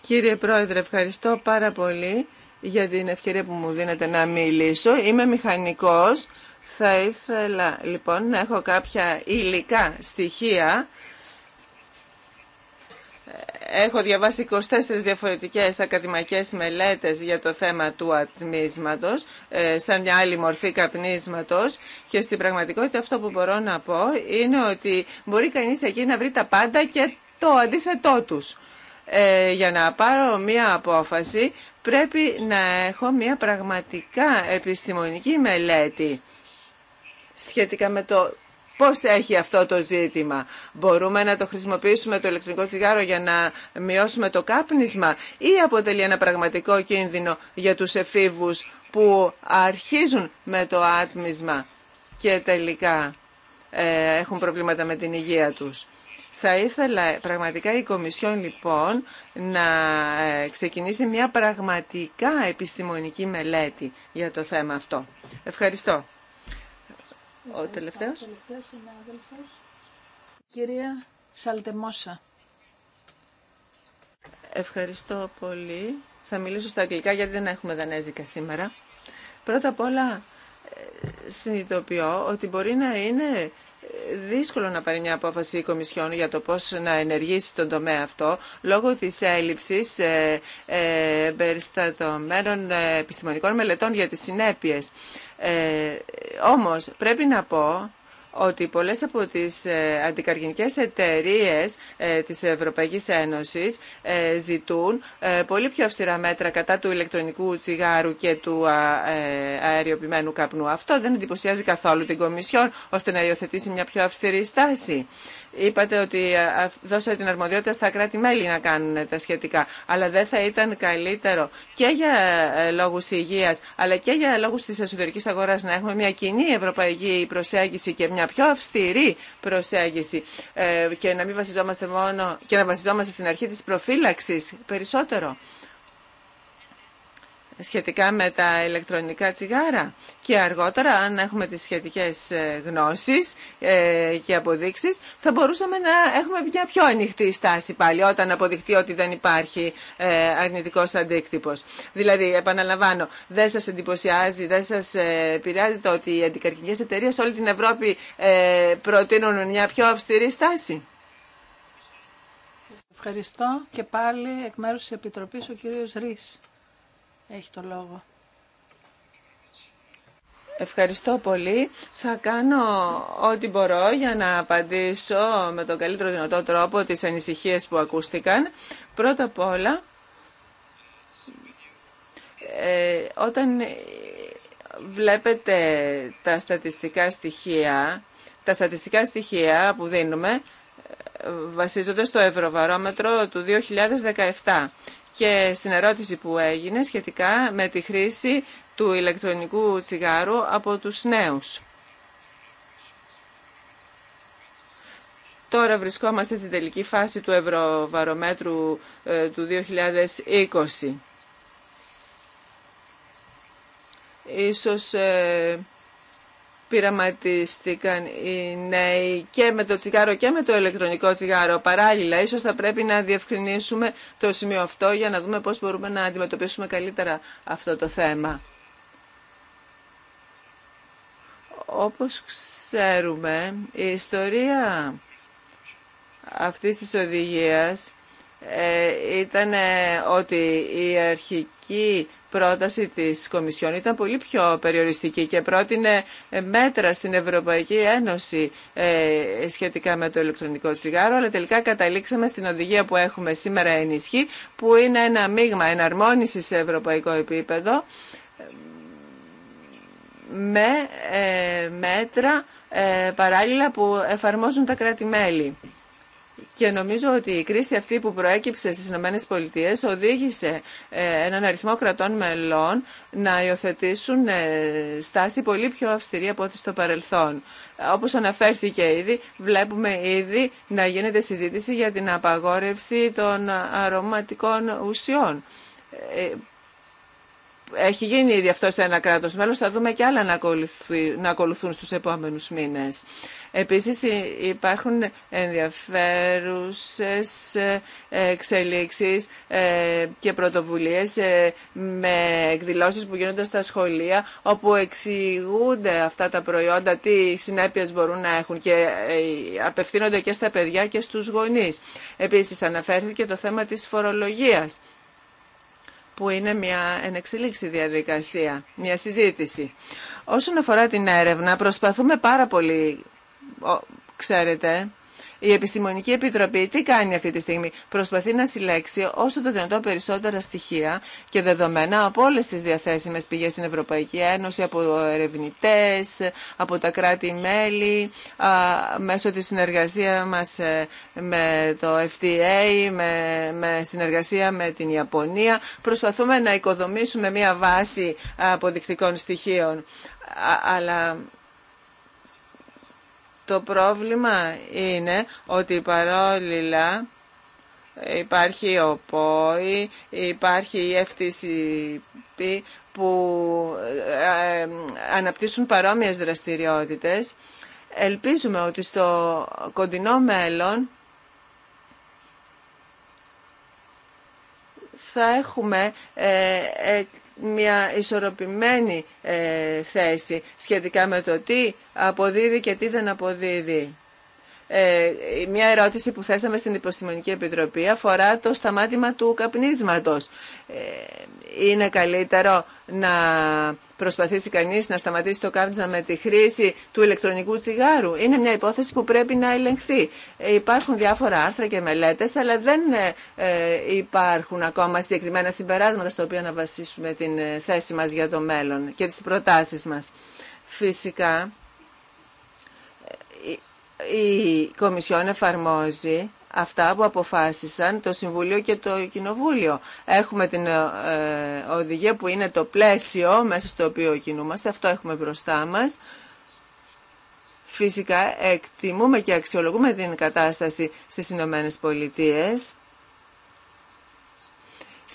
Κύριε Πρόεδρε, ευχαριστώ πάρα πολύ για την ευκαιρία που μου δίνετε να μιλήσω. Είμαι μηχανικός. Θα ήθελα λοιπόν να έχω κάποια υλικά στοιχεία Έχω διαβάσει 24 διαφορετικές ακαδημαϊκές μελέτες για το θέμα του ατμίσματος, ε, σαν μια άλλη μορφή καπνίσματος και στην πραγματικότητα αυτό που μπορώ να πω είναι ότι μπορεί κανείς εκεί να βρει τα πάντα και το αντίθετό τους. Ε, για να πάρω μια απόφαση πρέπει να έχω μια πραγματικά επιστημονική μελέτη σχετικά με το Πώς έχει αυτό το ζήτημα. Μπορούμε να το χρησιμοποιήσουμε το ηλεκτρικό τσιγάρο για να μειώσουμε το κάπνισμα ή αποτελεί ένα πραγματικό κίνδυνο για τους εφήβους που αρχίζουν με το άτμισμα και τελικά ε, έχουν προβλήματα με την υγεία τους. Θα ήθελα πραγματικά η Κομισιόν λοιπόν να ε, ξεκινήσει μια πραγματικά επιστημονική μελέτη για το θέμα αυτό. Ευχαριστώ. Ο συνάδελφο. Κυρία Σαλτεμόσα. Ευχαριστώ πολύ. Θα μιλήσω στα αγγλικά γιατί δεν έχουμε δανέζικα σήμερα. Πρώτα απ' όλα ε, συνειδητοποιώ ότι μπορεί να είναι δύσκολο να πάρει μια απόφαση η Κομισιόν για το πώς να ενεργήσει τον τομέα αυτό λόγω της έλλειψης ε, ε, περιστατωμένων ε, επιστημονικών μελετών για τις συνέπειες. Όμως πρέπει να πω ότι πολλές από τις ε, αντικαρκυνικές εταιρείες ε, της Ευρωπαϊκής Ένωσης ε, ζητούν πολύ πιο αυστηρά μέτρα κατά του ηλεκτρονικού τσιγάρου και του αεριοποιημένου καπνού. Αυτό δεν εντυπωσιάζει καθόλου την Κομισιόν ώστε να υιοθετήσει μια πιο αυστηρή στάση. Είπατε ότι δώσατε την αρμοδιότητα στα κράτη-μέλη να κάνουν τα σχετικά. Αλλά δεν θα ήταν καλύτερο και για ε, λόγους υγείας, αλλά και για λόγους της εσωτερικής αγοράς να έχουμε μια κοινή ευρωπαϊκή προσέγγιση και μια πιο αυστηρή προσέγγιση ε, και να μην βασιζόμαστε μόνο και να βασιζόμαστε στην αρχή της προφύλαξης περισσότερο σχετικά με τα ηλεκτρονικά τσιγάρα και αργότερα αν έχουμε τις σχετικές ε, γνώσεις ε, και αποδείξεις θα μπορούσαμε να έχουμε μια πιο ανοιχτή στάση πάλι όταν αποδειχτεί ότι δεν υπάρχει ε, αρνητικός αντίκτυπος. Δηλαδή, επαναλαμβάνω, δεν σας εντυπωσιάζει, δεν σας επηρεάζει το ότι οι αντικαρκυνικές εταιρείες όλη την Ευρώπη προτείνουν μια πιο αυστηρή στάση. Ευχαριστώ και πάλι εκ μέρους της Επιτροπής ο κύριος Ρης. Έχει το λόγο. Ευχαριστώ πολύ. Θα κάνω ό,τι μπορώ για να απαντήσω με τον καλύτερο δυνατό τρόπο τις ανησυχίες που ακούστηκαν. Πρώτα απ' όλα, ε, όταν βλέπετε τα στατιστικά στοιχεία, τα στατιστικά στοιχεία που δίνουμε ε, βασίζονται στο Ευρωβαρόμετρο του 2017 και στην ερώτηση που έγινε σχετικά με τη χρήση του ηλεκτρονικού τσιγάρου από τους νέους. Τώρα βρισκόμαστε στην τελική φάση του Ευρωβαρομέτρου ε, του 2020. Ίσως ε, πειραματίστηκαν οι νέοι και με το τσιγάρο και με το ηλεκτρονικό τσιγάρο παράλληλα. Ίσως θα πρέπει να διευκρινίσουμε το σημείο αυτό για να δούμε πώς μπορούμε να αντιμετωπίσουμε καλύτερα αυτό το θέμα. Όπως ξέρουμε, η ιστορία αυτής της οδηγίας ε, ήταν ε, ότι η αρχική πρόταση της Κομισιόν ήταν πολύ πιο περιοριστική και πρότεινε ε, μέτρα στην Ευρωπαϊκή Ένωση σχετικά με το ηλεκτρονικό τσιγάρο, αλλά τελικά καταλήξαμε στην οδηγία που έχουμε σήμερα ενισχύ, που είναι ένα μείγμα εναρμόνισης σε ευρωπαϊκό επίπεδο με μέτρα παράλληλα που εφαρμόζουν τα κράτη-μέλη. Και νομίζω ότι η κρίση αυτή που προέκυψε στις ΗΠΑ οδήγησε ε, έναν αριθμό κρατών μελών να υιοθετήσουν ε, στάση πολύ πιο αυστηρή από ό,τι στο παρελθόν. Όπως αναφέρθηκε ήδη, βλέπουμε ήδη να γίνεται συζήτηση για την απαγόρευση των αρωματικών ουσιών ε, έχει γίνει ήδη αυτό σε ένα κράτο μέλο, θα δούμε και άλλα να, να ακολουθούν στους επόμενου μήνε. Επίσης υπάρχουν ενδιαφέρουσε ε, εξελίξει ε, και πρωτοβουλίες ε, με εκδηλώσεις που γίνονται στα σχολεία όπου εξηγούνται αυτά τα προϊόντα, τι συνέπειε μπορούν να έχουν και απευθύνονται και στα παιδιά και στους γονείς. Επίση, αναφέρθηκε το θέμα τη φορολογίας που είναι μια ενεξελίξη διαδικασία, μια συζήτηση. Όσον αφορά την έρευνα, προσπαθούμε πάρα πολύ, ξέρετε, η Επιστημονική Επιτροπή τι κάνει αυτή τη στιγμή. Προσπαθεί να συλλέξει όσο το δυνατό περισσότερα στοιχεία και δεδομένα από όλε τι διαθέσιμε πηγέ στην Ευρωπαϊκή Ένωση, από ερευνητέ, από τα κράτη-μέλη, μέσω τη συνεργασία μα ε, με το FTA, με, με συνεργασία με την Ιαπωνία. Προσπαθούμε να οικοδομήσουμε μία βάση αποδεικτικών στοιχείων. Αλλά το πρόβλημα είναι ότι παρόλα υπάρχει ο ΠΟΗ, υπάρχει η FTCP που ε, ε, αναπτύσσουν παρόμοιες δραστηριότητες. Ελπίζουμε ότι στο κοντινό μέλλον θα έχουμε ε, μια ισορροπημένη ε, θέση σχετικά με το τι αποδίδει και τι δεν αποδίδει. Ε, μια ερώτηση που θέσαμε στην Υποστημονική Επιτροπή αφορά το σταμάτημα του καπνίσματος. Ε, είναι καλύτερο να προσπαθήσει κανείς να σταματήσει το κάπνισμα με τη χρήση του ηλεκτρονικού τσιγάρου. Είναι μια υπόθεση που πρέπει να ελεγχθεί. Ε, υπάρχουν διάφορα άρθρα και μελέτες, αλλά δεν υπάρχουν ακόμα συγκεκριμένα συμπεράσματα στα οποία να βασίσουμε την θέση μας για το μέλλον και τις προτάσεις μας. Φυσικά, η Κομισιόν εφαρμόζει αυτά που αποφάσισαν το Συμβούλιο και το Κοινοβούλιο. Έχουμε την ε, ε, οδηγία που είναι το πλαίσιο μέσα στο οποίο κινούμαστε. Αυτό έχουμε μπροστά μας. Φυσικά εκτιμούμε και αξιολογούμε την κατάσταση στις Ηνωμένε Πολιτείες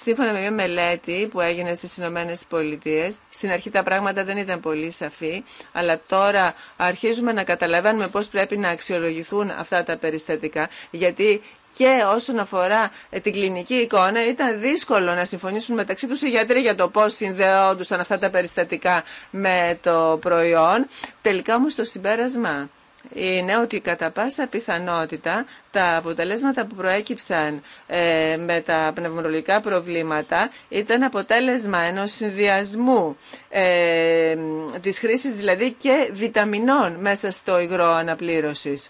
Σύμφωνα με μια μελέτη που έγινε στις Ηνωμένε Πολιτείε, στην αρχή τα πράγματα δεν ήταν πολύ σαφή, αλλά τώρα αρχίζουμε να καταλαβαίνουμε πώς πρέπει να αξιολογηθούν αυτά τα περιστατικά, γιατί και όσον αφορά ε, την κλινική εικόνα, ήταν δύσκολο να συμφωνήσουν μεταξύ τους οι γιατροί για το πώς συνδεόντουσαν αυτά τα περιστατικά με το προϊόν. Τελικά όμως το συμπέρασμα είναι ότι κατά πάσα πιθανότητα τα αποτελέσματα που προέκυψαν ε, με τα πνευμονολογικά προβλήματα ήταν αποτέλεσμα ενός συνδυασμού ε, της χρήσης δηλαδή και βιταμινών μέσα στο υγρό αναπλήρωσης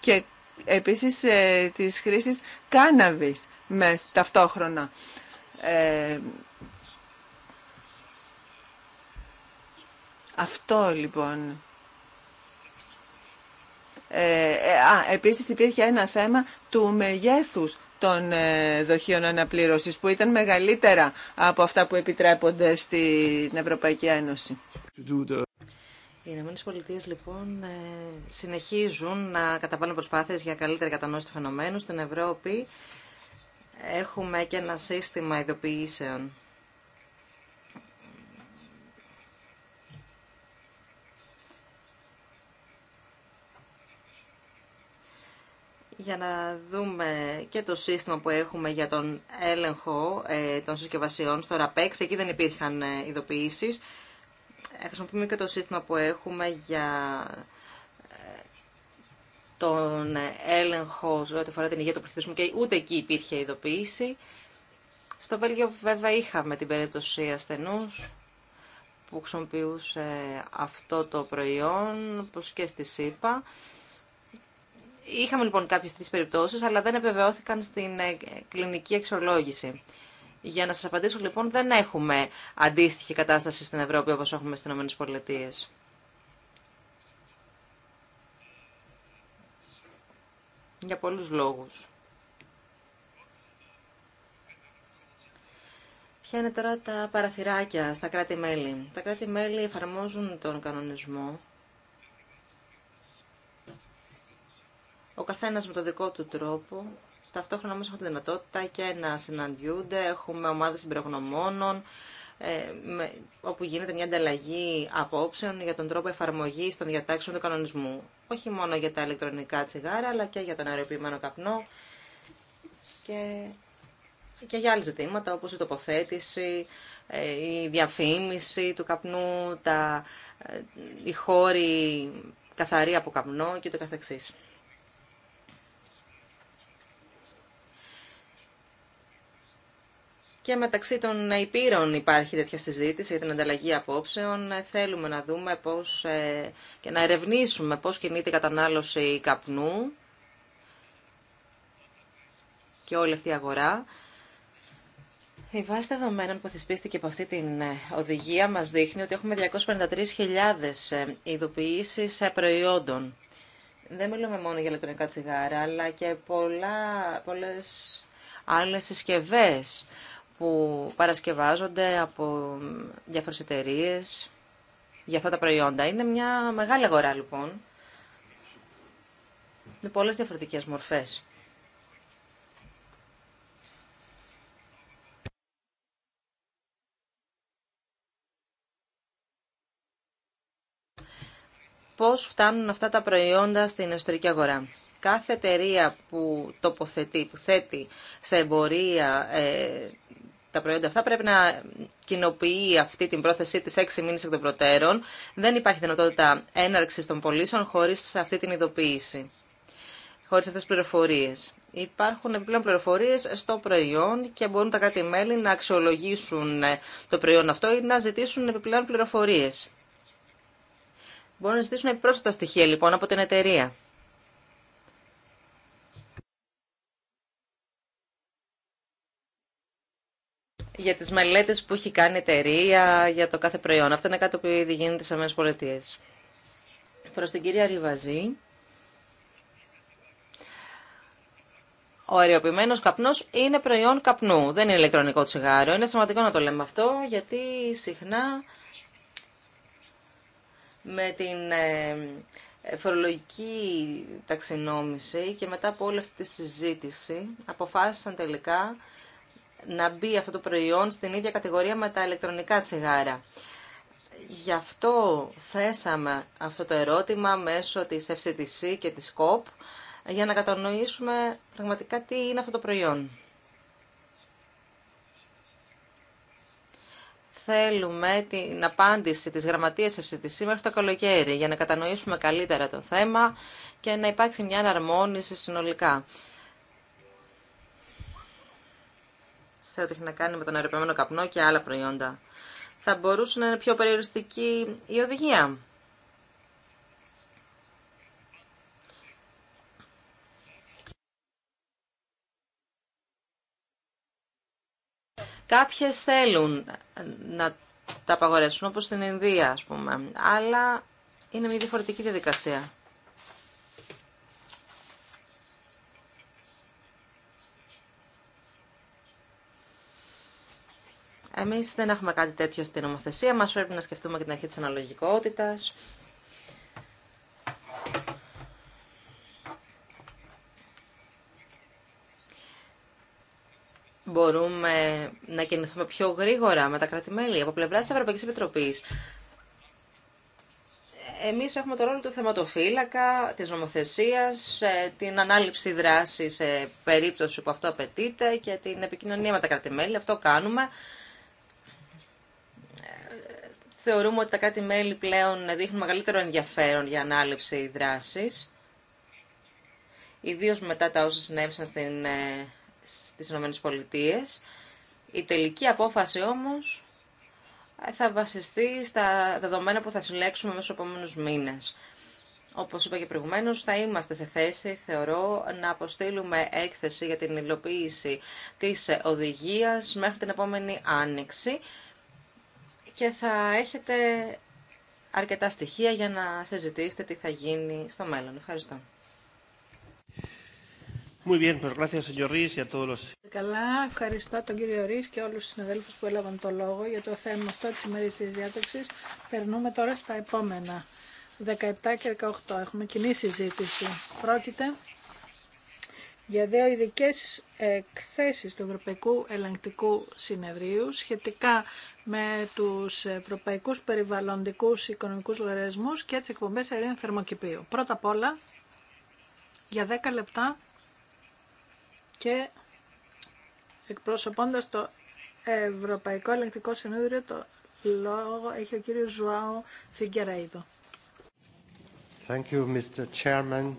και επίσης ε, της χρήσης κάναβης μες, ταυτόχρονα. Ε, αυτό λοιπόν ε, ε, α, επίσης υπήρχε ένα θέμα του μεγέθους των ε, δοχείων αναπλήρωσης που ήταν μεγαλύτερα από αυτά που επιτρέπονται στην Ευρωπαϊκή Ένωση. Οι Ηνωμένε Πολιτείε λοιπόν συνεχίζουν να καταβάλουν προσπάθειες για καλύτερη κατανόηση του φαινομένου. Στην Ευρώπη έχουμε και ένα σύστημα ειδοποιήσεων για να δούμε και το σύστημα που έχουμε για τον έλεγχο ε, των συσκευασιών στο RAPEX. Εκεί δεν υπήρχαν ε, ειδοποιήσεις. Ε, χρησιμοποιούμε και το σύστημα που έχουμε για τον έλεγχο ό,τι αφορά την υγεία του πληθυσμού και ούτε εκεί υπήρχε ειδοποίηση. Στο Βέλγιο βέβαια είχαμε την περίπτωση ασθενούς που χρησιμοποιούσε αυτό το προϊόν, όπως και στη ΣΥΠΑ. Είχαμε λοιπόν κάποιες τέτοιες περιπτώσεις, αλλά δεν επιβεβαιώθηκαν στην ε, κλινική εξολόγηση. Για να σας απαντήσω λοιπόν, δεν έχουμε αντίστοιχη κατάσταση στην Ευρώπη όπως έχουμε στις ΗΠΑ. Για πολλούς λόγους. Ποια είναι τώρα τα παραθυράκια στα κράτη-μέλη. Τα κράτη-μέλη εφαρμόζουν τον κανονισμό ο καθένας με το δικό του τρόπο. Ταυτόχρονα όμως έχουμε τη δυνατότητα και να συναντιούνται, έχουμε ομάδες ε, με, όπου γίνεται μια ανταλλαγή απόψεων για τον τρόπο εφαρμογής των διατάξεων του κανονισμού. Όχι μόνο για τα ηλεκτρονικά τσιγάρα, αλλά και για τον αεροποιημένο καπνό και, και για άλλα ζητήματα όπως η τοποθέτηση, ε, η διαφήμιση του καπνού, τα, ε, οι χώροι καθαροί από καπνό και το Και μεταξύ των υπήρων υπάρχει τέτοια συζήτηση για την ανταλλαγή απόψεων. Θέλουμε να δούμε πώς ε, και να ερευνήσουμε πώς κινείται η κατανάλωση καπνού και όλη αυτή η αγορά. Η βάση δεδομένων που θεσπίστηκε από αυτή την ε, οδηγία μας δείχνει ότι έχουμε 253.000 ε, ειδοποιήσεις προϊόντων. Δεν μιλούμε μόνο για ηλεκτρονικά τσιγάρα, αλλά και πολλά, πολλές άλλες συσκευές που παρασκευάζονται από διάφορες εταιρείε για αυτά τα προϊόντα. Είναι μια μεγάλη αγορά λοιπόν, με πολλές διαφορετικές μορφές. Πώς φτάνουν αυτά τα προϊόντα στην εσωτερική αγορά. Κάθε εταιρεία που τοποθετεί, που θέτει σε εμπορία ε, τα προϊόντα αυτά πρέπει να κοινοποιεί αυτή την πρόθεσή τη έξι μήνε εκ των προτέρων. Δεν υπάρχει δυνατότητα έναρξη των πωλήσεων χωρί αυτή την ειδοποίηση, χωρί αυτέ τι πληροφορίε. Υπάρχουν επιπλέον πληροφορίε στο προϊόν και μπορούν τα κράτη-μέλη να αξιολογήσουν ε, το προϊόν αυτό ή να ζητήσουν επιπλέον πληροφορίε. Μπορούν να ζητήσουν πρόσθετα στοιχεία λοιπόν από την εταιρεία. για τις μελέτες που έχει κάνει η εταιρεία για το κάθε προϊόν. Αυτό είναι κάτι που ήδη γίνεται στις πολιτείες. Προς την κυρία Ριβαζή, ο αεριοποιημένο καπνό είναι προϊόν καπνού. Δεν είναι ηλεκτρονικό τσιγάρο. Είναι σημαντικό να το λέμε αυτό, γιατί συχνά με την ε, φορολογική ταξινόμηση και μετά από όλη αυτή τη συζήτηση αποφάσισαν τελικά να μπει αυτό το προϊόν στην ίδια κατηγορία με τα ηλεκτρονικά τσιγάρα. Γι' αυτό θέσαμε αυτό το ερώτημα μέσω της FCTC και της COP για να κατανοήσουμε πραγματικά τι είναι αυτό το προϊόν. Θέλουμε την απάντηση της γραμματείας FCTC μέχρι το καλοκαίρι για να κατανοήσουμε καλύτερα το θέμα και να υπάρξει μια αναρμόνιση συνολικά. σε ό,τι έχει να κάνει με τον αεροπλανό καπνό και άλλα προϊόντα. Θα μπορούσε να είναι πιο περιοριστική η οδηγία. Κάποιες θέλουν να τα απαγορεύσουν, όπως στην Ινδία, ας πούμε. Αλλά είναι μια διαφορετική διαδικασία. Εμείς δεν έχουμε κάτι τέτοιο στην νομοθεσία μας, πρέπει να σκεφτούμε και την αρχή της αναλογικότητας. Μπορούμε να κινηθούμε πιο γρήγορα με τα κρατημέλη από πλευρά της Ευρωπαϊκής Επιτροπής. Εμείς έχουμε το ρόλο του θεματοφύλακα, της νομοθεσίας, ε, την ανάληψη δράση σε περίπτωση που αυτό απαιτείται και την επικοινωνία με τα κρατημέλη. Αυτό κάνουμε θεωρούμε ότι τα κάτι μελη πλέον δείχνουν μεγαλύτερο ενδιαφέρον για ανάληψη δράσης, ιδίω μετά τα όσα συνέβησαν στι ε, στις ΗΠΑ. Η τελική απόφαση όμως ε, θα βασιστεί στα δεδομένα που θα συλλέξουμε μέσα στους επόμενους μήνες. Όπως είπα και προηγουμένως, θα είμαστε σε θέση, θεωρώ, να αποστείλουμε έκθεση για την υλοποίηση της οδηγίας μέχρι την επόμενη άνοιξη και θα έχετε αρκετά στοιχεία για να συζητήσετε τι θα γίνει στο μέλλον. Ευχαριστώ. Muy bien, pues gracias, y a todos los... Καλά, ευχαριστώ τον κύριο Ρης και όλους τους συναδέλφους που έλαβαν το λόγο για το θέμα αυτό της ημέρης της διάταξης. Περνούμε τώρα στα επόμενα, 17 και 18. Έχουμε κοινή συζήτηση. Πρόκειται για δύο ειδικέ εκθέσεις του Ευρωπαϊκού Ελεγκτικού Συνεδρίου σχετικά με τους ευρωπαϊκούς περιβαλλοντικούς οικονομικούς λογαριασμούς και τις εκπομπές αερίων θερμοκηπίου. Πρώτα απ' όλα, για 10 λεπτά και εκπροσωπώντας το Ευρωπαϊκό Ελεγκτικό Συνέδριο, το λόγο έχει ο κύριος Ζουάου Φιγκεραίδο. Thank you, Mr. Chairman.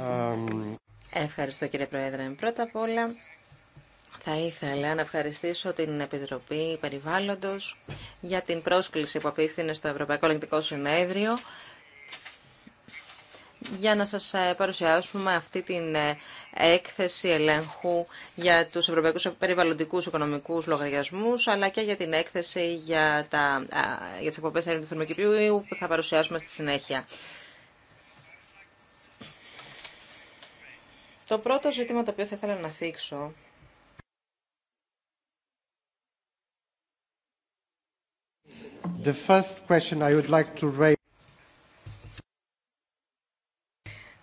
Um... Ευχαριστώ κύριε Πρόεδρε. Πρώτα απ' όλα θα ήθελα να ευχαριστήσω την Επιτροπή Περιβάλλοντος για την πρόσκληση που απίφθηνε στο Ευρωπαϊκό Ελεγκτικό Συνέδριο για να σας ε, παρουσιάσουμε αυτή την ε, έκθεση ελέγχου για τους ευρωπαϊκούς περιβαλλοντικούς οικονομικούς λογαριασμούς, αλλά και για την έκθεση για, τα, ε, για τις εκπομπές του θερμοκηπίου που θα παρουσιάσουμε στη συνέχεια. Το πρώτο ζήτημα το οποίο θα ήθελα να θίξω The first question I would like to raise...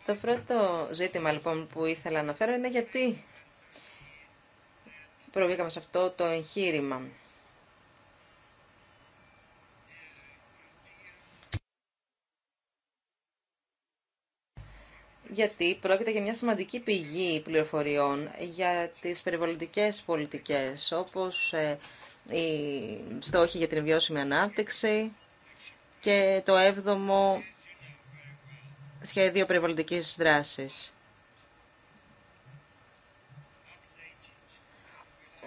Το πρώτο ζήτημα λοιπόν που ήθελα να φέρω είναι γιατί προβήκαμε σε αυτό το εγχείρημα. γιατί πρόκειται για μια σημαντική πηγή πληροφοριών για τις περιβαλλοντικές πολιτικές, όπως ε, οι στόχοι για την βιώσιμη ανάπτυξη και το 7 σχέδιο περιβαλλοντικής δράσης.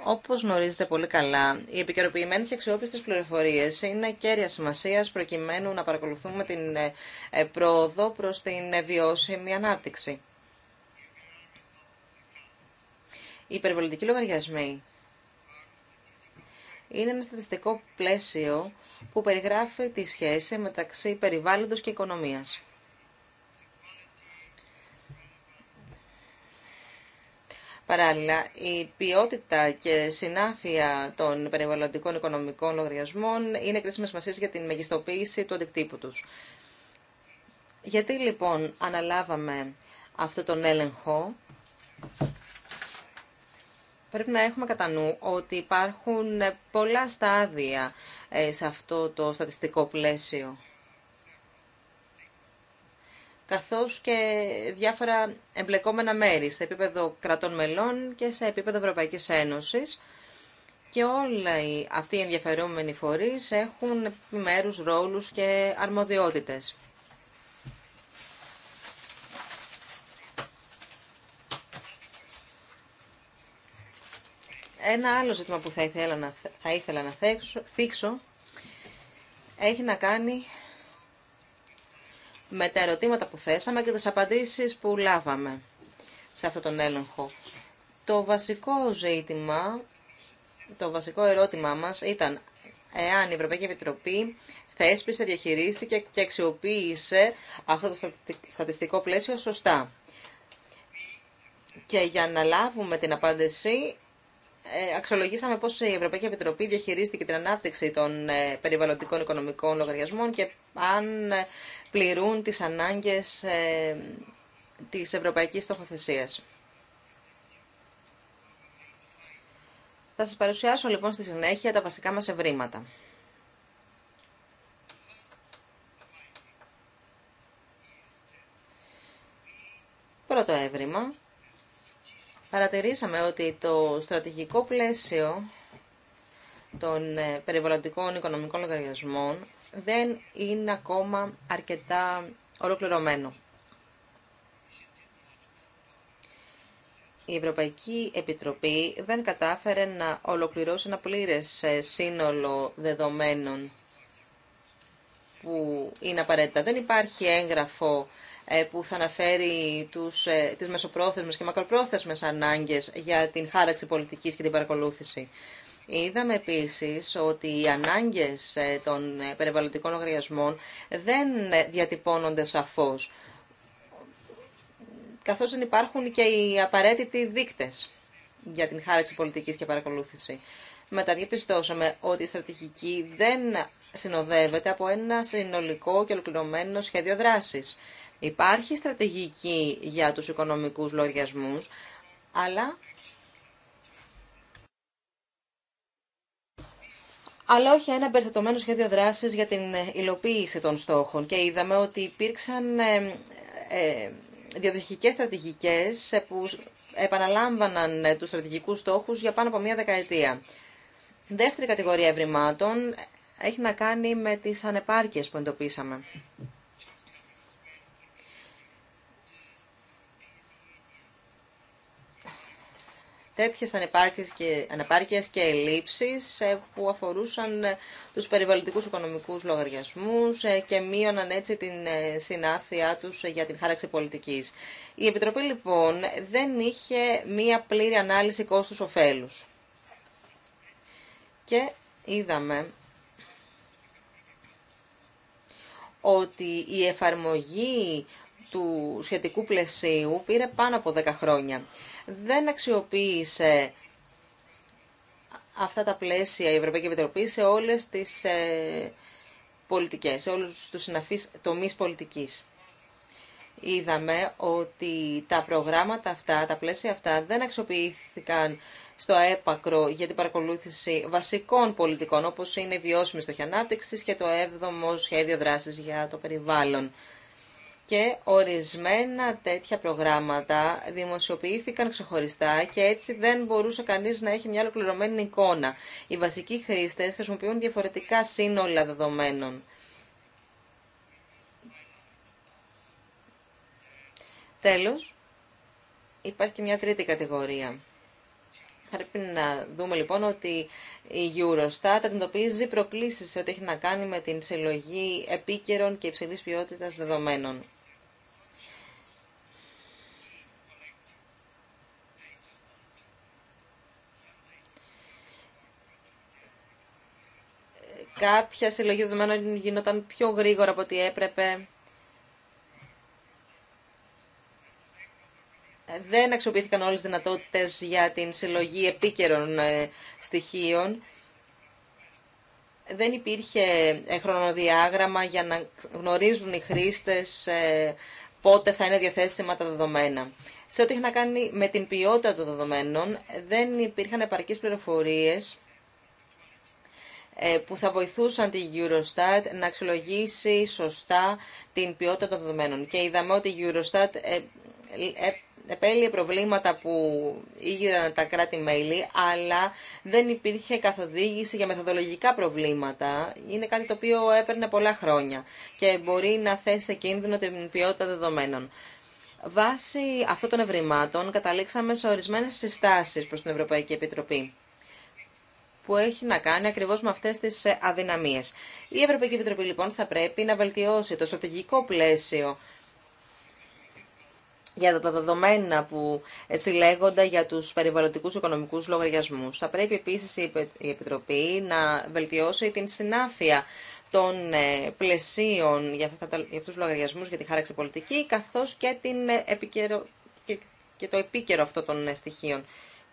Όπως γνωρίζετε πολύ καλά, οι επικαιροποιημένες αξιόπιστε πληροφορίε είναι κέρια σημασία προκειμένου να παρακολουθούμε την ε, ε, πρόοδο προς την ε, βιώσιμη ανάπτυξη. Οι υπερβολητικοί λογαριασμοί είναι ένα στατιστικό πλαίσιο που περιγράφει τη σχέση μεταξύ περιβάλλοντος και οικονομίας. Παράλληλα, η ποιότητα και συνάφεια των περιβαλλοντικών οικονομικών λογαριασμών είναι κρίσιμες σημασία για την μεγιστοποίηση του αντικτύπου τους. Γιατί λοιπόν αναλάβαμε αυτό τον έλεγχο, πρέπει να έχουμε κατά νου ότι υπάρχουν πολλά στάδια ε, σε αυτό το στατιστικό πλαίσιο καθώς και διάφορα εμπλεκόμενα μέρη σε επίπεδο κρατών μελών και σε επίπεδο Ευρωπαϊκής Ένωσης. Και όλοι αυτοί οι ενδιαφερόμενοι φορείς έχουν μέρους, ρόλους και αρμοδιότητες. Ένα άλλο ζήτημα που θα ήθελα να, θα ήθελα να θίξω έχει να κάνει με τα ερωτήματα που θέσαμε και τις απαντήσεις που λάβαμε σε αυτόν τον έλεγχο. Το βασικό ζήτημα, το βασικό ερώτημά μας ήταν εάν η Ευρωπαϊκή Επιτροπή θέσπισε, διαχειρίστηκε και αξιοποίησε αυτό το στατιστικό πλαίσιο σωστά. Και για να λάβουμε την απάντηση ε, αξιολογήσαμε πώς η Ευρωπαϊκή Επιτροπή διαχειρίστηκε την ανάπτυξη των ε, περιβαλλοντικών οικονομικών λογαριασμών και αν ε, πληρούν τις ανάγκες της ευρωπαϊκής στοχοθεσίας. Θα σας παρουσιάσω λοιπόν στη συνέχεια τα βασικά μας ευρήματα. Πρώτο εύρημα παρατηρήσαμε ότι το στρατηγικό πλαίσιο των ε, περιβαλλοντικών οικονομικών λογαριασμών δεν είναι ακόμα αρκετά ολοκληρωμένο. Η Ευρωπαϊκή Επιτροπή δεν κατάφερε να ολοκληρώσει ένα πλήρες ε, σύνολο δεδομένων που είναι απαραίτητα. Δεν υπάρχει έγγραφο ε, που θα αναφέρει τους, ε, τις μεσοπρόθεσμες και μακροπρόθεσμες ανάγκες για την χάραξη πολιτικής και την παρακολούθηση. Είδαμε επίσης ότι οι ανάγκες ε, των περιβαλλοντικών λογαριασμών δεν διατυπώνονται σαφώς, καθώς δεν υπάρχουν και οι απαραίτητοι δείκτες για την χάραξη πολιτικής και παρακολούθηση. Μετά διαπιστώσαμε ότι η στρατηγική δεν συνοδεύεται από ένα συνολικό και ολοκληρωμένο σχέδιο δράσης. Υπάρχει στρατηγική για τους οικονομικούς λογαριασμούς, αλλά... αλλά όχι ένα περιθετωμένο σχέδιο δράσης για την υλοποίηση των στόχων. Και είδαμε ότι υπήρξαν ε, ε, στρατηγικές ε, που επαναλάμβαναν ε, τους στρατηγικούς στόχους για πάνω από μία δεκαετία. Δεύτερη κατηγορία ευρημάτων έχει να κάνει με τις ανεπάρκειες που εντοπίσαμε. τέτοιες ανεπάρκειες και, και ελλείψεις ε, που αφορούσαν ε, τους περιβαλλοντικούς οικονομικούς λογαριασμούς ε, και μείωναν έτσι την συνάφειά τους για την χάραξη πολιτικής. Η Επιτροπή λοιπόν δεν είχε μία πλήρη ανάλυση κόστους ωφέλους. Και είδαμε ότι η εφαρμογή του σχετικού πλαισίου πήρε πάνω από 10 χρόνια δεν αξιοποίησε αυτά τα πλαίσια η Ευρωπαϊκή Επιτροπή σε όλες τις ε, πολιτικές, σε όλους τους συναφείς τομείς πολιτικής. Είδαμε ότι τα προγράμματα αυτά, τα πλαίσια αυτά δεν αξιοποιήθηκαν στο έπακρο για την παρακολούθηση βασικών πολιτικών όπως είναι η βιώσιμη στοχή ανάπτυξης και το 7ο σχέδιο δράσης για το περιβάλλον και ορισμένα τέτοια προγράμματα δημοσιοποιήθηκαν ξεχωριστά και έτσι δεν μπορούσε κανείς να έχει μια ολοκληρωμένη εικόνα. Οι βασικοί χρήστες χρησιμοποιούν διαφορετικά σύνολα δεδομένων. Τέλος, υπάρχει και μια τρίτη κατηγορία. Πρέπει να δούμε λοιπόν ότι η Eurostat αντιμετωπίζει προκλήσεις σε ό,τι έχει να κάνει με την συλλογή επίκαιρων και υψηλής ποιότητας δεδομένων. κάποια συλλογή δεδομένων γινόταν πιο γρήγορα από ό,τι έπρεπε. Δεν αξιοποιήθηκαν όλες τις δυνατότητες για την συλλογή επίκαιρων ε, στοιχείων. Δεν υπήρχε ε, χρονοδιάγραμμα για να γνωρίζουν οι χρήστες ε, πότε θα είναι διαθέσιμα τα δεδομένα. Σε ό,τι έχει να κάνει με την ποιότητα των δεδομένων, δεν υπήρχαν επαρκείς πληροφορίες ε, που θα βοηθούσαν τη Eurostat να αξιολογήσει σωστά την ποιότητα των δεδομένων. Και είδαμε ότι η Eurostat ε, ε, επέλυε προβλήματα που ήγηραν τα κράτη-μέλη, αλλά δεν υπήρχε καθοδήγηση για μεθοδολογικά προβλήματα. Είναι κάτι το οποίο έπαιρνε πολλά χρόνια και μπορεί να θέσει σε κίνδυνο την ποιότητα δεδομένων. Βάσει αυτών των ευρημάτων καταλήξαμε σε ορισμένες συστάσεις προς την Ευρωπαϊκή Επιτροπή που έχει να κάνει ακριβώς με αυτές τις ε, αδυναμίε. Η Ευρωπαϊκή Επιτροπή λοιπόν θα πρέπει να βελτιώσει το στρατηγικό πλαίσιο για τα δεδομένα που ε, συλλέγονται για τους περιβαλλοντικούς οικονομικούς λογαριασμούς. Θα πρέπει επίσης η Επιτροπή να βελτιώσει την συνάφεια των ε, πλαισίων για, αυτά για αυτούς τους λογαριασμούς για τη χάραξη πολιτική, καθώς και, την το επίκαιρο αυτό των στοιχείων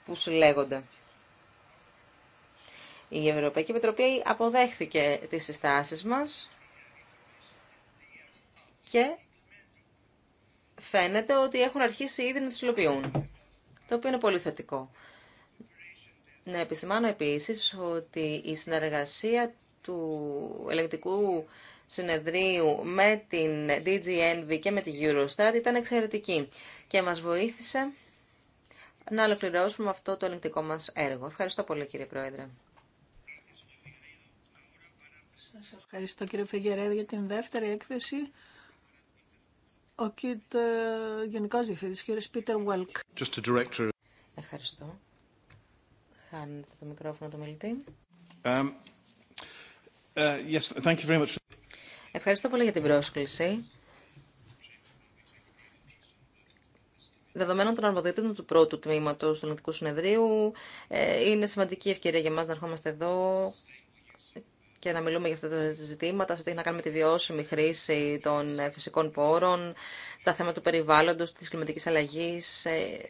που συλλέγονται. Η Ευρωπαϊκή Επιτροπή αποδέχθηκε τις συστάσεις μας και φαίνεται ότι έχουν αρχίσει ήδη να τις υλοποιούν, το οποίο είναι πολύ θετικό. Να επισημάνω επίσης ότι η συνεργασία του ελεγκτικού συνεδρίου με την DGNV και με την Eurostat ήταν εξαιρετική και μας βοήθησε να ολοκληρώσουμε αυτό το ελεγκτικό μας έργο. Ευχαριστώ πολύ κύριε Πρόεδρε. Σας ευχαριστώ κύριε Φεγγερέδη για την δεύτερη έκθεση. Ο κύριο ε, Γενικός Διευθυντής, κύριος Πίτερ Βουέλκ. Ευχαριστώ. Χάνετε το μικρόφωνο το μιλητή. Um, uh, yes, thank you very much. Ευχαριστώ πολύ για την πρόσκληση. Δεδομένων των αρμοδιοτήτων του πρώτου τμήματο του Ελληνικού Συνεδρίου, ε, είναι σημαντική ευκαιρία για μα να ερχόμαστε εδώ και να μιλούμε για αυτά τα ζητήματα, σε ό,τι έχει να κάνει με τη βιώσιμη χρήση των ε, φυσικών πόρων, τα θέματα του περιβάλλοντος, της κλιματικής αλλαγής, ε,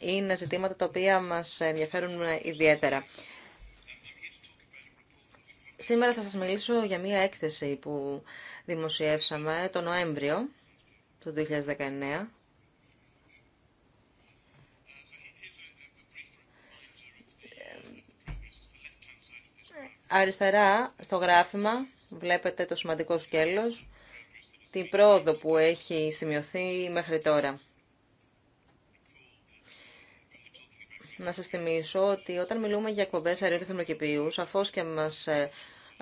είναι ζητήματα τα οποία μας ενδιαφέρουν ε, ιδιαίτερα. Σήμερα θα σας μιλήσω για μία έκθεση που δημοσιεύσαμε το Νοέμβριο του 2019 Αριστερά στο γράφημα βλέπετε το σημαντικό σκέλος, την πρόοδο που έχει σημειωθεί μέχρι τώρα. Να σας θυμίσω ότι όταν μιλούμε για εκπομπές αερίων θερμοκηπίου, σαφώς και μας ε,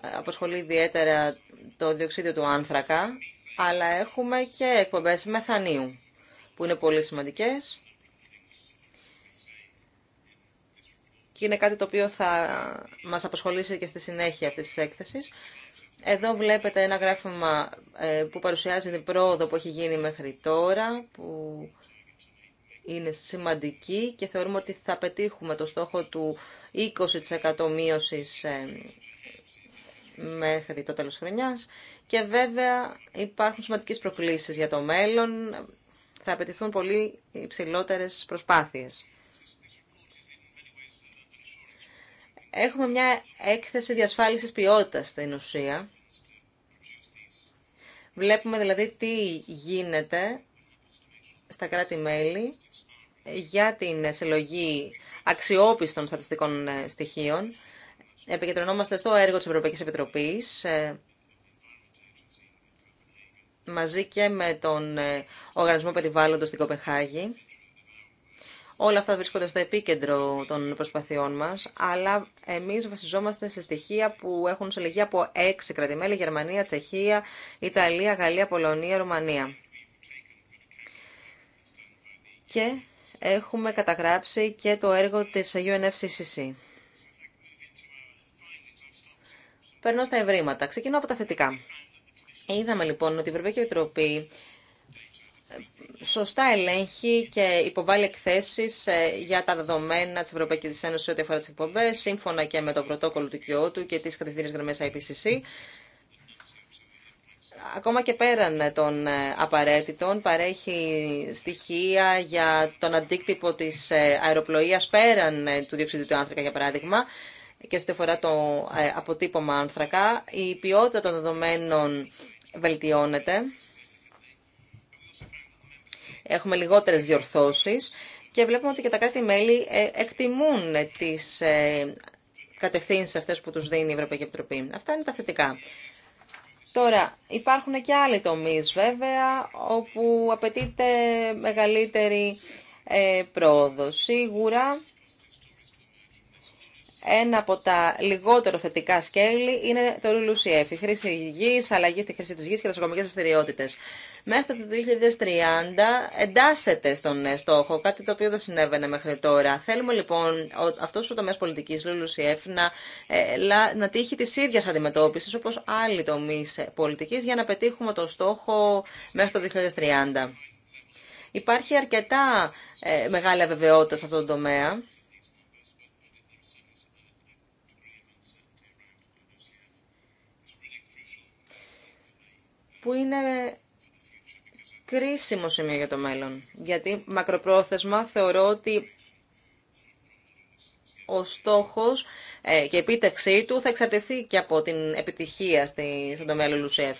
αποσχολεί ιδιαίτερα το διοξίδιο του άνθρακα, αλλά έχουμε και εκπομπές μεθανίου, που είναι πολύ σημαντικές και είναι κάτι το οποίο θα μας απασχολήσει και στη συνέχεια αυτής της έκθεσης. Εδώ βλέπετε ένα γράφημα ε, που παρουσιάζει την πρόοδο που έχει γίνει μέχρι τώρα, που είναι σημαντική και θεωρούμε ότι θα πετύχουμε το στόχο του 20% μείωσης ε, μέχρι το τέλος χρονιάς και βέβαια υπάρχουν σημαντικές προκλήσεις για το μέλλον. Θα απαιτηθούν πολύ υψηλότερες προσπάθειες. Έχουμε μια έκθεση διασφάλισης ποιότητας στην ουσία. Βλέπουμε δηλαδή τι γίνεται στα κράτη-μέλη για την συλλογή αξιόπιστων στατιστικών ε, στοιχείων. Επικεντρωνόμαστε στο έργο της Ευρωπαϊκής Επιτροπής ε, μαζί και με τον ε, Οργανισμό Περιβάλλοντος στην Κοπεχάγη Όλα αυτά βρίσκονται στο επίκεντρο των προσπαθειών μας, αλλά εμείς βασιζόμαστε σε στοιχεία που έχουν συλλεγεί από έξι κρατημέλη, Γερμανία, Τσεχία, Ιταλία, Γαλλία, Πολωνία, Ρουμανία. Και έχουμε καταγράψει και το έργο της UNFCCC. Περνώ στα ευρήματα. Ξεκινώ από τα θετικά. Είδαμε λοιπόν ότι η Ευρωπαϊκή Επιτροπή σωστά ελέγχει και υποβάλλει εκθέσεις ε, για τα δεδομένα τη Ευρωπαϊκή Ένωση ό,τι αφορά τις εκπομπέ, σύμφωνα και με το πρωτόκολλο του Κιώτου και τι κατευθύνες γραμμέ IPCC. Ακόμα και πέραν ε, των ε, απαραίτητων, παρέχει στοιχεία για τον αντίκτυπο της αεροπλοείας πέραν του διοξιδίου του άνθρακα, για παράδειγμα, και στο φορά το αποτύπωμα άνθρακα. Η ποιότητα των δεδομένων βελτιώνεται έχουμε λιγότερες διορθώσεις και βλέπουμε ότι και τα κράτη-μέλη ε, εκτιμούν τις ε, κατευθύνσεις αυτές που τους δίνει η Ευρωπαϊκή Επιτροπή. Αυτά είναι τα θετικά. Τώρα, υπάρχουν και άλλοι τομείς βέβαια, όπου απαιτείται μεγαλύτερη ε, πρόοδο. Σίγουρα ένα από τα λιγότερο θετικά σκέλη είναι το ΛΟΥΛΟΥΣΙΕΦ, η χρήση γης, αλλαγή στη χρήση τη γης και τι οικονομικέ δραστηριότητε. Μέχρι το 2030 εντάσσεται στον ε, στόχο, κάτι το οποίο δεν συνέβαινε μέχρι τώρα. Θέλουμε λοιπόν αυτό ο τομέας πολιτικής ΛΟΥΛΟΥΣΙΕΦ, να, ε, να τύχει τη ίδια αντιμετώπιση, όπω άλλοι τομεί ε, πολιτική για να πετύχουμε τον στόχο μέχρι το 2030. Υπάρχει αρκετά μεγάλη αβεβαιότητα σε αυτόν τον τομέα που είναι κρίσιμο σημείο για το μέλλον. Γιατί μακροπρόθεσμα θεωρώ ότι ο στόχος ε, και η επίτευξή του θα εξαρτηθεί και από την επιτυχία στη, στον τομέα Λουσέφ.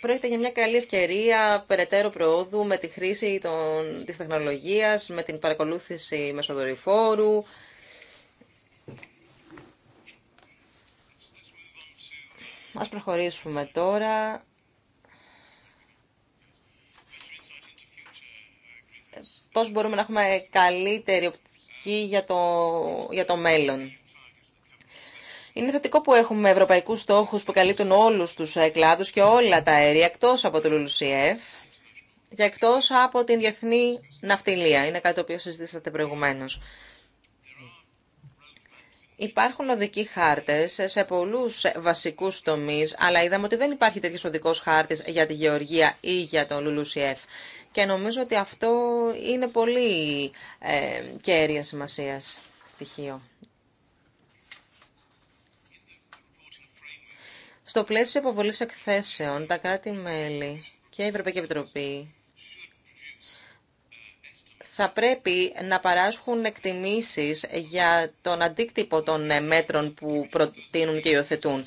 Πρόκειται για μια καλή ευκαιρία περαιτέρω προόδου με τη χρήση των, της τεχνολογίας, με την παρακολούθηση μεσοδορυφόρου, Ας προχωρήσουμε τώρα. Πώς μπορούμε να έχουμε καλύτερη οπτική για το, για το μέλλον. Είναι θετικό που έχουμε ευρωπαϊκούς στόχους που καλύπτουν όλους τους κλάδους και όλα τα αέρια εκτός από το Λουλουσιεφ και εκτός από την διεθνή ναυτιλία. Είναι κάτι το οποίο συζητήσατε προηγουμένως. Υπάρχουν οδικοί χάρτε σε πολλού βασικού τομεί, αλλά είδαμε ότι δεν υπάρχει τέτοιο οδικό χάρτη για τη γεωργία ή για τον Λουλουσιεφ. Και νομίζω ότι αυτό είναι πολύ ε, κέρια σημασία στοιχείο. Στο πλαίσιο υποβολή εκθέσεων, τα κράτη-μέλη και η Ευρωπαϊκή Επιτροπή θα πρέπει να παράσχουν εκτιμήσεις για τον αντίκτυπο των ε, μέτρων που προτείνουν και υιοθετούν.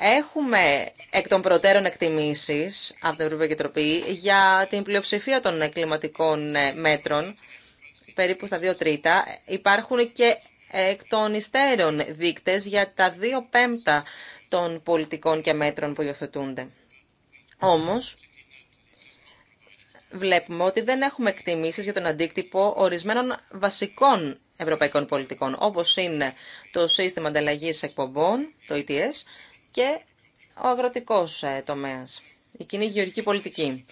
Έχουμε εκ των προτέρων εκτιμήσεις από την Ευρωπαϊκή Τροπή για την πλειοψηφία των ε, κλιματικών ε, μέτρων, περίπου στα δύο τρίτα. Υπάρχουν και εκ των υστέρων δείκτες για τα δύο πέμπτα των πολιτικών και μέτρων που υιοθετούνται. Όμως, βλέπουμε ότι δεν έχουμε εκτιμήσεις για τον αντίκτυπο ορισμένων βασικών ευρωπαϊκών πολιτικών, όπως είναι το σύστημα ανταλλαγή εκπομπών, το ETS, και ο αγροτικός ε, τομέας, η κοινή γεωργική πολιτική.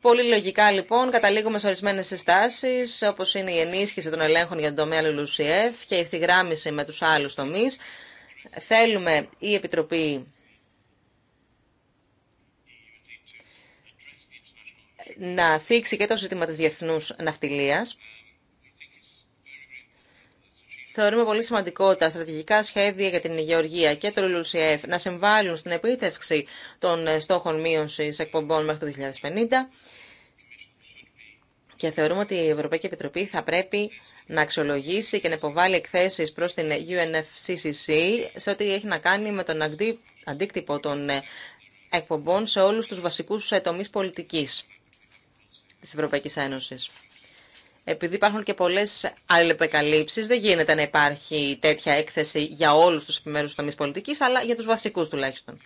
Πολύ λογικά λοιπόν καταλήγουμε σε ορισμένες συστάσεις, όπως είναι η ενίσχυση των ελέγχων για τον τομέα Λουλουσιεύ και η ευθυγράμμιση με τους άλλους τομείς. Θέλουμε η Επιτροπή να θίξει και το ζήτημα της διεθνούς ναυτιλίας. Θεωρούμε πολύ σημαντικό τα στρατηγικά σχέδια για την Γεωργία και το LULUCF να συμβάλλουν στην επίτευξη των στόχων μείωσης εκπομπών μέχρι το 2050 και θεωρούμε ότι η Ευρωπαϊκή Επιτροπή θα πρέπει να αξιολογήσει και να υποβάλει εκθέσεις προς την UNFCCC σε ό,τι έχει να κάνει με τον αντίκτυπο των εκπομπών σε όλους τους βασικούς τομείς πολιτικής της Ευρωπαϊκής Ένωσης. Επειδή υπάρχουν και πολλές αλληλεπεκαλύψεις, δεν γίνεται να υπάρχει τέτοια έκθεση για όλους τους επιμέρους τομείς πολιτικής, αλλά για τους βασικούς τουλάχιστον.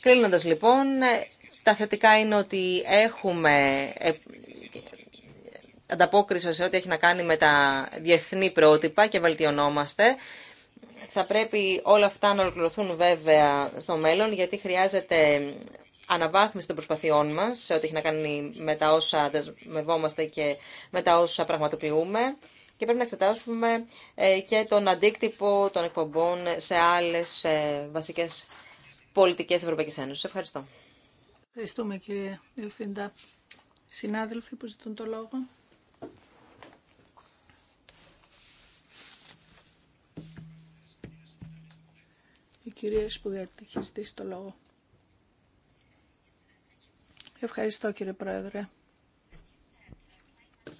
Κλείνοντας λοιπόν, τα θετικά είναι ότι έχουμε ε, ανταπόκριση σε ό,τι έχει να κάνει με τα διεθνή πρότυπα και βελτιωνόμαστε. Θα πρέπει όλα αυτά να ολοκληρωθούν βέβαια στο μέλλον, γιατί χρειάζεται αναβάθμιση των προσπαθειών μας σε ό,τι έχει να κάνει με τα όσα δεσμευόμαστε και με τα όσα πραγματοποιούμε. Και πρέπει να εξετάσουμε ε, και τον αντίκτυπο των εκπομπών σε άλλες ε, βασικές πολιτικές Ευρωπαϊκής Ένωσης. Ευχαριστώ. Ευχαριστούμε κύριε Διευθυντά. Συνάδελφοι που ζητούν το λόγο. Η κυρία Σπουδέτη έχει το λόγο. Ευχαριστώ κύριε Πρόεδρε.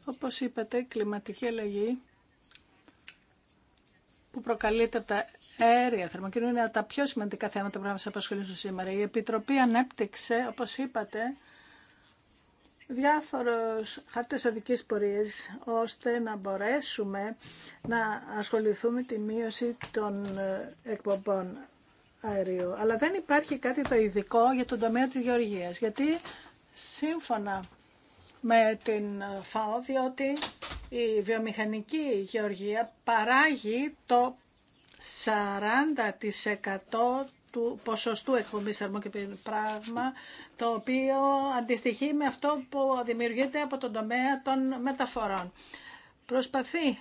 Όπως είπατε, η κλιματική αλλαγή που προκαλείται από τα αέρια θερμοκοινού είναι από τα πιο σημαντικά θέματα που μας απασχολήσουν σήμερα. Η Επιτροπή ανέπτυξε, όπως είπατε, διάφορους χάρτες οδικής πορείας ώστε να μπορέσουμε να ασχοληθούμε τη μείωση των εκπομπών. Αλλά δεν υπάρχει κάτι το ειδικό για τον τομέα της γεωργίας, γιατί σύμφωνα με την ΦΑΟ, διότι η βιομηχανική γεωργία παράγει το 40% του ποσοστού εκπομπής θερμοκηπίου πράγμα, το οποίο αντιστοιχεί με αυτό που δημιουργείται από τον τομέα των μεταφορών. Προσπαθεί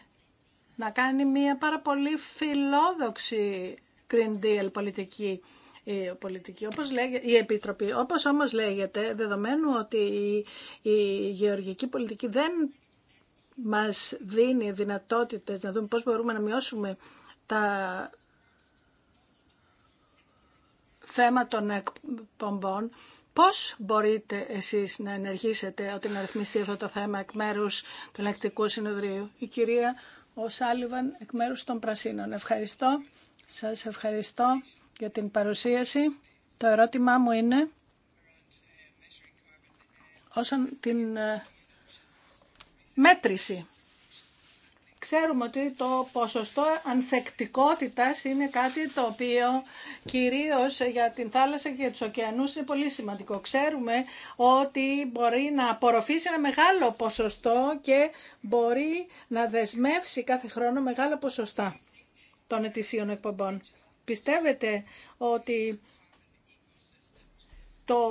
να κάνει μια πάρα πολύ φιλόδοξη Green Deal πολιτική η πολιτική, όπως η Επιτροπή. Όπως όμως λέγεται, δεδομένου ότι η, γεωργική πολιτική δεν μας δίνει δυνατότητες να δούμε πώς μπορούμε να μειώσουμε τα θέματα των εκπομπών, πώς μπορείτε εσείς να ενεργήσετε ότι να ρυθμιστεί αυτό το θέμα εκ μέρους του Ελεκτικού Συνεδρίου. Η κυρία ο Σάλιβαν εκ μέρους των Πρασίνων. Ευχαριστώ. Σας ευχαριστώ για την παρουσίαση. Το ερώτημά μου είναι όσον την ε, μέτρηση. Ξέρουμε ότι το ποσοστό ανθεκτικότητας είναι κάτι το οποίο κυρίως για την θάλασσα και για τους ωκεανούς είναι πολύ σημαντικό. Ξέρουμε ότι μπορεί να απορροφήσει ένα μεγάλο ποσοστό και μπορεί να δεσμεύσει κάθε χρόνο μεγάλα ποσοστά των ετησίων εκπομπών. Πιστεύετε ότι το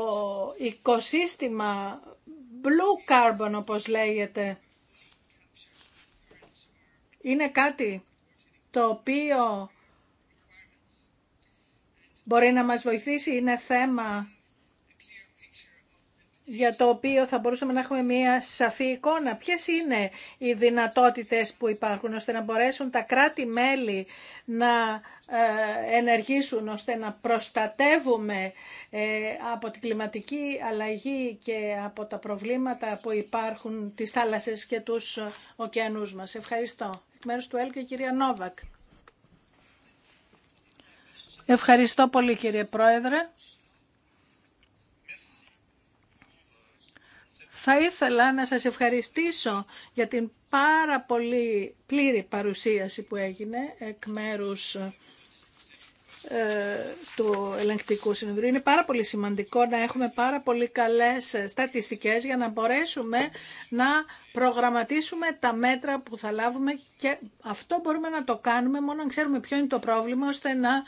οικοσύστημα blue carbon όπως λέγεται είναι κάτι το οποίο μπορεί να μας βοηθήσει, είναι θέμα για το οποίο θα μπορούσαμε να έχουμε μία σαφή εικόνα. Ποιες είναι οι δυνατότητες που υπάρχουν ώστε να μπορέσουν τα κράτη-μέλη να ε, ενεργήσουν ώστε να προστατεύουμε ε, από την κλιματική αλλαγή και από τα προβλήματα που υπάρχουν τις θάλασσες και τους ωκεανούς μας. Ευχαριστώ. Εκ μέρους του Έλκη, κυρία Νόβακ. Ευχαριστώ πολύ κύριε Πρόεδρε. Θα ήθελα να σας ευχαριστήσω για την πάρα πολύ πλήρη παρουσίαση που έγινε εκ μέρους ε, του ελεγκτικού συνεδρίου. Είναι πάρα πολύ σημαντικό να έχουμε πάρα πολύ καλές στατιστικές για να μπορέσουμε να προγραμματίσουμε τα μέτρα που θα λάβουμε και αυτό μπορούμε να το κάνουμε μόνο αν ξέρουμε ποιο είναι το πρόβλημα ώστε να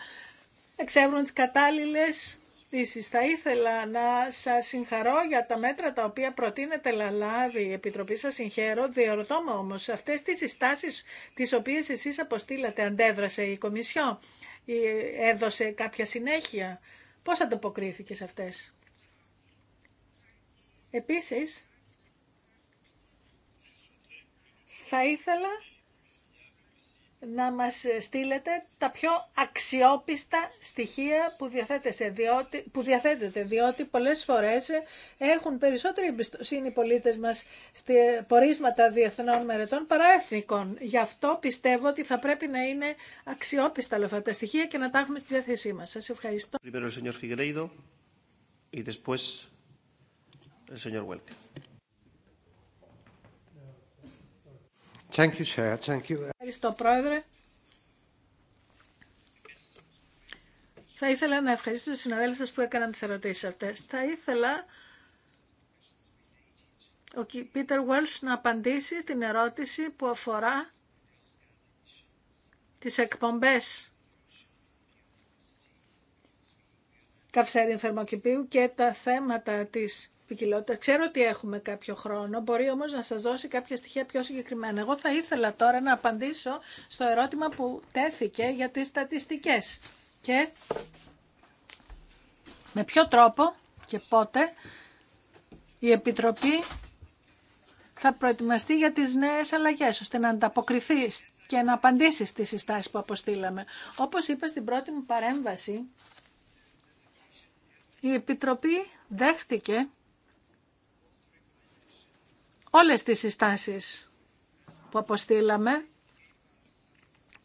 εξεύρουν τις κατάλληλες Επίση, θα ήθελα να σας συγχαρώ για τα μέτρα τα οποία προτείνετε λάβει η Επιτροπή σας συγχαίρω. Διερωτώ με όμως αυτές τις συστάσεις τις οποίες εσείς αποστήλατε αντέδρασε η Κομισιό ή έδωσε κάποια συνέχεια. Πώς ανταποκρίθηκε σε αυτές. Επίσης, θα ήθελα να μας στείλετε τα πιο αξιόπιστα στοιχεία που, διαθέτεται, διότι, που διαθέτετε, διότι πολλές φορές έχουν περισσότερη εμπιστοσύνη οι πολίτες μας στη πορίσματα διεθνών μερετών παρά εθνικών. Γι' αυτό πιστεύω ότι θα πρέπει να είναι αξιόπιστα όλα αυτά τα στοιχεία και να τα έχουμε στη διάθεσή μας. Σας ευχαριστώ. Thank Ευχαριστώ, Πρόεδρε. Θα ήθελα να ευχαριστήσω τους συναδέλφους που έκαναν τις ερωτήσεις αυτές. Θα ήθελα ο Πίτερ Βέλς να απαντήσει την ερώτηση που αφορά τις εκπομπές καυσαρίων θερμοκηπίου και τα θέματα της ποικιλότητα. Ξέρω ότι έχουμε κάποιο χρόνο, μπορεί όμως να σας δώσει κάποια στοιχεία πιο συγκεκριμένα. Εγώ θα ήθελα τώρα να απαντήσω στο ερώτημα που τέθηκε για τις στατιστικές. Και με ποιο τρόπο και πότε η Επιτροπή θα προετοιμαστεί για τις νέες αλλαγές, ώστε να ανταποκριθεί και να απαντήσει στις συστάσεις που αποστήλαμε. Όπως είπα στην πρώτη μου παρέμβαση, η Επιτροπή δέχτηκε όλες τις συστάσεις που αποστήλαμε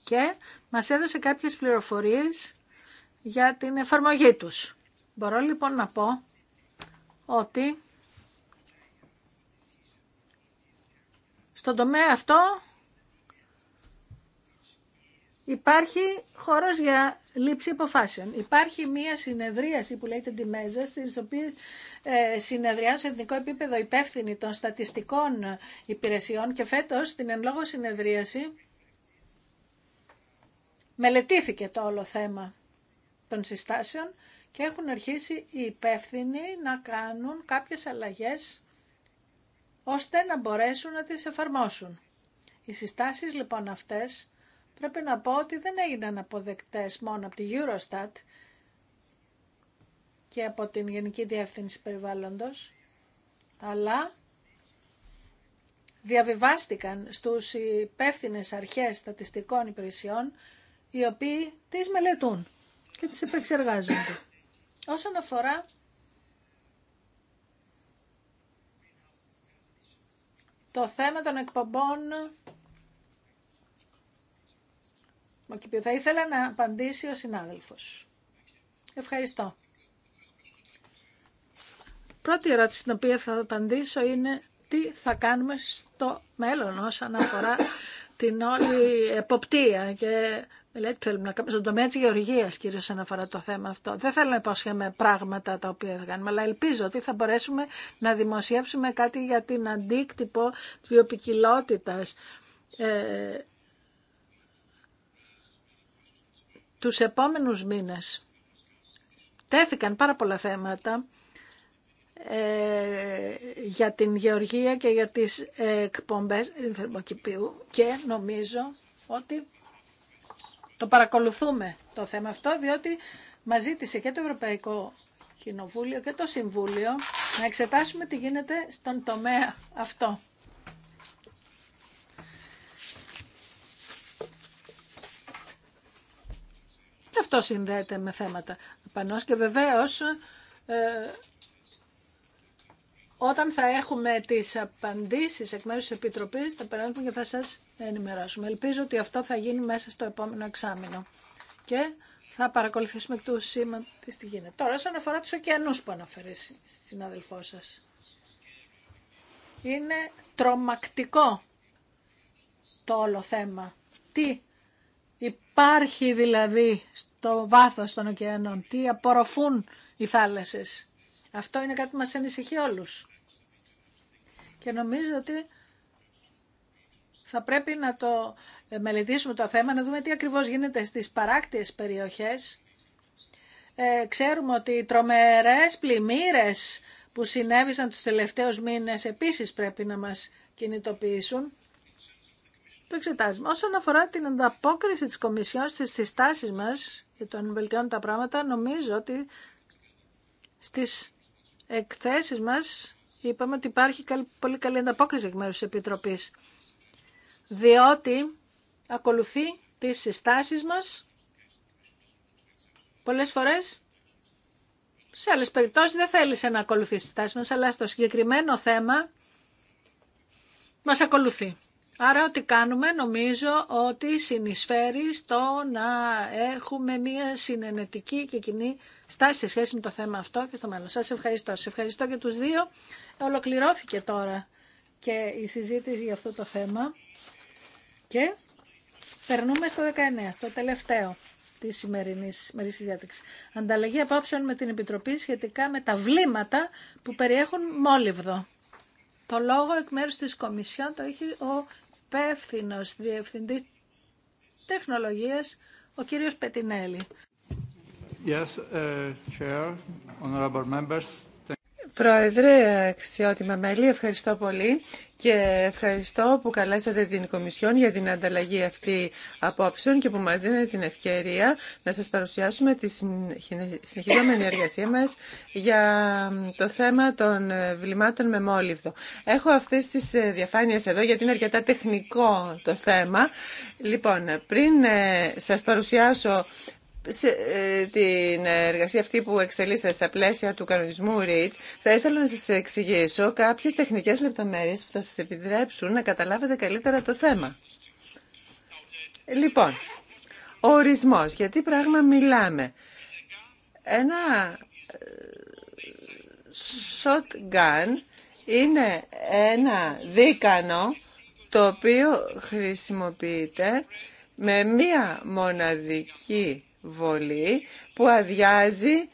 και μας έδωσε κάποιες πληροφορίες για την εφαρμογή τους. Μπορώ λοιπόν να πω ότι στον τομέα αυτό Υπάρχει χώρος για λήψη υποφάσεων. Υπάρχει μία συνεδρίαση που λέγεται τη Μέζα, στην οποία ε, συνεδριάζουν σε εθνικό επίπεδο υπεύθυνοι των στατιστικών υπηρεσιών και φέτος στην εν λόγω συνεδρίαση μελετήθηκε το όλο θέμα των συστάσεων και έχουν αρχίσει οι υπεύθυνοι να κάνουν κάποιες αλλαγές ώστε να μπορέσουν να τις εφαρμόσουν. Οι συστάσεις λοιπόν αυτές πρέπει να πω ότι δεν έγιναν αποδεκτές μόνο από τη Eurostat και από την Γενική Διεύθυνση Περιβάλλοντος, αλλά διαβιβάστηκαν στους υπεύθυνε αρχές στατιστικών υπηρεσιών, οι οποίοι τις μελετούν και τις επεξεργάζονται. Όσον αφορά το θέμα των εκπομπών θα ήθελα να απαντήσει ο συνάδελφος. Ευχαριστώ. Πρώτη ερώτηση την οποία θα απαντήσω είναι τι θα κάνουμε στο μέλλον όσον αφορά την όλη εποπτεία και μελέτη που θέλουμε να κάνουμε στον τομέα τη γεωργία, κυρίω όσον αφορά το θέμα αυτό. Δεν θέλω να υπόσχεμαι πράγματα τα οποία θα κάνουμε, αλλά ελπίζω ότι θα μπορέσουμε να δημοσιεύσουμε κάτι για την αντίκτυπο τη βιοπικιλότητα ε, τους επόμενους μήνες. Τέθηκαν πάρα πολλά θέματα ε, για την γεωργία και για τις εκπομπές θερμοκηπίου και νομίζω ότι το παρακολουθούμε το θέμα αυτό διότι μας ζήτησε και το Ευρωπαϊκό Κοινοβούλιο και το Συμβούλιο να εξετάσουμε τι γίνεται στον τομέα αυτό. αυτό συνδέεται με θέματα και βεβαίως ε, όταν θα έχουμε τις απαντήσεις εκ μέρους της Επιτροπής θα περάσουμε και θα σας ενημερώσουμε. Ελπίζω ότι αυτό θα γίνει μέσα στο επόμενο εξάμεινο και θα παρακολουθήσουμε το του σήμα τι γίνεται. Τώρα, όσον αφορά τους ωκεανούς που αναφέρει συνάδελφό σας, είναι τρομακτικό το όλο θέμα. Τι Υπάρχει δηλαδή στο βάθος των ωκεανών, τι απορροφούν οι θάλασσες. Αυτό είναι κάτι που μας ανησυχεί όλους. Και νομίζω ότι θα πρέπει να το μελετήσουμε το θέμα, να δούμε τι ακριβώς γίνεται στις παράκτιες περιοχές. Ε, ξέρουμε ότι οι τρομερές πλημμύρες που συνέβησαν τους τελευταίους μήνες επίσης πρέπει να μας κινητοποιήσουν το εξετάζουμε. Όσον αφορά την ανταπόκριση της Κομισιόν στις, συστάσεις μα μας για το αν βελτιώνουν τα πράγματα, νομίζω ότι στις εκθέσεις μας είπαμε ότι υπάρχει πολύ καλή ανταπόκριση εκ μέρους της Επιτροπής, διότι ακολουθεί τις συστάσεις μας πολλές φορές σε άλλες περιπτώσεις δεν θέλησε να ακολουθήσει τις συστάσεις μας, αλλά στο συγκεκριμένο θέμα μας ακολουθεί. Άρα ό,τι κάνουμε νομίζω ότι συνεισφέρει στο να έχουμε μια συνενετική και κοινή στάση σε σχέση με το θέμα αυτό και στο μέλλον. Σας ευχαριστώ. Σας ευχαριστώ και τους δύο. Ολοκληρώθηκε τώρα και η συζήτηση για αυτό το θέμα. Και περνούμε στο 19, στο τελευταίο τη σημερινή μερική διάταξη. Ανταλλαγή απόψεων με την Επιτροπή σχετικά με τα βλήματα που περιέχουν μόλιβδο. Το λόγο εκ μέρου τη Κομισιόν το έχει ο υπεύθυνο διευθυντή τεχνολογία, ο κύριο Πετινέλη. Yes, uh, Πρόεδρε, αξιότιμα μέλη, ευχαριστώ πολύ και ευχαριστώ που καλέσατε την Κομισιόν για την ανταλλαγή αυτή απόψεων και που μας δίνετε την ευκαιρία να σας παρουσιάσουμε τη συνεχιζόμενη εργασία μας για το θέμα των βλημάτων με μόλιβδο. Έχω αυτές τις ε, διαφάνειες εδώ γιατί είναι αρκετά τεχνικό το θέμα. Λοιπόν, πριν ε, σας παρουσιάσω σε ε, την εργασία αυτή που εξελίσσεται στα πλαίσια του κανονισμού REACH, θα ήθελα να σας εξηγήσω κάποιες τεχνικές λεπτομέρειες που θα σας επιτρέψουν να καταλάβετε καλύτερα το θέμα. Λοιπόν, ο ορισμός. Γιατί πράγμα μιλάμε. Ένα ε, shotgun είναι ένα δίκανο το οποίο χρησιμοποιείται με μία μοναδική βολή που αδειάζει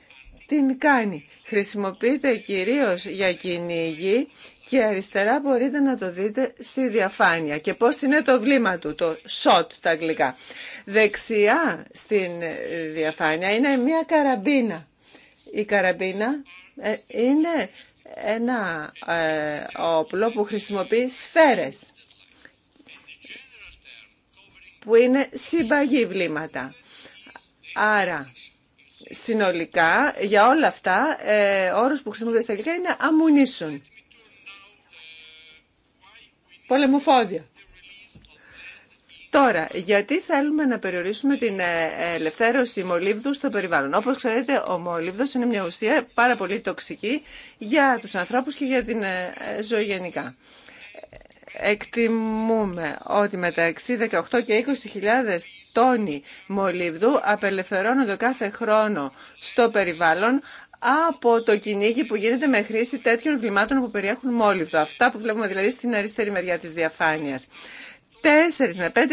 την κάνει. Χρησιμοποιείται κυρίως για κυνήγι και αριστερά μπορείτε να το δείτε στη διαφάνεια. Και πώς είναι το βλήμα του, το shot στα αγγλικά. Δεξιά στην ε, διαφάνεια είναι μια καραμπίνα. Η καραμπίνα ε, είναι ένα ε, όπλο που χρησιμοποιεί σφαίρες που είναι συμπαγή βλήματα. Άρα, συνολικά, για όλα αυτά, ε, όρος που χρησιμοποιείται στα αγγλικά είναι ammunition. Πολεμοφόδια. Τώρα, γιατί θέλουμε να περιορίσουμε την ε, ελευθέρωση μολύβδου στο περιβάλλον. Όπως ξέρετε, ο μολύβδος είναι μια ουσία πάρα πολύ τοξική για τους ανθρώπους και για την ε, ζωή γενικά. Εκτιμούμε ότι μεταξύ 18 και 20.000 τόνοι μολύβδου απελευθερώνονται κάθε χρόνο στο περιβάλλον από το κυνήγι που γίνεται με χρήση τέτοιων βλημάτων που περιέχουν μόλυβδο. Αυτά που βλέπουμε δηλαδή στην αριστερή μεριά της διαφάνειας. 4 με 5.000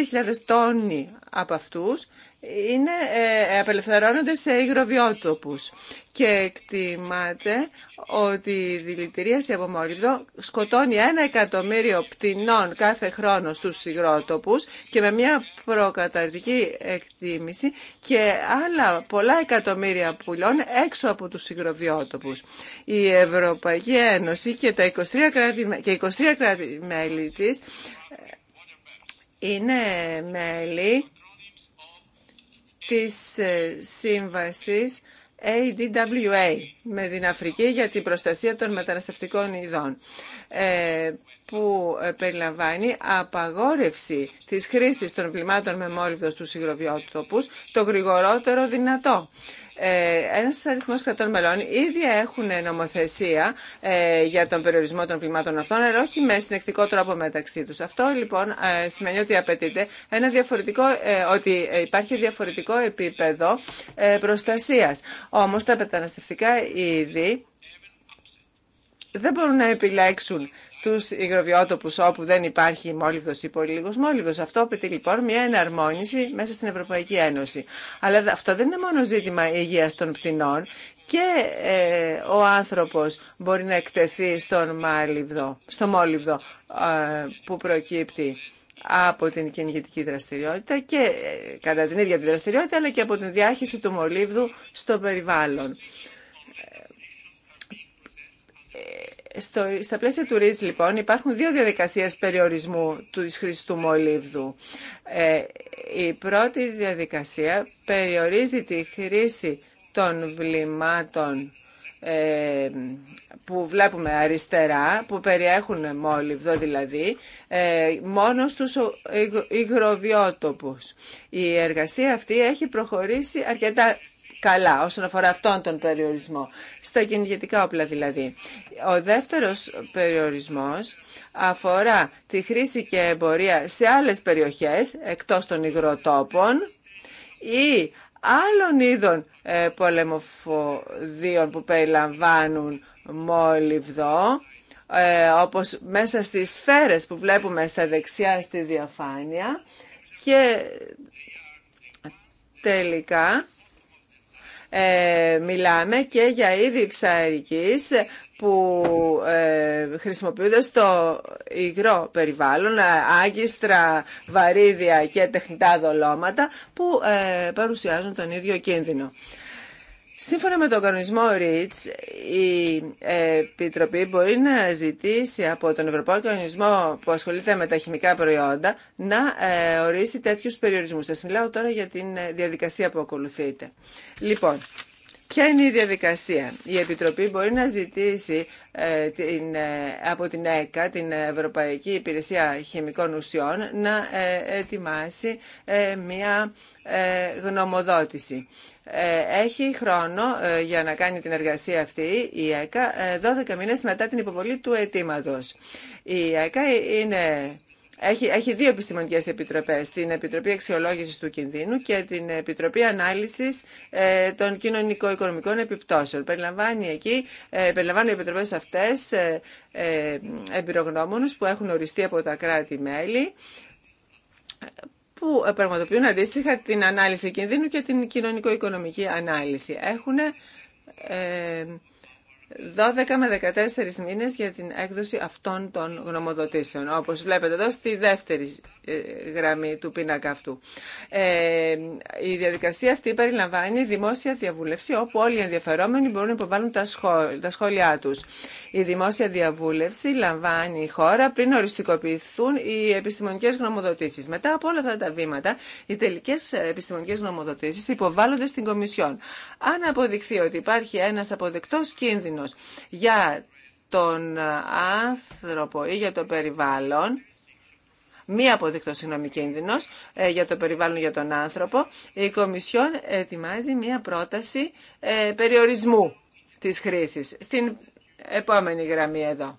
τόνοι από αυτούς είναι, ε, απελευθερώνονται σε υγροβιότοπους και εκτιμάται ότι η δηλητηρίαση από μόλιδο σκοτώνει ένα εκατομμύριο πτηνών κάθε χρόνο στους υγρότοπους και με μια προκαταρτική εκτίμηση και άλλα πολλά εκατομμύρια πουλών έξω από τους υγροβιότοπους. Η Ευρωπαϊκή Ένωση και, τα 23 κράτη, και 23 κράτη μέλη της είναι μέλη της ε, σύμβασης ADWA με την Αφρική για την προστασία των μεταναστευτικών ειδών ε, που ε, περιλαμβάνει απαγόρευση της χρήσης των πλημάτων με μόλυβδο στους υγροβιότοπους το γρηγορότερο δυνατό ε, ένα αριθμό κρατών μελών ήδη έχουν νομοθεσία ε, για τον περιορισμό των πλημάτων αυτών, αλλά όχι με συνεκτικό τρόπο μεταξύ του. Αυτό λοιπόν ε, σημαίνει ότι απαιτείται ένα διαφορετικό, ότι υπάρχει διαφορετικό επίπεδο προστασίας. Όμως τα μεταναστευτικά είδη δεν μπορούν να επιλέξουν τους υγροβιότοπους όπου δεν υπάρχει μόλυβδος ή πολύ λίγος μόλυβδος. Αυτό απαιτεί λοιπόν μια εναρμόνιση μέσα στην Ευρωπαϊκή Ένωση. Αλλά αυτό δεν είναι μόνο ζήτημα υγεία των πτηνών και ε, ο άνθρωπος μπορεί να εκτεθεί στον μάλιβδο, στο μόλιβδο που προκύπτει από την κυνηγητική δραστηριότητα και ε, κατά την ίδια τη δραστηριότητα αλλά και από την διάχυση του μολύβδου στο περιβάλλον. στα πλαίσια του ΡΙΣ, λοιπόν, υπάρχουν δύο διαδικασίες περιορισμού του χρήση του μολύβδου. Ε, η πρώτη διαδικασία περιορίζει τη χρήση των βλημάτων ε, που βλέπουμε αριστερά, που περιέχουν μολύβδο, δηλαδή, ε, μόνο στους υγροβιότοπους. Η εργασία αυτή έχει προχωρήσει αρκετά καλά όσον αφορά αυτόν τον περιορισμό, στα κινητικά όπλα δηλαδή. Ο δεύτερος περιορισμός αφορά τη χρήση και εμπορία σε άλλες περιοχές εκτός των υγροτόπων ή άλλων είδων ε, πολεμοφοδίων που περιλαμβάνουν μόλιβδό, ε, όπως μέσα στις σφαίρες που βλέπουμε στα δεξιά στη διαφάνεια και τελικά ε, μιλάμε και για είδη ψαρικής που ε, χρησιμοποιούνται στο υγρό περιβάλλον, άγιστρα, βαρύδια και τεχνητά δολώματα που ε, παρουσιάζουν τον ίδιο κίνδυνο. Σύμφωνα με τον κανονισμό REACH, η ε, Επιτροπή μπορεί να ζητήσει από τον Ευρωπαϊκό Κανονισμό που ασχολείται με τα χημικά προϊόντα να ε, ορίσει τέτοιους περιορισμούς. Σας μιλάω τώρα για την ε, διαδικασία που ακολουθείτε. Λοιπόν, Ποια είναι η διαδικασία. Η Επιτροπή μπορεί να ζητήσει ε, την, ε, από την ΕΚΑ, την Ευρωπαϊκή Υπηρεσία Χημικών Ουσιών, να ε, ετοιμάσει μία γνωμοδότηση. Έχει χρόνο για να κάνει την εργασία αυτή η ΕΚΑ 12 μήνες μετά την υποβολή του αιτήματος. Η ΕΚΑ είναι έχει, έχει δύο επιστημονικέ επιτροπές, την Επιτροπή αξιολόγηση του Κινδύνου και την Επιτροπή Ανάλυσης ε, των Κοινωνικο-Οικονομικών Επιπτώσεων. Περιλαμβάνει εκεί, ε, περιλαμβάνουν οι επιτροπές αυτές ε, ε που έχουν οριστεί από τα κράτη-μέλη που πραγματοποιούν αντίστοιχα την ανάλυση κινδύνου και την κοινωνικο-οικονομική ανάλυση. Έχουν ε, 12 με 14 μήνες για την έκδοση αυτών των γνωμοδοτήσεων, όπως βλέπετε εδώ στη δεύτερη ε, γραμμή του πίνακα αυτού. Ε, η διαδικασία αυτή περιλαμβάνει δημόσια διαβούλευση, όπου όλοι οι ενδιαφερόμενοι μπορούν να υποβάλουν τα, σχόλιά τους. Η δημόσια διαβούλευση λαμβάνει η χώρα πριν οριστικοποιηθούν οι επιστημονικές γνωμοδοτήσεις. Μετά από όλα αυτά τα βήματα, οι τελικές ε, επιστημονικές γνωμοδοτήσεις υποβάλλονται στην Κομισιόν. Αν αποδειχθεί ότι υπάρχει ένας αποδεκτός κίνδυνος για τον άνθρωπο ή για το περιβάλλον, μη αποδείκτο συγγνώμη κίνδυνος ε, για το περιβάλλον για τον άνθρωπο, η Κομισιόν ετοιμάζει μία πρόταση ε, περιορισμού της χρήσης. Στην επόμενη γραμμή εδώ.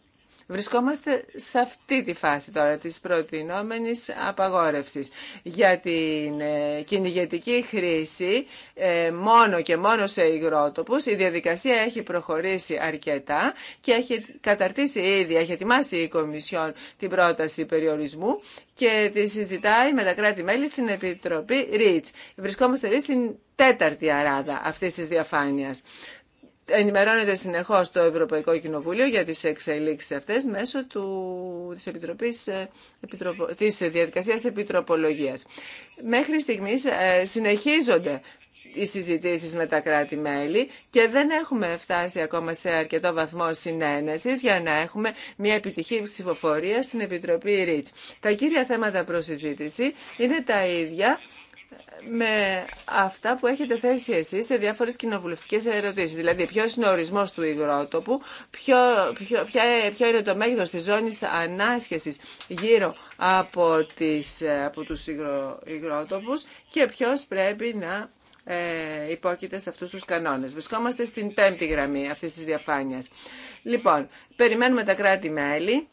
Βρισκόμαστε σε αυτή τη φάση τώρα της προτινόμενης απαγόρευσης για την ε, κυνηγετική χρήση ε, μόνο και μόνο σε υγρότοπους. Η διαδικασία έχει προχωρήσει αρκετά και έχει καταρτήσει ήδη, έχει ετοιμάσει η Κομισιόν την πρόταση περιορισμού και τη συζητάει με τα κράτη-μέλη στην Επιτροπή ΡΙΤΣ. Βρισκόμαστε στην τέταρτη αράδα αυτής της διαφάνειας ενημερώνεται συνεχώς το Ευρωπαϊκό Κοινοβούλιο για τις εξελίξεις αυτές μέσω του, της, επιτροπής, ε, επιτροπο, της διαδικασίας επιτροπολογίας. Μέχρι στιγμής ε, συνεχίζονται οι συζητήσεις με τα κράτη-μέλη και δεν έχουμε φτάσει ακόμα σε αρκετό βαθμό συνένεσης για να έχουμε μια επιτυχή ψηφοφορία στην Επιτροπή ΡΙΤΣ. Τα κύρια θέματα προς συζήτηση είναι τα ίδια με αυτά που έχετε θέσει εσείς σε διάφορες κοινοβουλευτικές ερωτήσεις. Δηλαδή, ποιος είναι ο ορισμός του υγρότοπου, ποιο, ποιο, ποιο είναι το μέγεθος της ζώνης ανάσχεσης γύρω από, τις, από τους υγρό, υγρότοπους και ποιος πρέπει να ε, υπόκειται σε αυτούς τους κανόνες. Βρισκόμαστε στην πέμπτη γραμμή αυτής της διαφάνειας. Λοιπόν, περιμένουμε τα κράτη-μέλη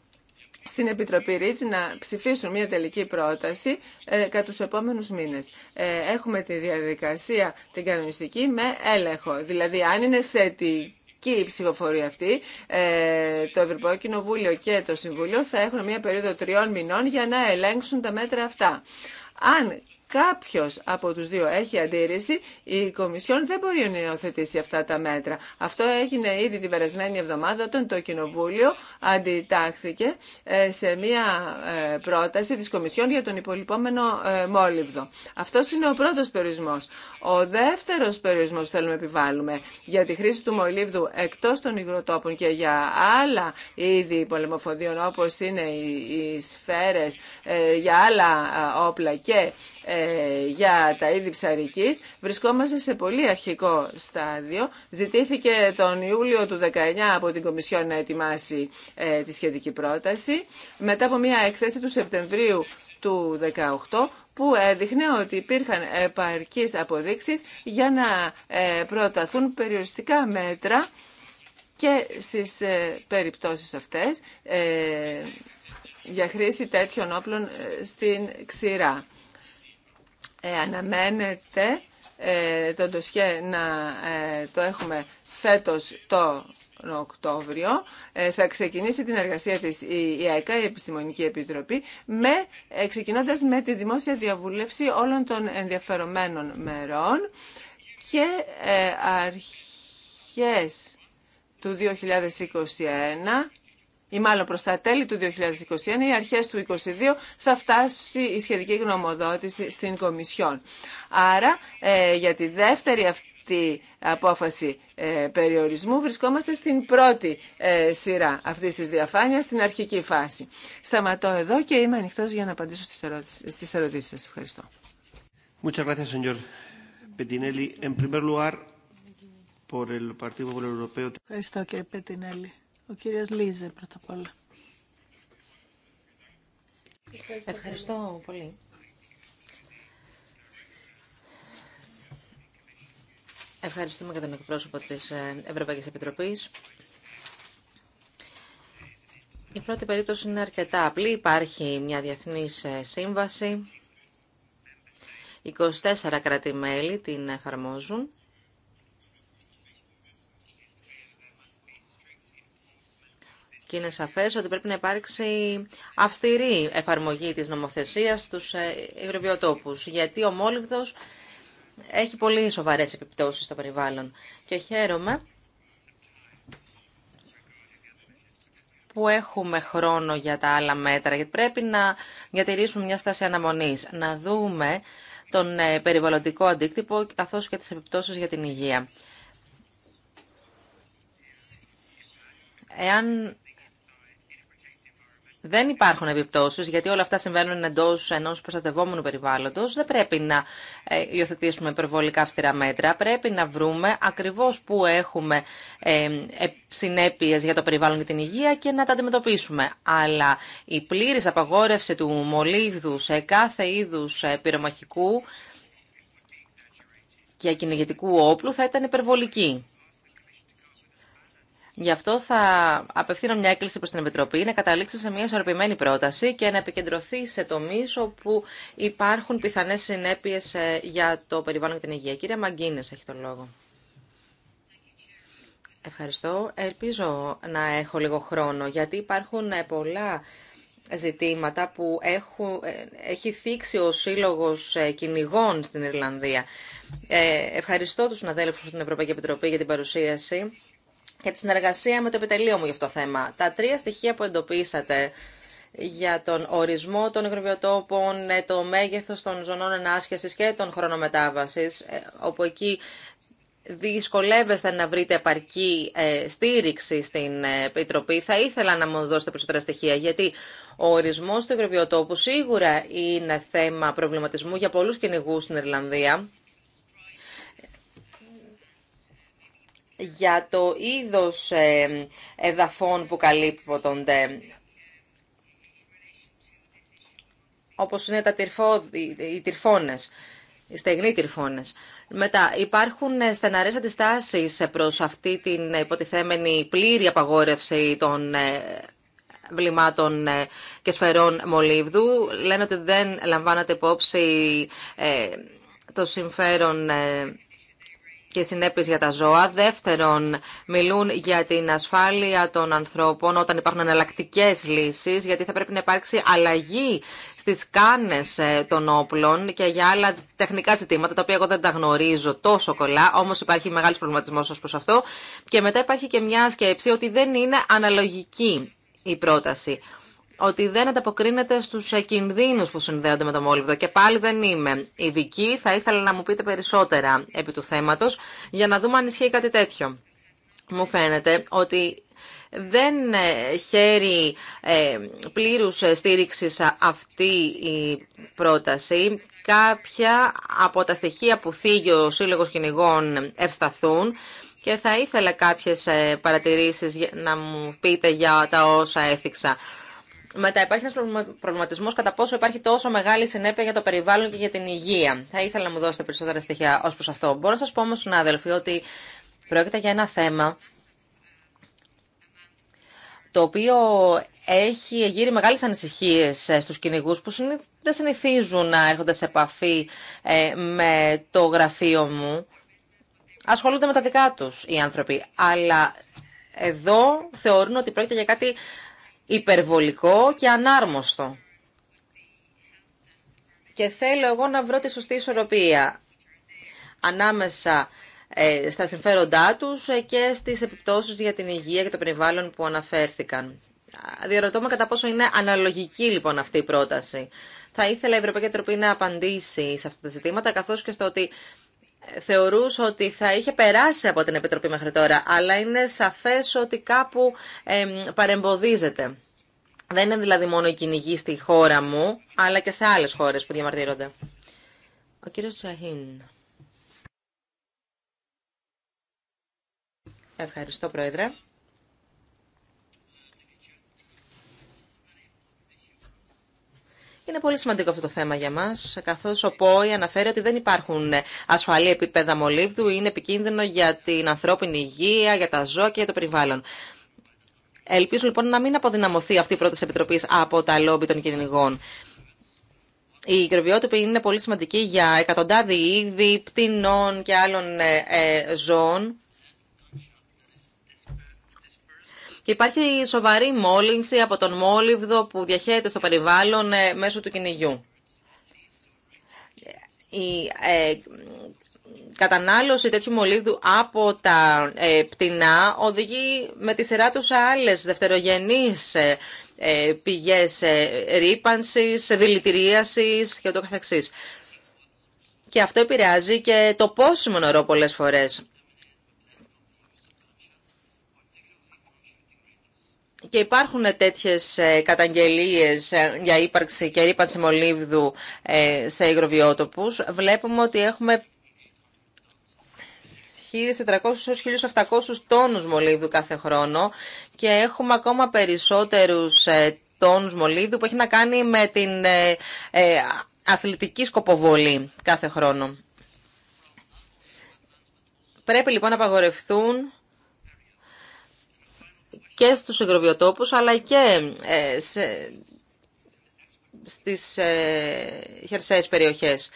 στην Επιτροπή Ρίτζ να ψηφίσουν μια τελική πρόταση ε, κατά τους επόμενους μήνες. Ε, έχουμε τη διαδικασία την κανονιστική με έλεγχο. Δηλαδή, αν είναι θετική η ψηφοφορία αυτή, ε, το Ευρωπαϊκό Κοινοβούλιο και το Συμβούλιο θα έχουν μια περίοδο τριών μηνών για να ελέγξουν τα μέτρα αυτά. Αν Κάποιο από του δύο έχει αντίρρηση, η Κομισιόν δεν μπορεί να υιοθετήσει αυτά τα μέτρα. Αυτό έγινε ήδη την περασμένη εβδομάδα όταν το Κοινοβούλιο αντιτάχθηκε ε, σε μία ε, πρόταση τη Κομισιόν για τον υπολοιπόμενο ε, μόλιβδο. Αυτό είναι ο πρώτο περιορισμό. Ο δεύτερο περιορισμό που θέλουμε να επιβάλλουμε για τη χρήση του μολύβδου εκτό των υγροτόπων και για άλλα είδη πολεμοφοδίων όπω είναι οι σφαίρε για άλλα όπλα και ε, για τα είδη ψαρικής. Βρισκόμαστε σε πολύ αρχικό στάδιο. Ζητήθηκε τον Ιούλιο του 19 από την Κομισιόν να ετοιμάσει ε, τη σχετική πρόταση. Μετά από μια έκθεση του Σεπτεμβρίου του 18 που έδειχνε ότι υπήρχαν επαρκείς αποδείξεις για να ε, προταθούν περιοριστικά μέτρα και στις περιπτώσεις αυτές για χρήση τέτοιων όπλων στην ξηρά. Ε, αναμένεται ε, το ντοσιέ να ε, το έχουμε φέτος το Οκτώβριο. θα ξεκινήσει την εργασία της η ΑΕΚΑ, η Επιστημονική Επιτροπή, με, ξεκινώντας με τη δημόσια διαβούλευση όλων των ενδιαφερομένων μερών και αρχές του 2021 ή μάλλον προς τα τέλη του 2021 ή αρχές του 2022 θα φτάσει η σχετική γνωμοδότηση στην Κομισιόν. Άρα ε, για τη δεύτερη αυτή απόφαση ε, περιορισμού βρισκόμαστε στην πρώτη ε, σειρά αυτής της διαφάνειας, στην αρχική φάση. Σταματώ εδώ και είμαι ανοιχτό για να απαντήσω στις ερωτήσεις, στις ερωτήσεις σας. Ευχαριστώ. Ευχαριστώ, κύριε Πετινέλη. Ο κύριος Λίζε πρώτα απ' όλα. Ευχαριστώ, πολύ. Ευχαριστούμε για τον εκπρόσωπο της ε, Ευρωπαϊκής Επιτροπής. Η πρώτη περίπτωση είναι αρκετά απλή. Υπάρχει μια διεθνής ε, σύμβαση. 24 κράτη-μέλη την εφαρμόζουν. Και είναι σαφές ότι πρέπει να υπάρξει αυστηρή εφαρμογή της νομοθεσίας στους ε, υγροβιοτόπου. γιατί ο μόλυβδο έχει πολύ σοβαρέ επιπτώσει στο περιβάλλον. Και χαίρομαι που έχουμε χρόνο για τα άλλα μέτρα, γιατί πρέπει να διατηρήσουμε μια στάση αναμονής, να δούμε τον ε, περιβαλλοντικό αντίκτυπο, καθώ και τι επιπτώσει για την υγεία. Εάν δεν υπάρχουν επιπτώσει, γιατί όλα αυτά συμβαίνουν εντός ενός προστατευόμενου περιβάλλοντος. Δεν πρέπει να ε, υιοθετήσουμε υπερβολικά αυστηρά μέτρα. Πρέπει να βρούμε ακριβώς που έχουμε ε, ε, συνέπειες για το περιβάλλον και την υγεία και να τα αντιμετωπίσουμε. Αλλά η πλήρης απαγόρευση του μολύβδου σε κάθε είδους πυρομαχικού και κυνηγετικού όπλου θα ήταν υπερβολική. Γι' αυτό θα απευθύνω μια έκκληση προς την Επιτροπή να καταλήξει σε μια ισορροπημένη πρόταση και να επικεντρωθεί σε τομείς όπου υπάρχουν πιθανές συνέπειες ε, για το περιβάλλον και την υγεία. Κύριε Μαγκίνες έχει τον λόγο. Ευχαριστώ. Ελπίζω να έχω λίγο χρόνο, γιατί υπάρχουν ε, πολλά ζητήματα που έχουν, ε, έχει θίξει ο Σύλλογος Κυνηγών στην Ιρλανδία. ευχαριστώ τους συναδέλφους στην Ευρωπαϊκή Επιτροπή για την παρουσίαση και τη συνεργασία με το επιτελείο μου για αυτό το θέμα. Τα τρία στοιχεία που εντοπίσατε για τον ορισμό των υγροβιοτόπων, ε, το μέγεθος των ζωνών ενάσχεσης και των χρονομετάβασης, ε, όπου εκεί δυσκολεύεστε να βρείτε επαρκή ε, στήριξη στην Επιτροπή. Θα ήθελα να μου δώσετε περισσότερα στοιχεία, γιατί ο ορισμός του υγροβιοτόπου σίγουρα είναι θέμα προβληματισμού για πολλούς κυνηγού στην Ιρλανδία για το είδος εδαφών που καλύπτονται, όπως είναι τα οι τυρφώνες, οι στεγνοί τυρφώνες. Μετά, υπάρχουν στεναρές αντιστάσεις προς αυτή την υποτιθέμενη πλήρη απαγόρευση των ε, βλημάτων ε, και σφαιρών μολύβδου. Λένε ότι δεν λαμβάνεται υπόψη ε, το συμφέρον και συνέπειε για τα ζώα. Δεύτερον, μιλούν για την ασφάλεια των ανθρώπων όταν υπάρχουν εναλλακτικέ λύσει, γιατί θα πρέπει να υπάρξει αλλαγή στι κάνε ε, των όπλων και για άλλα τεχνικά ζητήματα, τα οποία εγώ δεν τα γνωρίζω τόσο κολλά, όμω υπάρχει μεγάλο προβληματισμό ω προ αυτό. Και μετά υπάρχει και μια σκέψη ότι δεν είναι αναλογική η πρόταση ότι δεν ανταποκρίνεται στους κινδύνου που συνδέονται με το μόλιβδο και πάλι δεν είμαι ειδική, θα ήθελα να μου πείτε περισσότερα επί του θέματος για να δούμε αν ισχύει κάτι τέτοιο. Μου φαίνεται ότι δεν ε, χαίρει ε, πλήρους στήριξης αυτή η πρόταση. Κάποια από τα στοιχεία που θίγει ο Σύλλογος Κυνηγών ευσταθούν και θα ήθελα κάποιες ε, παρατηρήσεις να μου πείτε για τα όσα έθιξα. Μετά υπάρχει ένα προβληματισμό κατά πόσο υπάρχει τόσο μεγάλη συνέπεια για το περιβάλλον και για την υγεία. Θα ήθελα να μου δώσετε περισσότερα στοιχεία ω προ αυτό. Μπορώ να σα πω όμω, συνάδελφοι, ότι πρόκειται για ένα θέμα το οποίο έχει γύρει μεγάλες ανησυχίες ε, στους κυνηγούς που δεν συνηθίζουν να έρχονται σε επαφή ε, με το γραφείο μου. Ασχολούνται με τα δικά του οι άνθρωποι, αλλά εδώ θεωρούν ότι πρόκειται για κάτι υπερβολικό και ανάρμοστο. Και θέλω εγώ να βρω τη σωστή ισορροπία ανάμεσα ε, στα συμφέροντά τους ε, και στις επιπτώσεις για την υγεία και το περιβάλλον που αναφέρθηκαν. Διαρωτώ με κατά πόσο είναι αναλογική λοιπόν αυτή η πρόταση. Θα ήθελα η Ευρωπαϊκή Τροπή να απαντήσει σε αυτά τα ζητήματα, καθώς και στο ότι θεωρούσε ότι θα είχε περάσει από την Επιτροπή μέχρι τώρα, αλλά είναι σαφές ότι κάπου παρεμποδίζεται. Δεν είναι δηλαδή μόνο η κυνηγοί στη χώρα μου, αλλά και σε άλλες χώρες που διαμαρτύρονται. Ο κύριος Σαχίν. Ευχαριστώ, Πρόεδρε. Είναι πολύ σημαντικό αυτό το θέμα για μα, καθώς ο ΠΟΗ αναφέρει ότι δεν υπάρχουν ασφαλή επίπεδα μολύβδου, είναι επικίνδυνο για την ανθρώπινη υγεία, για τα ζώα και για το περιβάλλον. Ελπίζω λοιπόν να μην αποδυναμωθεί αυτή η πρόταση επιτροπή από τα λόμπι των κυνηγών. Οι υγροβιότοποι είναι πολύ σημαντικοί για εκατοντάδη είδη πτηνών και άλλων ε, ε, ζώων Και υπάρχει σοβαρή μόλυνση από τον μόλυβδο που διαχέεται στο περιβάλλον ε, μέσω του κυνηγιού. Η ε, κατανάλωση τέτοιου μολύβδου από τα ε, πτηνά οδηγεί με τη σειρά τους σε άλλες δευτερογενείς πηγές ρήπανσης, δηλητηρίασης και ούτω καθεξής. Και αυτό επηρεάζει και το πόσιμο νερό πολλές φορές. και υπάρχουν τέτοιες ε, καταγγελίες ε, για ύπαρξη και ρήπανση μολύβδου ε, σε υγροβιότοπους. Βλέπουμε ότι έχουμε 1.400 έως 1.800 τόνους μολύβδου κάθε χρόνο και έχουμε ακόμα περισσότερους τόνους μολύβδου που έχει να κάνει με την αθλητική σκοποβολή κάθε χρόνο. Πρέπει λοιπόν να απαγορευτούν και στους υγροβιοτόπους αλλά και ε, σε, στις ε, χερσαίες περιοχές.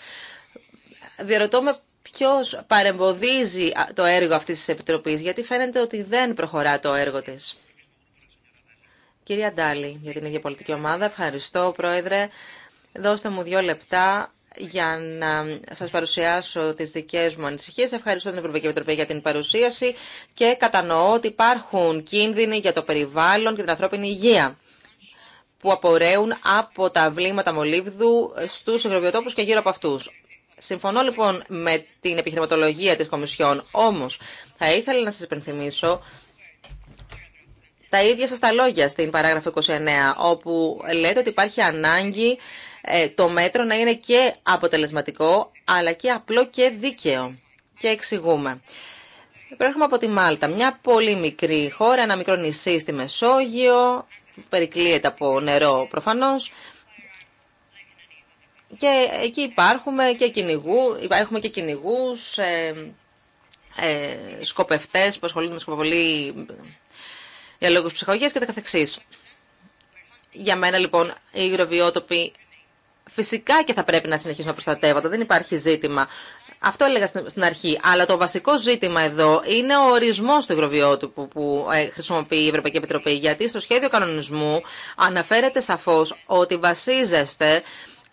Διερωτώ με ποιος παρεμποδίζει το έργο αυτής της Επιτροπής, γιατί φαίνεται ότι δεν προχωρά το έργο της. Κυρία Ντάλη, για την ίδια πολιτική ομάδα, ευχαριστώ, Πρόεδρε. Δώστε μου δύο λεπτά για να σα παρουσιάσω τι δικέ μου ανησυχίε, Ευχαριστώ την Ευρωπαϊκή Επιτροπή για την παρουσίαση και κατανοώ ότι υπάρχουν κίνδυνοι για το περιβάλλον και την ανθρώπινη υγεία που απορρέουν από τα βλήματα μολύβδου στου υγροβιοτόπους και γύρω από αυτού. Συμφωνώ λοιπόν με την επιχειρηματολογία της Κομισιόν, όμως θα ήθελα να σας υπενθυμίσω τα ίδια σας τα λόγια στην παράγραφο 29, όπου λέτε ότι υπάρχει ανάγκη ε, το μέτρο να είναι και αποτελεσματικό, αλλά και απλό και δίκαιο. Και εξηγούμε. Προέρχομαι από τη Μάλτα, μια πολύ μικρή χώρα, ένα μικρό νησί στη Μεσόγειο, περικλείεται από νερό προφανώς. Και εκεί υπάρχουμε και κυνηγού, έχουμε και κυνηγού, ε, ε, σκοπευτές που ασχολούνται με σκοποβολή για λόγους ψυχολογίας και τα καθεξής. Για μένα λοιπόν οι υγροβιότοποι Φυσικά και θα πρέπει να συνεχίσουμε να προστατεύονται, δεν υπάρχει ζήτημα. Αυτό έλεγα στην αρχή. Αλλά το βασικό ζήτημα εδώ είναι ο ορισμό του υγροβιότυπου που ε, χρησιμοποιεί η Ευρωπαϊκή Επιτροπή. Γιατί στο σχέδιο κανονισμού αναφέρεται σαφώ ότι βασίζεστε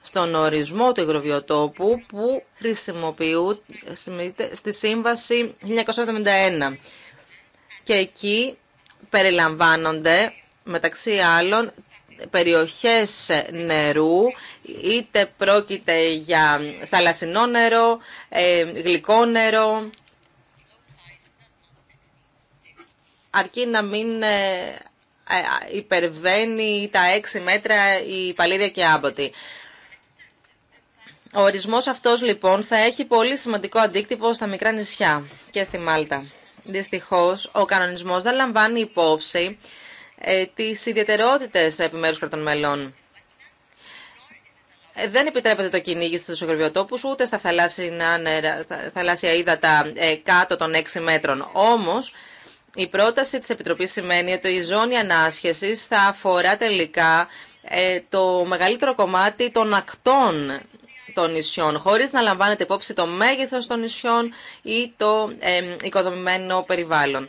στον ορισμό του υγροβιοτόπου που χρησιμοποιείται στη Σύμβαση 1971. Και εκεί περιλαμβάνονται μεταξύ άλλων περιοχές νερού, είτε πρόκειται για θαλασσινό νερό, ε, γλυκό νερό, αρκεί να μην ε, ε, υπερβαίνει τα έξι μέτρα η παλήρια και άμποτη. Ο ορισμός αυτός λοιπόν θα έχει πολύ σημαντικό αντίκτυπο στα μικρά νησιά και στη Μάλτα. Δυστυχώς, ο κανονισμός δεν λαμβάνει υπόψη ε, τις ιδιαιτερότητες επιμέρους κρατών μελών. Ε, δεν επιτρέπεται το κυνήγι στους οικογραφιότοπους ούτε στα θαλάσσια, νερά, στα θαλάσσια ύδατα ε, κάτω των 6 μέτρων. Όμως, η πρόταση της Επιτροπής σημαίνει ότι η ζώνη ανάσχεσης θα αφορά τελικά το μεγαλύτερο κομμάτι των ακτών των νησιών, χωρίς να λαμβάνεται υπόψη το μέγεθος των νησιών ή το οικοδομημένο περιβάλλον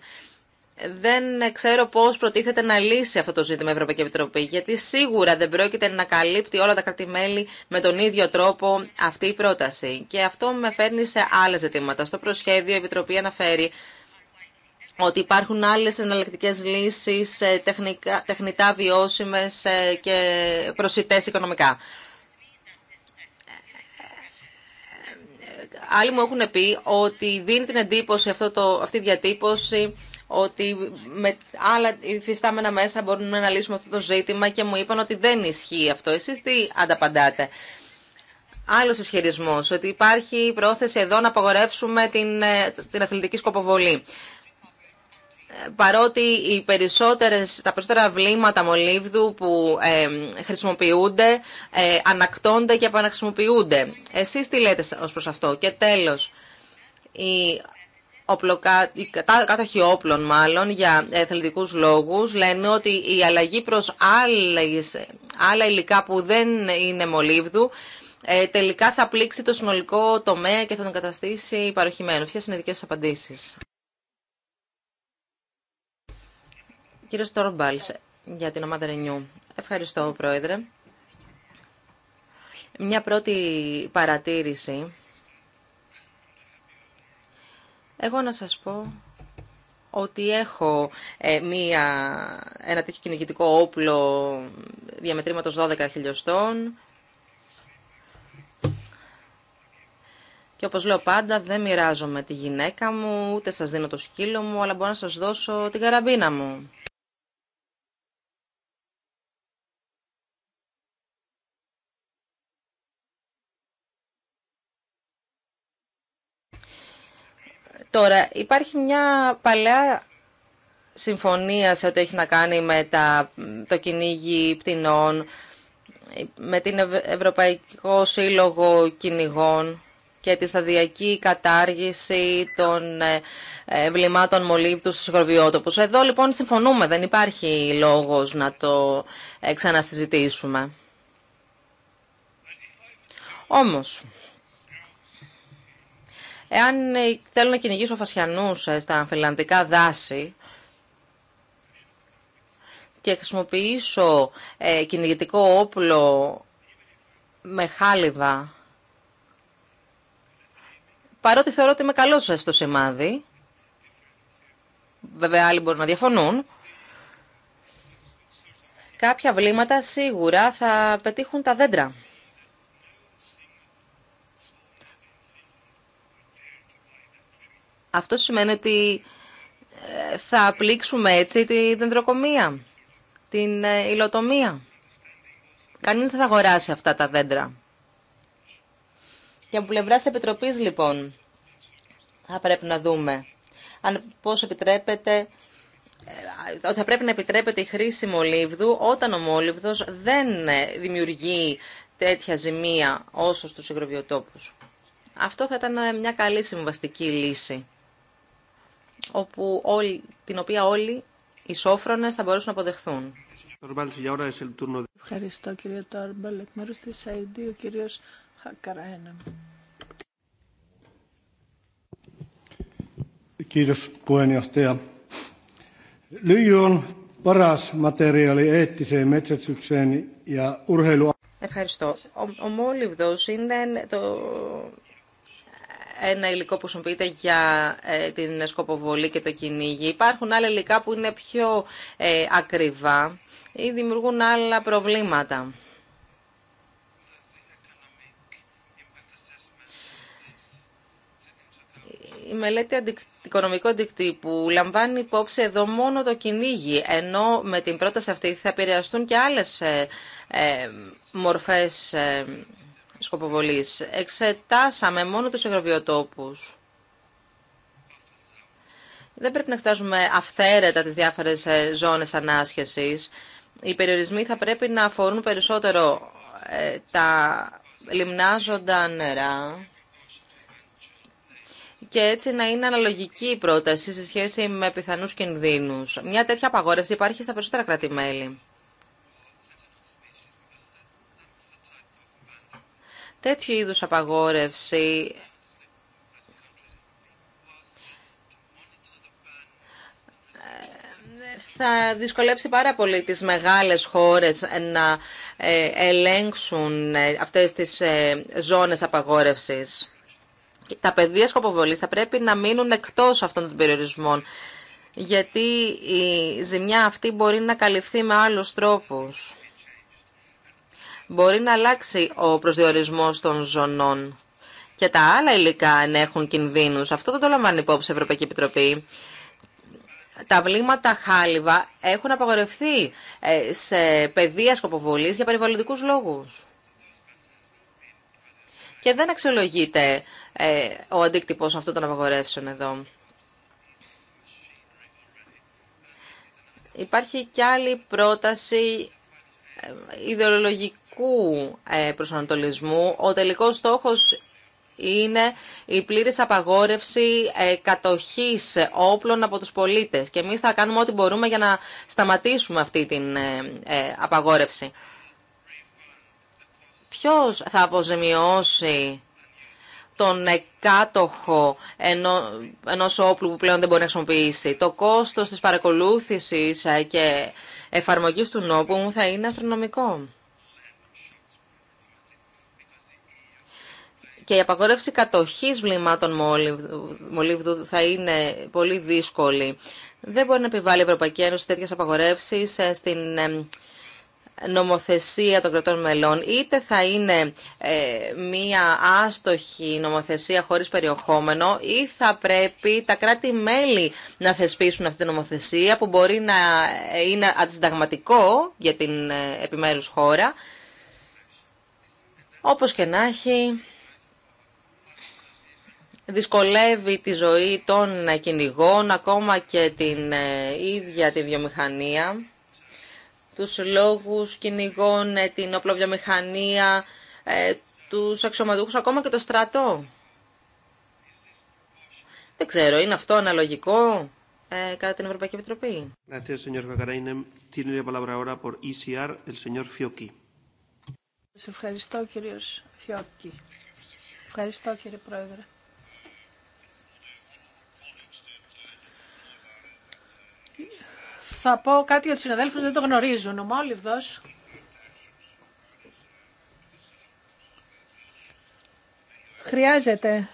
δεν ξέρω πώς προτίθεται να λύσει αυτό το ζήτημα η Ευρωπαϊκή Επιτροπή, γιατί σίγουρα δεν πρόκειται να καλύπτει όλα τα κρατημέλη με τον ίδιο τρόπο αυτή η πρόταση. Και αυτό με φέρνει σε άλλα ζητήματα. Στο προσχέδιο η Επιτροπή αναφέρει ότι υπάρχουν άλλες εναλλακτικέ λύσεις, ε, τεχνητά βιώσιμες ε, και προσιτές οικονομικά. Άλλοι μου έχουν πει ότι δίνει την εντύπωση αυτό το, αυτή η διατύπωση ότι με άλλα υφιστάμενα μέσα μπορούμε να λύσουμε αυτό το ζήτημα και μου είπαν ότι δεν ισχύει αυτό. Εσείς τι ανταπαντάτε. Άλλο ισχυρισμό, ότι υπάρχει πρόθεση εδώ να απαγορεύσουμε την, ε, την αθλητική σκοποβολή. Ε, παρότι οι περισσότερες, τα περισσότερα βλήματα μολύβδου που ε, χρησιμοποιούνται ανακτώνται και επαναχρησιμοποιούνται. Εσείς τι λέτε ως προς αυτό. Και τέλος, η οπλοκα... κάτοχοι όπλων μάλλον για εθελοντικούς λόγους λένε ότι η αλλαγή προς άλλα υλικά που δεν είναι μολύβδου ε, τελικά θα πλήξει το συνολικό τομέα και θα τον καταστήσει παροχημένο. Ποιες είναι οι δικές απαντήσεις. Κύριε Στόρμπαλς, για την ομάδα Ρενιού. Ευχαριστώ, Πρόεδρε. Μια πρώτη παρατήρηση εγώ να σας πω ότι έχω ε, μία, ένα τέτοιο κυνηγητικό όπλο διαμετρήματος 12 χιλιοστών. Και όπως λέω πάντα, δεν μοιράζομαι τη γυναίκα μου, ούτε σας δίνω το σκύλο μου, αλλά μπορώ να σας δώσω την καραμπίνα μου. Τώρα, υπάρχει μια παλαιά συμφωνία σε ό,τι έχει να κάνει με τα, το κυνήγι πτηνών, με την Ευρωπαϊκό Σύλλογο Κυνηγών και τη σταδιακή κατάργηση των ε, εμβλημάτων μολύβδου στους σκορβιότοπους. Εδώ λοιπόν συμφωνούμε, δεν υπάρχει λόγος να το ε, ξανασυζητήσουμε. Όμως, Εάν ε, θέλω να κυνηγήσω φασιανούς ε, στα φιλανδικά δάση και χρησιμοποιήσω ε, κυνηγητικό όπλο με χάλιβα, παρότι θεωρώ ότι είμαι καλός στο σημάδι, βέβαια άλλοι μπορούν να διαφωνούν, κάποια βλήματα σίγουρα θα πετύχουν τα δέντρα. Αυτό σημαίνει ότι ε, θα πλήξουμε έτσι τη δεντροκομία, την ε, υλοτομία. Κανεί δεν θα αγοράσει αυτά τα δέντρα. Για πλευρά επιτροπή, λοιπόν, θα πρέπει να δούμε αν πώς επιτρέπεται ε, ότι θα πρέπει να επιτρέπεται η χρήση μολύβδου όταν ο μόλυβδος δεν δημιουργεί τέτοια ζημία όσο στους υγροβιοτόπους. Αυτό θα ήταν μια καλή συμβαστική λύση όπου όλοι, την οποία όλοι οι σόφρονες θα μπορούσαν να αποδεχθούν. Ευχαριστώ κύριε Τόρμπαλ. Εκ μέρους της ID ο κύριος Χακαραένα. Kiitos puheenjohtaja. Lyijy on paras materiaali eettiseen metsästykseen ja urheiluun. Ευχαριστώ. Ο, ο μόλιβδος είναι το ένα υλικό που πείτε για ε, την σκοποβολή και το κυνήγι. Υπάρχουν άλλα υλικά που είναι πιο ε, ακριβά ή δημιουργούν άλλα προβλήματα. Η μελέτη οικονομικού αντικτύπου λαμβάνει υπόψη εδώ μόνο το κυνήγι, ενώ με την πρόταση αυτή θα επηρεαστούν και άλλες ε, μορφές σκοποβολής. Εξετάσαμε μόνο τους υγροβιοτόπους. Δεν πρέπει να εξετάζουμε αυθαίρετα τις διάφορες ε, ζώνες ανάσχεσης. Οι περιορισμοί θα πρέπει να αφορούν περισσότερο ε, τα λιμνάζοντα νερά και έτσι να είναι αναλογική η πρόταση σε σχέση με πιθανούς κινδύνους. Μια τέτοια απαγόρευση υπάρχει στα περισσότερα κράτη-μέλη. τέτοιου είδους απαγόρευση θα δυσκολέψει πάρα πολύ τις μεγάλες χώρες να ε, ελέγξουν ε, αυτές τις ε, ζώνες απαγόρευσης. Τα παιδεία σκοποβολής θα πρέπει να μείνουν εκτός αυτών των περιορισμών, γιατί η ζημιά αυτή μπορεί να καλυφθεί με άλλους τρόπους μπορεί να αλλάξει ο προσδιορισμός των ζωνών και τα άλλα υλικά έχουν κινδύνους. Αυτό δεν το λαμβάνει υπόψη η Ευρωπαϊκή Επιτροπή. Τα βλήματα χάλιβα έχουν απαγορευθεί ε, σε πεδία σκοποβολής για περιβαλλοντικούς λόγους. Και δεν αξιολογείται ε, ο αντίκτυπος αυτών των απαγορεύσεων εδώ. Υπάρχει κι άλλη πρόταση ε, ιδεολογική ευρωπαϊκού ε, προσανατολισμού, ο τελικός στόχος είναι η πλήρης απαγόρευση ε, κατοχής όπλων από τους πολίτες. Και εμείς θα κάνουμε ό,τι μπορούμε για να σταματήσουμε αυτή την ε, απαγόρευση. Ποιος θα αποζημιώσει τον κάτοχο ενό, ενός όπλου που πλέον δεν μπορεί να χρησιμοποιήσει. Το κόστος της παρακολούθησης και εφαρμογής του νόπου θα είναι αστρονομικό. και η απαγόρευση κατοχής βλημάτων μολύβδου θα είναι πολύ δύσκολη. Δεν μπορεί να επιβάλλει η Ευρωπαϊκή Ένωση τέτοιες απαγορεύσεις ε, στην ε, νομοθεσία των κρατών μελών, είτε θα είναι ε, μία άστοχη νομοθεσία χωρίς περιοχόμενο ή θα πρέπει τα κράτη-μέλη να θεσπίσουν αυτή τη νομοθεσία, που μπορεί να είναι αντισταγματικό για την επιμέρους χώρα. Όπως και να έχει, δυσκολεύει τη ζωή των ε, κυνηγών, ακόμα και την ε, ίδια τη βιομηχανία, τους λόγους κυνηγών, ε, την οπλοβιομηχανία, τους αξιωματούχους, ακόμα και το στρατό. Δεν ξέρω, είναι αυτό αναλογικό ε, κατά την Ευρωπαϊκή Επιτροπή. ευχαριστώ κύριος Φιόκη. Ευχαριστώ κύριε Πρόεδρε. θα πω κάτι για τους συναδέλφους δεν το γνωρίζουν. Ο Μόλιβδος χρειάζεται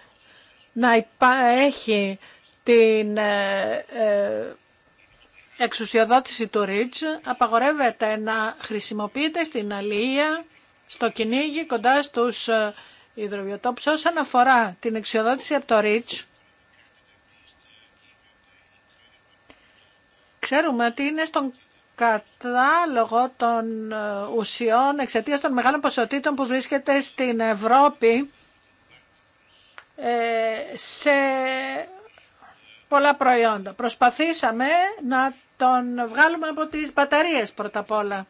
να έχει την ε, ε, εξουσιοδότηση του ρίτς, απαγορεύεται να χρησιμοποιείται στην αλληλεία, στο κυνήγι, κοντά στους ε, υδροβιοτόπους. Όσον αφορά την εξουσιοδότηση από το ρίτς, Ξέρουμε ότι είναι στον κατάλογο των ε, ουσιών εξαιτίας των μεγάλων ποσοτήτων που βρίσκεται στην Ευρώπη ε, σε πολλά προϊόντα. Προσπαθήσαμε να τον βγάλουμε από τις μπαταρίες πρώτα απ' όλα.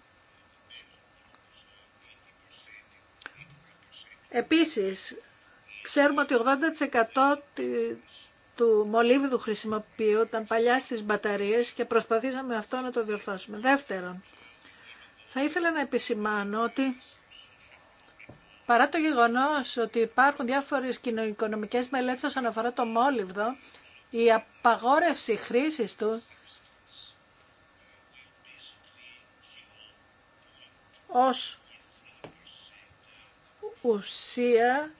Επίσης, ξέρουμε ότι 80% του μολύβδου χρησιμοποιούνταν παλιά στις μπαταρίες και προσπαθήσαμε αυτό να το διορθώσουμε. Δεύτερον, θα ήθελα να επισημάνω ότι παρά το γεγονός ότι υπάρχουν διάφορες κοινωνικονομικές μελέτες όσον αφορά το μόλυβδο, η απαγόρευση χρήσης του ως ουσία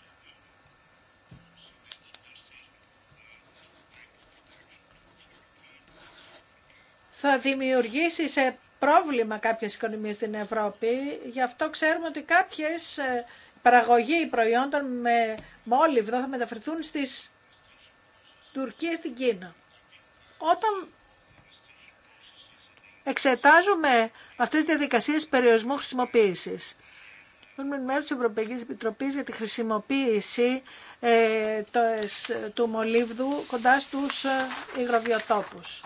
θα δημιουργήσει σε πρόβλημα κάποιες οικονομίες στην Ευρώπη. Γι' αυτό ξέρουμε ότι κάποιες ε, παραγωγή προϊόντων με μόλιβδο θα μεταφερθούν στις Τουρκία στην Κίνα. Όταν εξετάζουμε αυτές τις διαδικασίες περιορισμού χρησιμοποίησης, με μέρο της Ευρωπαϊκής Επιτροπής για τη χρησιμοποίηση ε, ε, του μολύβδου κοντά στους υγροβιοτόπους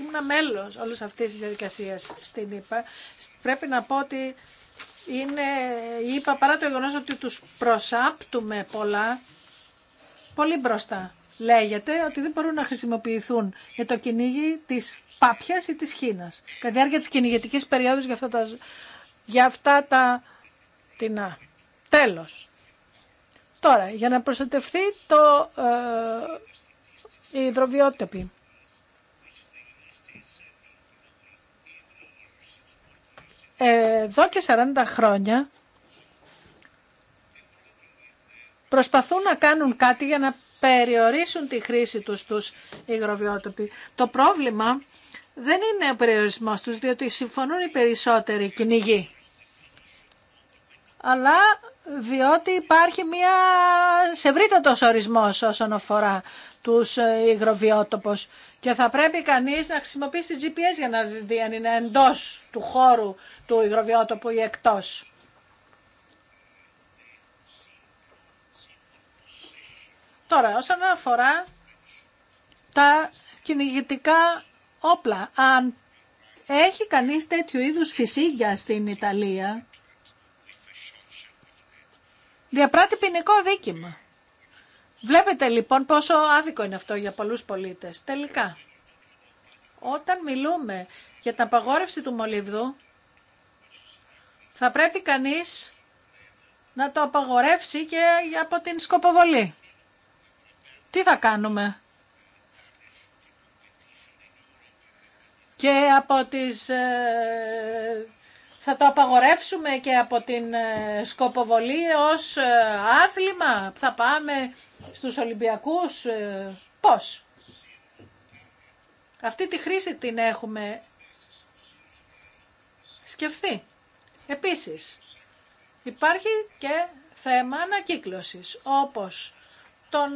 ήμουν μέλο όλη αυτή τη διαδικασία στην ΕΠΑ. Πρέπει να πω ότι είναι, η παρά το γεγονό ότι τους προσάπτουμε πολλά, πολύ μπροστά. Λέγεται ότι δεν μπορούν να χρησιμοποιηθούν για το κυνήγι της πάπιας ή της χίνας. Κατά διάρκεια τη κυνηγετική περίοδου για αυτά τα, για τεινά. Τέλος. Τώρα, για να προστατευτεί το, ε, η εδώ και 40 χρόνια προσπαθούν να κάνουν κάτι για να περιορίσουν τη χρήση τους τους υγροβιότοποι. Το πρόβλημα δεν είναι ο περιορισμός τους, διότι συμφωνούν οι περισσότεροι κυνηγοί αλλά διότι υπάρχει μια σευρύτατος ορισμός όσον αφορά τους ε, υγροβιότοπους και θα πρέπει κανείς να χρησιμοποιήσει GPS για να δει αν είναι εντός του χώρου του υγροβιότοπου ή εκτός. Τώρα, όσον αφορά τα κυνηγητικά όπλα, αν έχει κανείς τέτοιου είδους φυσίγγια στην Ιταλία, διαπράττει ποινικό δίκημα. Βλέπετε λοιπόν πόσο άδικο είναι αυτό για πολλούς πολίτες. Τελικά, όταν μιλούμε για την απαγόρευση του μολύβδου, θα πρέπει κανείς να το απαγορεύσει και από την σκοποβολή. Τι θα κάνουμε. Και από τις ε, θα το απαγορεύσουμε και από την ε, σκοποβολή ως ε, άθλημα. Θα πάμε στους Ολυμπιακούς. Ε, πώς. Αυτή τη χρήση την έχουμε σκεφτεί. Επίσης, υπάρχει και θέμα ανακύκλωσης, όπως των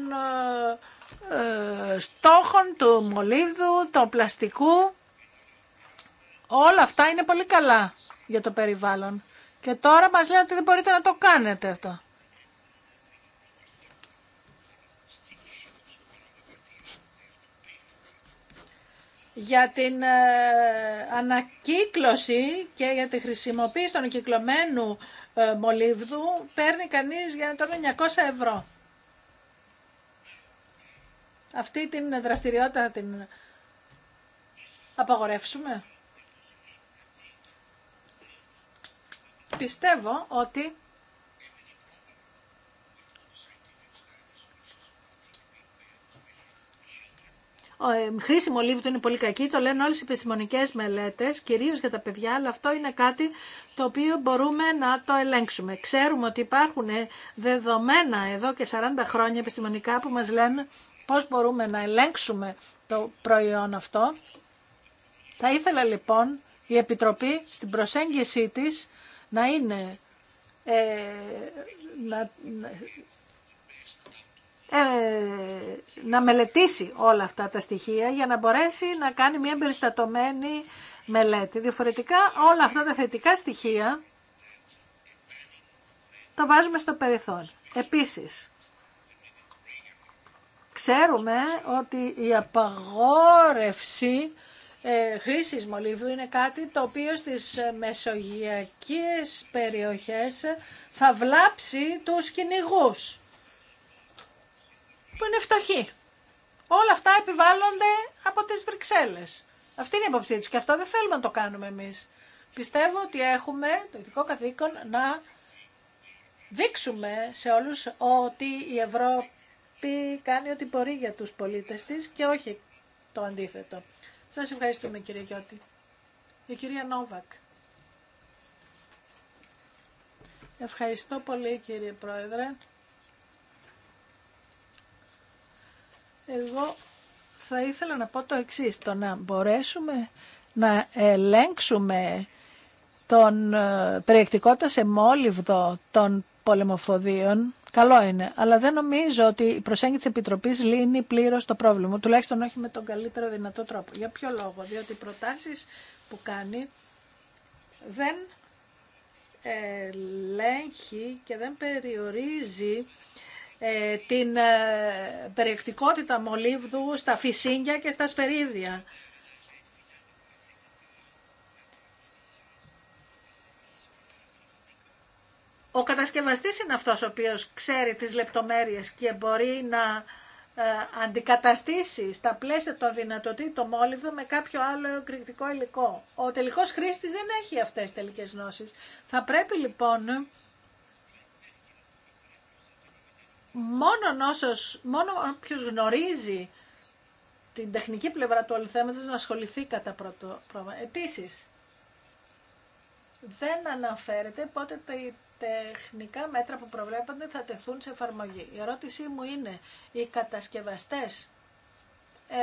στόχων του μολύβδου, των πλαστικού. Όλα αυτά είναι πολύ καλά για το περιβάλλον. Και τώρα μας λένε ότι δεν μπορείτε να το κάνετε αυτό. για την ε, ανακύκλωση και για τη χρησιμοποίηση των κυκλωμένου ε, μολύβδου παίρνει κανείς για το 900 ευρώ. Αυτή την δραστηριότητα την απαγορεύσουμε. Πιστεύω ότι χρήσιμο χρήση του είναι πολύ κακή, το λένε όλες οι επιστημονικές μελέτες, κυρίως για τα παιδιά, αλλά αυτό είναι κάτι το οποίο μπορούμε να το ελέγξουμε. Ξέρουμε ότι υπάρχουν δεδομένα εδώ και 40 χρόνια επιστημονικά που μας λένε πώς μπορούμε να ελέγξουμε το προϊόν αυτό. Θα ήθελα λοιπόν η Επιτροπή στην προσέγγιση της να είναι ε, ε, να, μελετήσει όλα αυτά τα στοιχεία για να μπορέσει να κάνει μια περιστατωμένη μελέτη. Διαφορετικά όλα αυτά τα θετικά στοιχεία τα βάζουμε στο περιθώριο. Επίσης, ξέρουμε ότι η απαγόρευση ε, χρήσης μολύβδου είναι κάτι το οποίο στις μεσογειακές περιοχές θα βλάψει τους κυνηγού. που είναι φτωχοί. Όλα αυτά επιβάλλονται από τις Βρυξέλλες. Αυτή είναι η υποψή τους και αυτό δεν θέλουμε να το κάνουμε εμείς. Πιστεύω ότι έχουμε το ειδικό καθήκον να δείξουμε σε όλους ότι η Ευρώπη κάνει ό,τι μπορεί για τους πολίτες της και όχι το αντίθετο. Σας ευχαριστούμε κύριε Γιώτη. Η κυρία Νόβακ. Ευχαριστώ πολύ κύριε Πρόεδρε. Εγώ θα ήθελα να πω το εξής, το να μπορέσουμε να ελέγξουμε τον ε, περιεκτικότητα σε μόλιβδο των πολεμοφοδίων Καλό είναι, αλλά δεν νομίζω ότι η προσέγγιση τη Επιτροπής λύνει πλήρως το πρόβλημα, τουλάχιστον όχι με τον καλύτερο δυνατό τρόπο. Για ποιο λόγο, διότι οι προτάσει που κάνει δεν ελέγχει και δεν περιορίζει ε, την ε, περιεκτικότητα μολύβδου στα φυσίγγια και στα σφαιρίδια. Ο κατασκευαστής είναι αυτός ο οποίος ξέρει τις λεπτομέρειες και μπορεί να ε, αντικαταστήσει στα πλαίσια των δυνατοτήτων μόλιβδο με κάποιο άλλο εκρηκτικό υλικό. Ο τελικός χρήστης δεν έχει αυτές τις τελικές γνώσεις. Θα πρέπει λοιπόν μόνο όσος, μόνο όποιος γνωρίζει την τεχνική πλευρά του όλου να ασχοληθεί κατά πρώτο πρόγραμμα. Επίσης, δεν αναφέρεται πότε τεχνικά μέτρα που προβλέπονται θα τεθούν σε εφαρμογή. Η ερώτησή μου είναι, οι κατασκευαστές ε,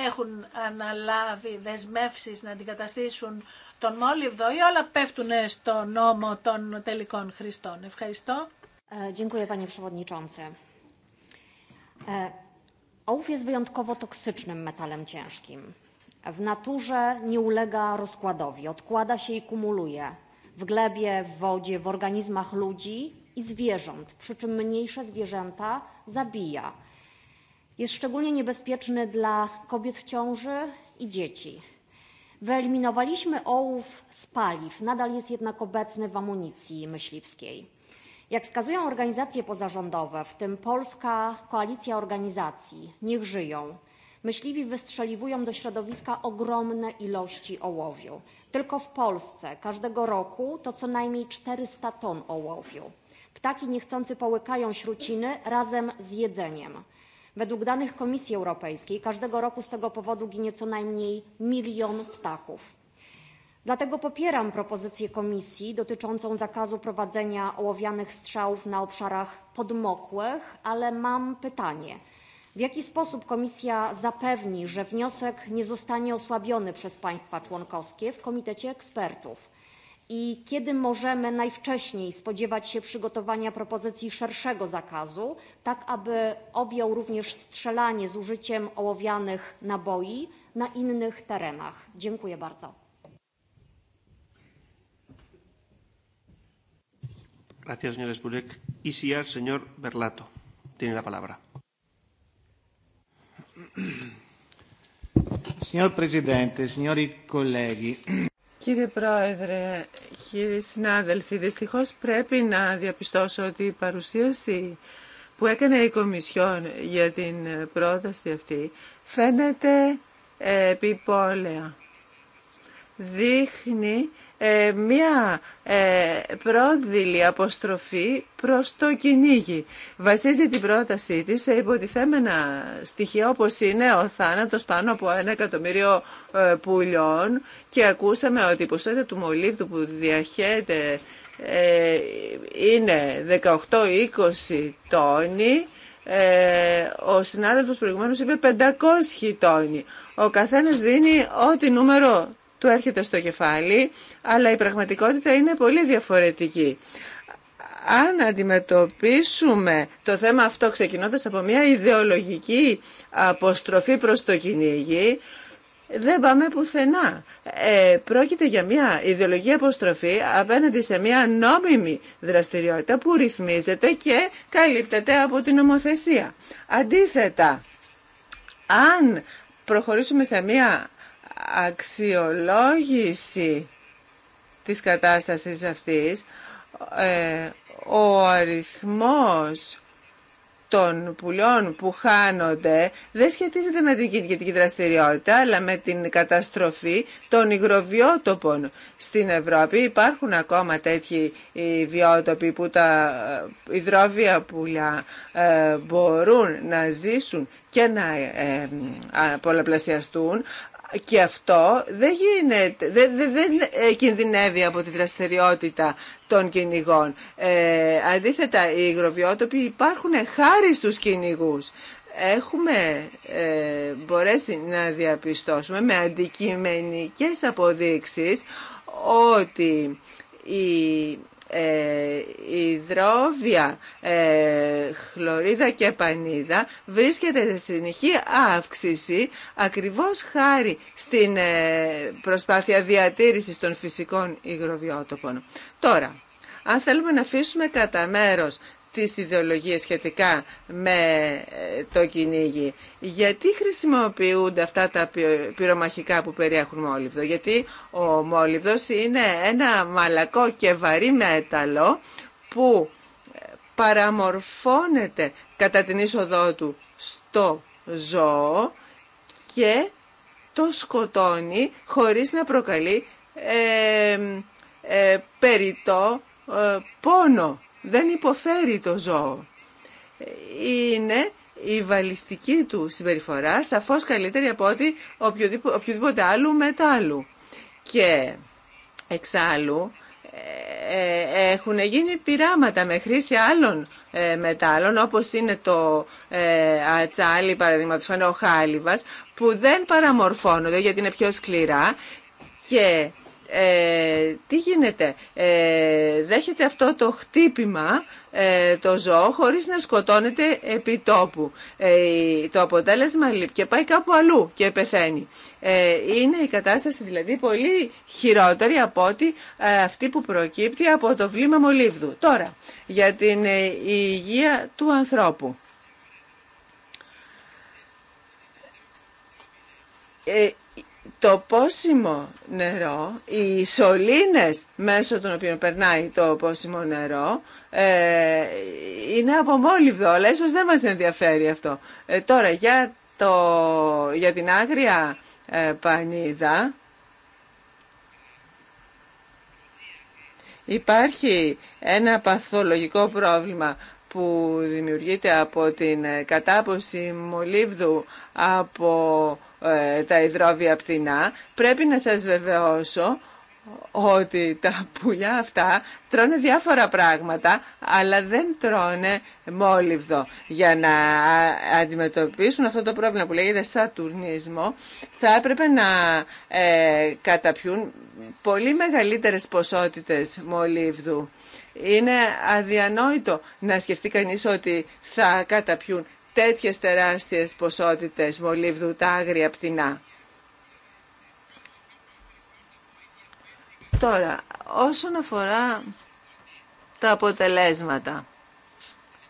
έχουν αναλάβει δεσμεύσεις να αντικαταστήσουν τον μόλιβδο ή όλα πέφτουν στο νόμο των τελικών χρηστών. Ευχαριστώ. Ε, dziękuję panie przewodniczący. Ε, ołów jest wyjątkowo toksycznym metalem ciężkim. W naturze nie ulega rozkładowi, odkłada się i kumuluje w glebie, w wodzie, w organizmach ludzi i zwierząt, przy czym mniejsze zwierzęta zabija. Jest szczególnie niebezpieczny dla kobiet w ciąży i dzieci. Wyeliminowaliśmy ołów z paliw, nadal jest jednak obecny w amunicji myśliwskiej. Jak wskazują organizacje pozarządowe, w tym Polska Koalicja Organizacji Niech Żyją, Myśliwi wystrzeliwują do środowiska ogromne ilości ołowiu. Tylko w Polsce każdego roku to co najmniej 400 ton ołowiu. Ptaki niechcący połykają śruciny razem z jedzeniem. Według danych Komisji Europejskiej każdego roku z tego powodu ginie co najmniej milion ptaków. Dlatego popieram propozycję Komisji dotyczącą zakazu prowadzenia ołowianych strzałów na obszarach podmokłych, ale mam pytanie. W jaki sposób Komisja zapewni, że wniosek nie zostanie osłabiony przez państwa członkowskie w komitecie ekspertów i kiedy możemy najwcześniej spodziewać się przygotowania propozycji szerszego zakazu, tak aby objął również strzelanie z użyciem ołowianych naboi na innych terenach? Dziękuję bardzo. Gracias, señor Spurek. Y señor Berlato, tiene la palabra. Κύριε Πρόεδρε, κύριοι συνάδελφοι, δυστυχώ πρέπει να διαπιστώσω ότι η παρουσίαση που έκανε η Κομισιόν για την πρόταση αυτή φαίνεται επιπόλαια. Δείχνει ε, μια ε, πρόδειλη αποστροφή προς το κυνήγι. Βασίζει την πρότασή της σε υποτιθέμενα στοιχεία όπως είναι ο θάνατος πάνω από ένα εκατομμύριο ε, πουλιών και ακούσαμε ότι η ποσότητα του μολύβδου που διαχέεται είναι 18-20 τόνοι ο συνάδελφος προηγουμένως είπε 500 τόνοι. Ο καθένας δίνει ό,τι νούμερο του έρχεται στο κεφάλι, αλλά η πραγματικότητα είναι πολύ διαφορετική. Αν αντιμετωπίσουμε το θέμα αυτό ξεκινώντας από μια ιδεολογική αποστροφή προς το κυνήγι, δεν πάμε πουθενά. Ε, πρόκειται για μια ιδεολογική αποστροφή απέναντι σε μια νόμιμη δραστηριότητα που ρυθμίζεται και καλύπτεται από την νομοθεσία. Αντίθετα, αν προχωρήσουμε σε μια αξιολόγηση της κατάστασης αυτής, ε, ο αριθμός των πουλιών που χάνονται δεν σχετίζεται με την κοινωνική δραστηριότητα, αλλά με την καταστροφή των υγροβιότοπων. Στην Ευρώπη υπάρχουν ακόμα τέτοιοι βιότοποι που τα ε, υδρόβια πουλιά ε, μπορούν να ζήσουν και να πολλαπλασιαστούν, και αυτό δεν, γίνεται, δεν, δεν, ε, κινδυνεύει από τη δραστηριότητα των κυνηγών. Ε, αντίθετα, οι υγροβιότοποι υπάρχουν χάρη στους κυνηγούς. Έχουμε ε, μπορέσει να διαπιστώσουμε με αντικειμενικές αποδείξεις ότι οι η ε, υδρόβια ε, χλωρίδα και πανίδα βρίσκεται σε συνεχή αύξηση ακριβώς χάρη στην ε, προσπάθεια διατήρησης των φυσικών υγροβιότοπων. Τώρα, αν θέλουμε να αφήσουμε κατά μέρος τις ιδεολογίες σχετικά με ε, το κυνήγι. Γιατί χρησιμοποιούνται αυτά τα πυρομαχικά που περιέχουν μόλιβδο. Γιατί ο μόλιβδος είναι ένα μαλακό και βαρύ μεταλλό που ε, παραμορφώνεται κατά την είσοδό του στο ζώο και το σκοτώνει χωρίς να προκαλεί ε, ε πόνο δεν υποφέρει το ζώο. Είναι η βαλιστική του συμπεριφορά σαφώς καλύτερη από ότι οποιοδήποτε, οποιοδήποτε άλλου μετάλλου. Και εξάλλου ε, ε, έχουν γίνει πειράματα με χρήση άλλων ε, μετάλλων όπως είναι το ε, ατσάλι παραδείγματος, ο χάλιβας που δεν παραμορφώνονται γιατί είναι πιο σκληρά και ε, τι γίνεται, ε, δέχεται αυτό το χτύπημα ε, το ζώο χωρίς να σκοτώνεται επί τόπου. Ε, το αποτέλεσμα λείπει και πάει κάπου αλλού και πεθαίνει. είναι η κατάσταση δηλαδή πολύ χειρότερη από αυτή που προκύπτει από το βλήμα μολύβδου. Τώρα, για την υγεία του ανθρώπου το πόσιμο νερό, οι σωλήνες μέσω των οποίων περνάει το πόσιμο νερό, ε, είναι από μόλιβδο, αλλά ίσως δεν μας ενδιαφέρει αυτό. Ε, τώρα, για, το, για την άγρια ε, πανίδα, υπάρχει ένα παθολογικό πρόβλημα που δημιουργείται από την ε, κατάποση μολύβδου από ε, τα υδρόβια πτηνά, πρέπει να σας βεβαιώσω ότι τα πουλιά αυτά τρώνε διάφορα πράγματα, αλλά δεν τρώνε μόλιβδο. Για να αντιμετωπίσουν αυτό το πρόβλημα που λέγεται σατουρνισμό, θα έπρεπε να ε, καταπιούν πολύ μεγαλύτερες ποσότητες μόλιβδου. Είναι αδιανόητο να σκεφτεί κανείς ότι θα καταπιούν τέτοιες τεράστιες ποσότητες μολύβδου τα άγρια πτηνά. Τώρα, όσον αφορά τα αποτελέσματα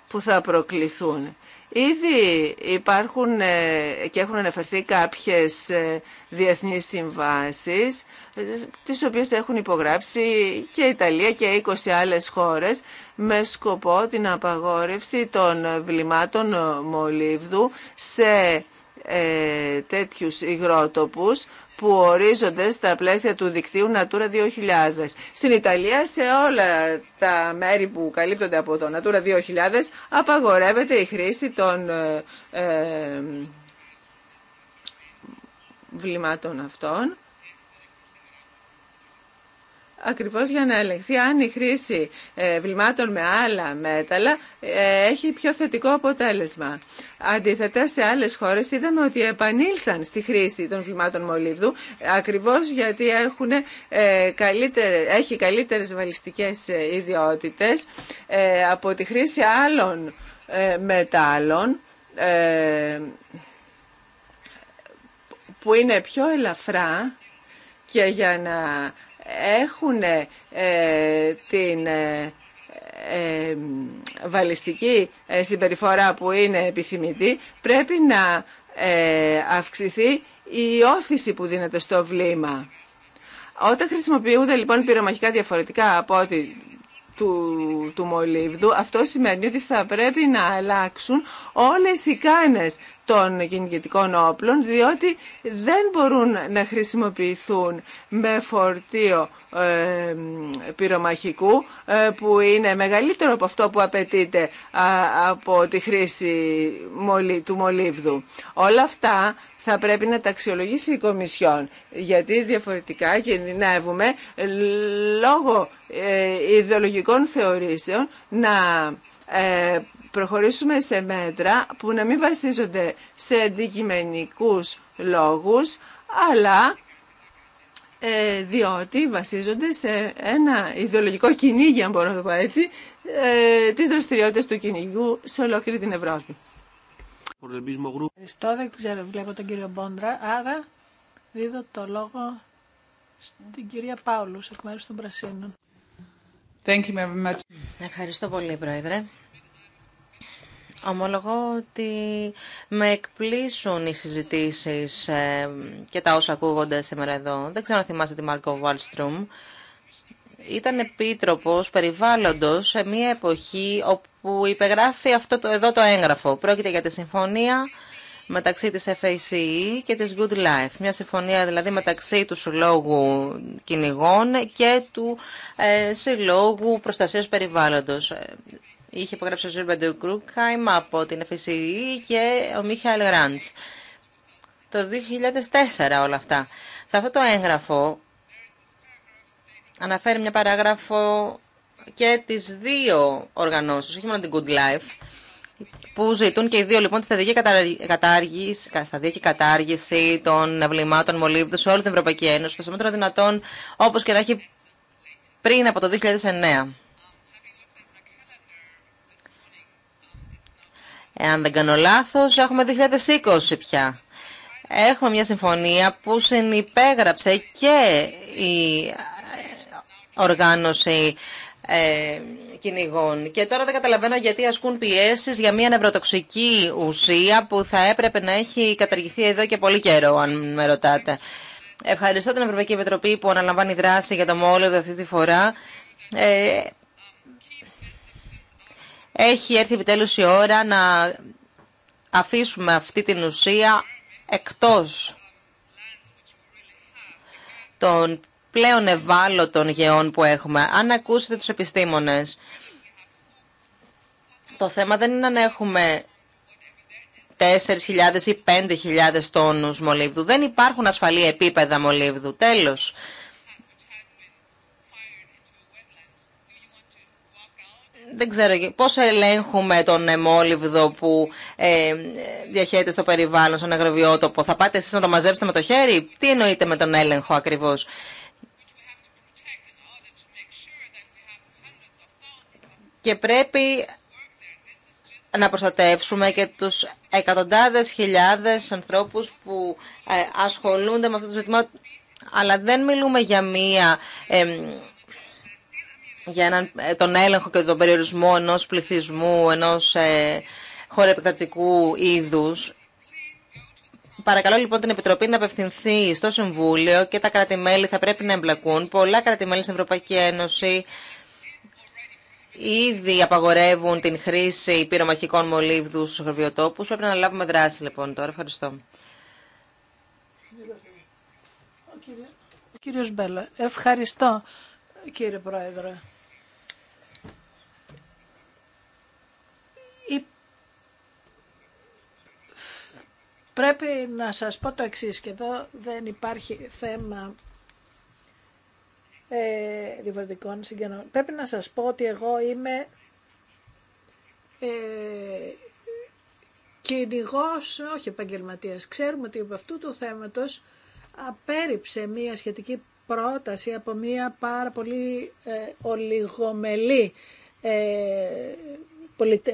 που θα προκληθούν, Ήδη υπάρχουν ε, και έχουν αναφερθεί κάποιες ε, διεθνείς συμβάσεις, ε, τις οποίες έχουν υπογράψει και η Ιταλία και 20 άλλες χώρες, με σκοπό την απαγόρευση των βλημάτων μολύβδου σε ε, τέτοιους υγρότοπους που ορίζονται στα πλαίσια του δικτύου Natura 2000. Στην Ιταλία σε όλα τα μέρη που καλύπτονται από το Natura 2000 απαγορεύεται η χρήση των ε, ε, βλημάτων αυτών ακριβώς για να ελεγχθεί αν η χρήση ε, βλημάτων με άλλα μέταλλα ε, έχει πιο θετικό αποτέλεσμα. Αντίθετα, σε άλλες χώρες είδαμε ότι επανήλθαν στη χρήση των βλημάτων μολύβδου ακριβώς γιατί έχουν, ε, καλύτερε, έχει καλύτερες βαλιστικές ιδιότητες από τη χρήση άλλων μετάλλων που είναι πιο ελαφρά και για να έχουν ε, την ε, ε, βαλιστική συμπεριφορά που είναι επιθυμητή, πρέπει να αυξηθεί η όθηση που δίνεται στο βλήμα. Όταν χρησιμοποιούνται λοιπόν πυρομαχικά διαφορετικά από ό,τι του, του μολύβδου, αυτό σημαίνει ότι θα πρέπει να αλλάξουν όλες οι κάνες των κυνηγητικών όπλων, διότι δεν μπορούν να χρησιμοποιηθούν με φορτίο ε, πυρομαχικού, ε, που είναι μεγαλύτερο από αυτό που απαιτείται από τη χρήση του μολύβδου. Όλα αυτά θα πρέπει να ταξιολογήσει η Κομισιόν, γιατί διαφορετικά κινδυνεύουμε λόγω ε, ιδεολογικών θεωρήσεων να ε, προχωρήσουμε σε μέτρα που να μην βασίζονται σε αντικειμενικούς λόγους, αλλά ε, διότι βασίζονται σε ένα ιδεολογικό κυνήγι, αν μπορώ να το πω έτσι, τις δραστηριότητες του κυνηγιού σε ολόκληρη την Ευρώπη. Ευχαριστώ, δεν ξέρω, βλέπω τον κύριο Μπόντρα, άρα δίδω το λόγο στην κυρία Πάουλου, εκ μέρους των Πρασίνων. Thank you very much. Ευχαριστώ πολύ, Πρόεδρε. Ομολογώ ότι με εκπλήσουν οι συζητήσεις ε, και τα όσα ακούγονται σήμερα εδώ. Δεν ξέρω αν θυμάστε τη Μάρκο Βάλστρουμ. Ήταν επίτροπος περιβάλλοντος σε μια εποχή όπου υπεγράφει αυτό το, εδώ το έγγραφο. Πρόκειται για τη συμφωνία μεταξύ της FACE και της Good Life. Μια συμφωνία δηλαδή μεταξύ του Συλλόγου Κυνηγών και του ε, Συλλόγου Προστασίας Περιβάλλοντος. Ε, είχε υπογράψει ο Ζουρμπεντ Γκρουκχάιμ από την FCE και ο Μίχαλ Ράντς. Το 2004 όλα αυτά. Σε αυτό το έγγραφο αναφέρει μια παράγραφο και τις δύο οργανώσεις, όχι μόνο την Good Life, που ζητούν και οι δύο λοιπόν τη σταδιακή κατάργηση των ευλημάτων μολύβδου σε όλη την Ευρωπαϊκή Ένωση, το μέτρο δυνατών όπω και να έχει πριν από το 2009. Εάν δεν κάνω λάθο, έχουμε 2020 πια. Έχουμε μια συμφωνία που συνυπέγραψε και η οργάνωση ε, κυνηγών. Και τώρα δεν καταλαβαίνω γιατί ασκούν πιέσει για μια νευροτοξική ουσία που θα έπρεπε να έχει καταργηθεί εδώ και πολύ καιρό, αν με ρωτάτε. Ευχαριστώ την Ευρωπαϊκή Επιτροπή που αναλαμβάνει δράση για το μόλεδο αυτή τη φορά. Ε, έχει έρθει επιτέλου η ώρα να αφήσουμε αυτή την ουσία εκτός των πλέον ευάλωτων γεών που έχουμε. Αν ακούσετε τους επιστήμονες, το θέμα δεν είναι αν έχουμε 4.000 ή 5.000 τόνους μολύβδου. Δεν υπάρχουν ασφαλή επίπεδα μολύβδου. Τέλος. Δεν ξέρω πώς ελέγχουμε τον μόλυβδο που ε, διαχέεται στο περιβάλλον, στον αγροβιότοπο. Θα πάτε εσείς να το μαζέψετε με το χέρι. Τι εννοείται με τον έλεγχο ακριβώς. και πρέπει να προστατεύσουμε και τους εκατοντάδες χιλιάδες ανθρώπους που ε, ασχολούνται με αυτό το ζήτημα. Αλλά δεν μιλούμε για μία... για έναν, ε, τον έλεγχο και τον περιορισμό ενός πληθυσμού, ενός ε, είδου. είδους. Παρακαλώ λοιπόν την Επιτροπή να απευθυνθεί στο Συμβούλιο και τα κράτη-μέλη θα πρέπει να εμπλακούν. Πολλά κράτη-μέλη στην Ευρωπαϊκή Ένωση ήδη απαγορεύουν την χρήση πυρομαχικών μολύβδους στους χροβιοτόπους. Πρέπει να λάβουμε δράση λοιπόν τώρα. Ευχαριστώ. κύριος ευχαριστώ κύριε Πρόεδρε. Πρέπει να σας πω το εξής και εδώ δεν υπάρχει θέμα ε, διαφορετικών συγγενών. Πρέπει να σας πω ότι εγώ είμαι ε, κυνηγό, όχι επαγγελματία. Ξέρουμε ότι από αυτού του θέματος απέριψε μία σχετική πρόταση από μία πάρα πολύ ε, ολιγομελή ε,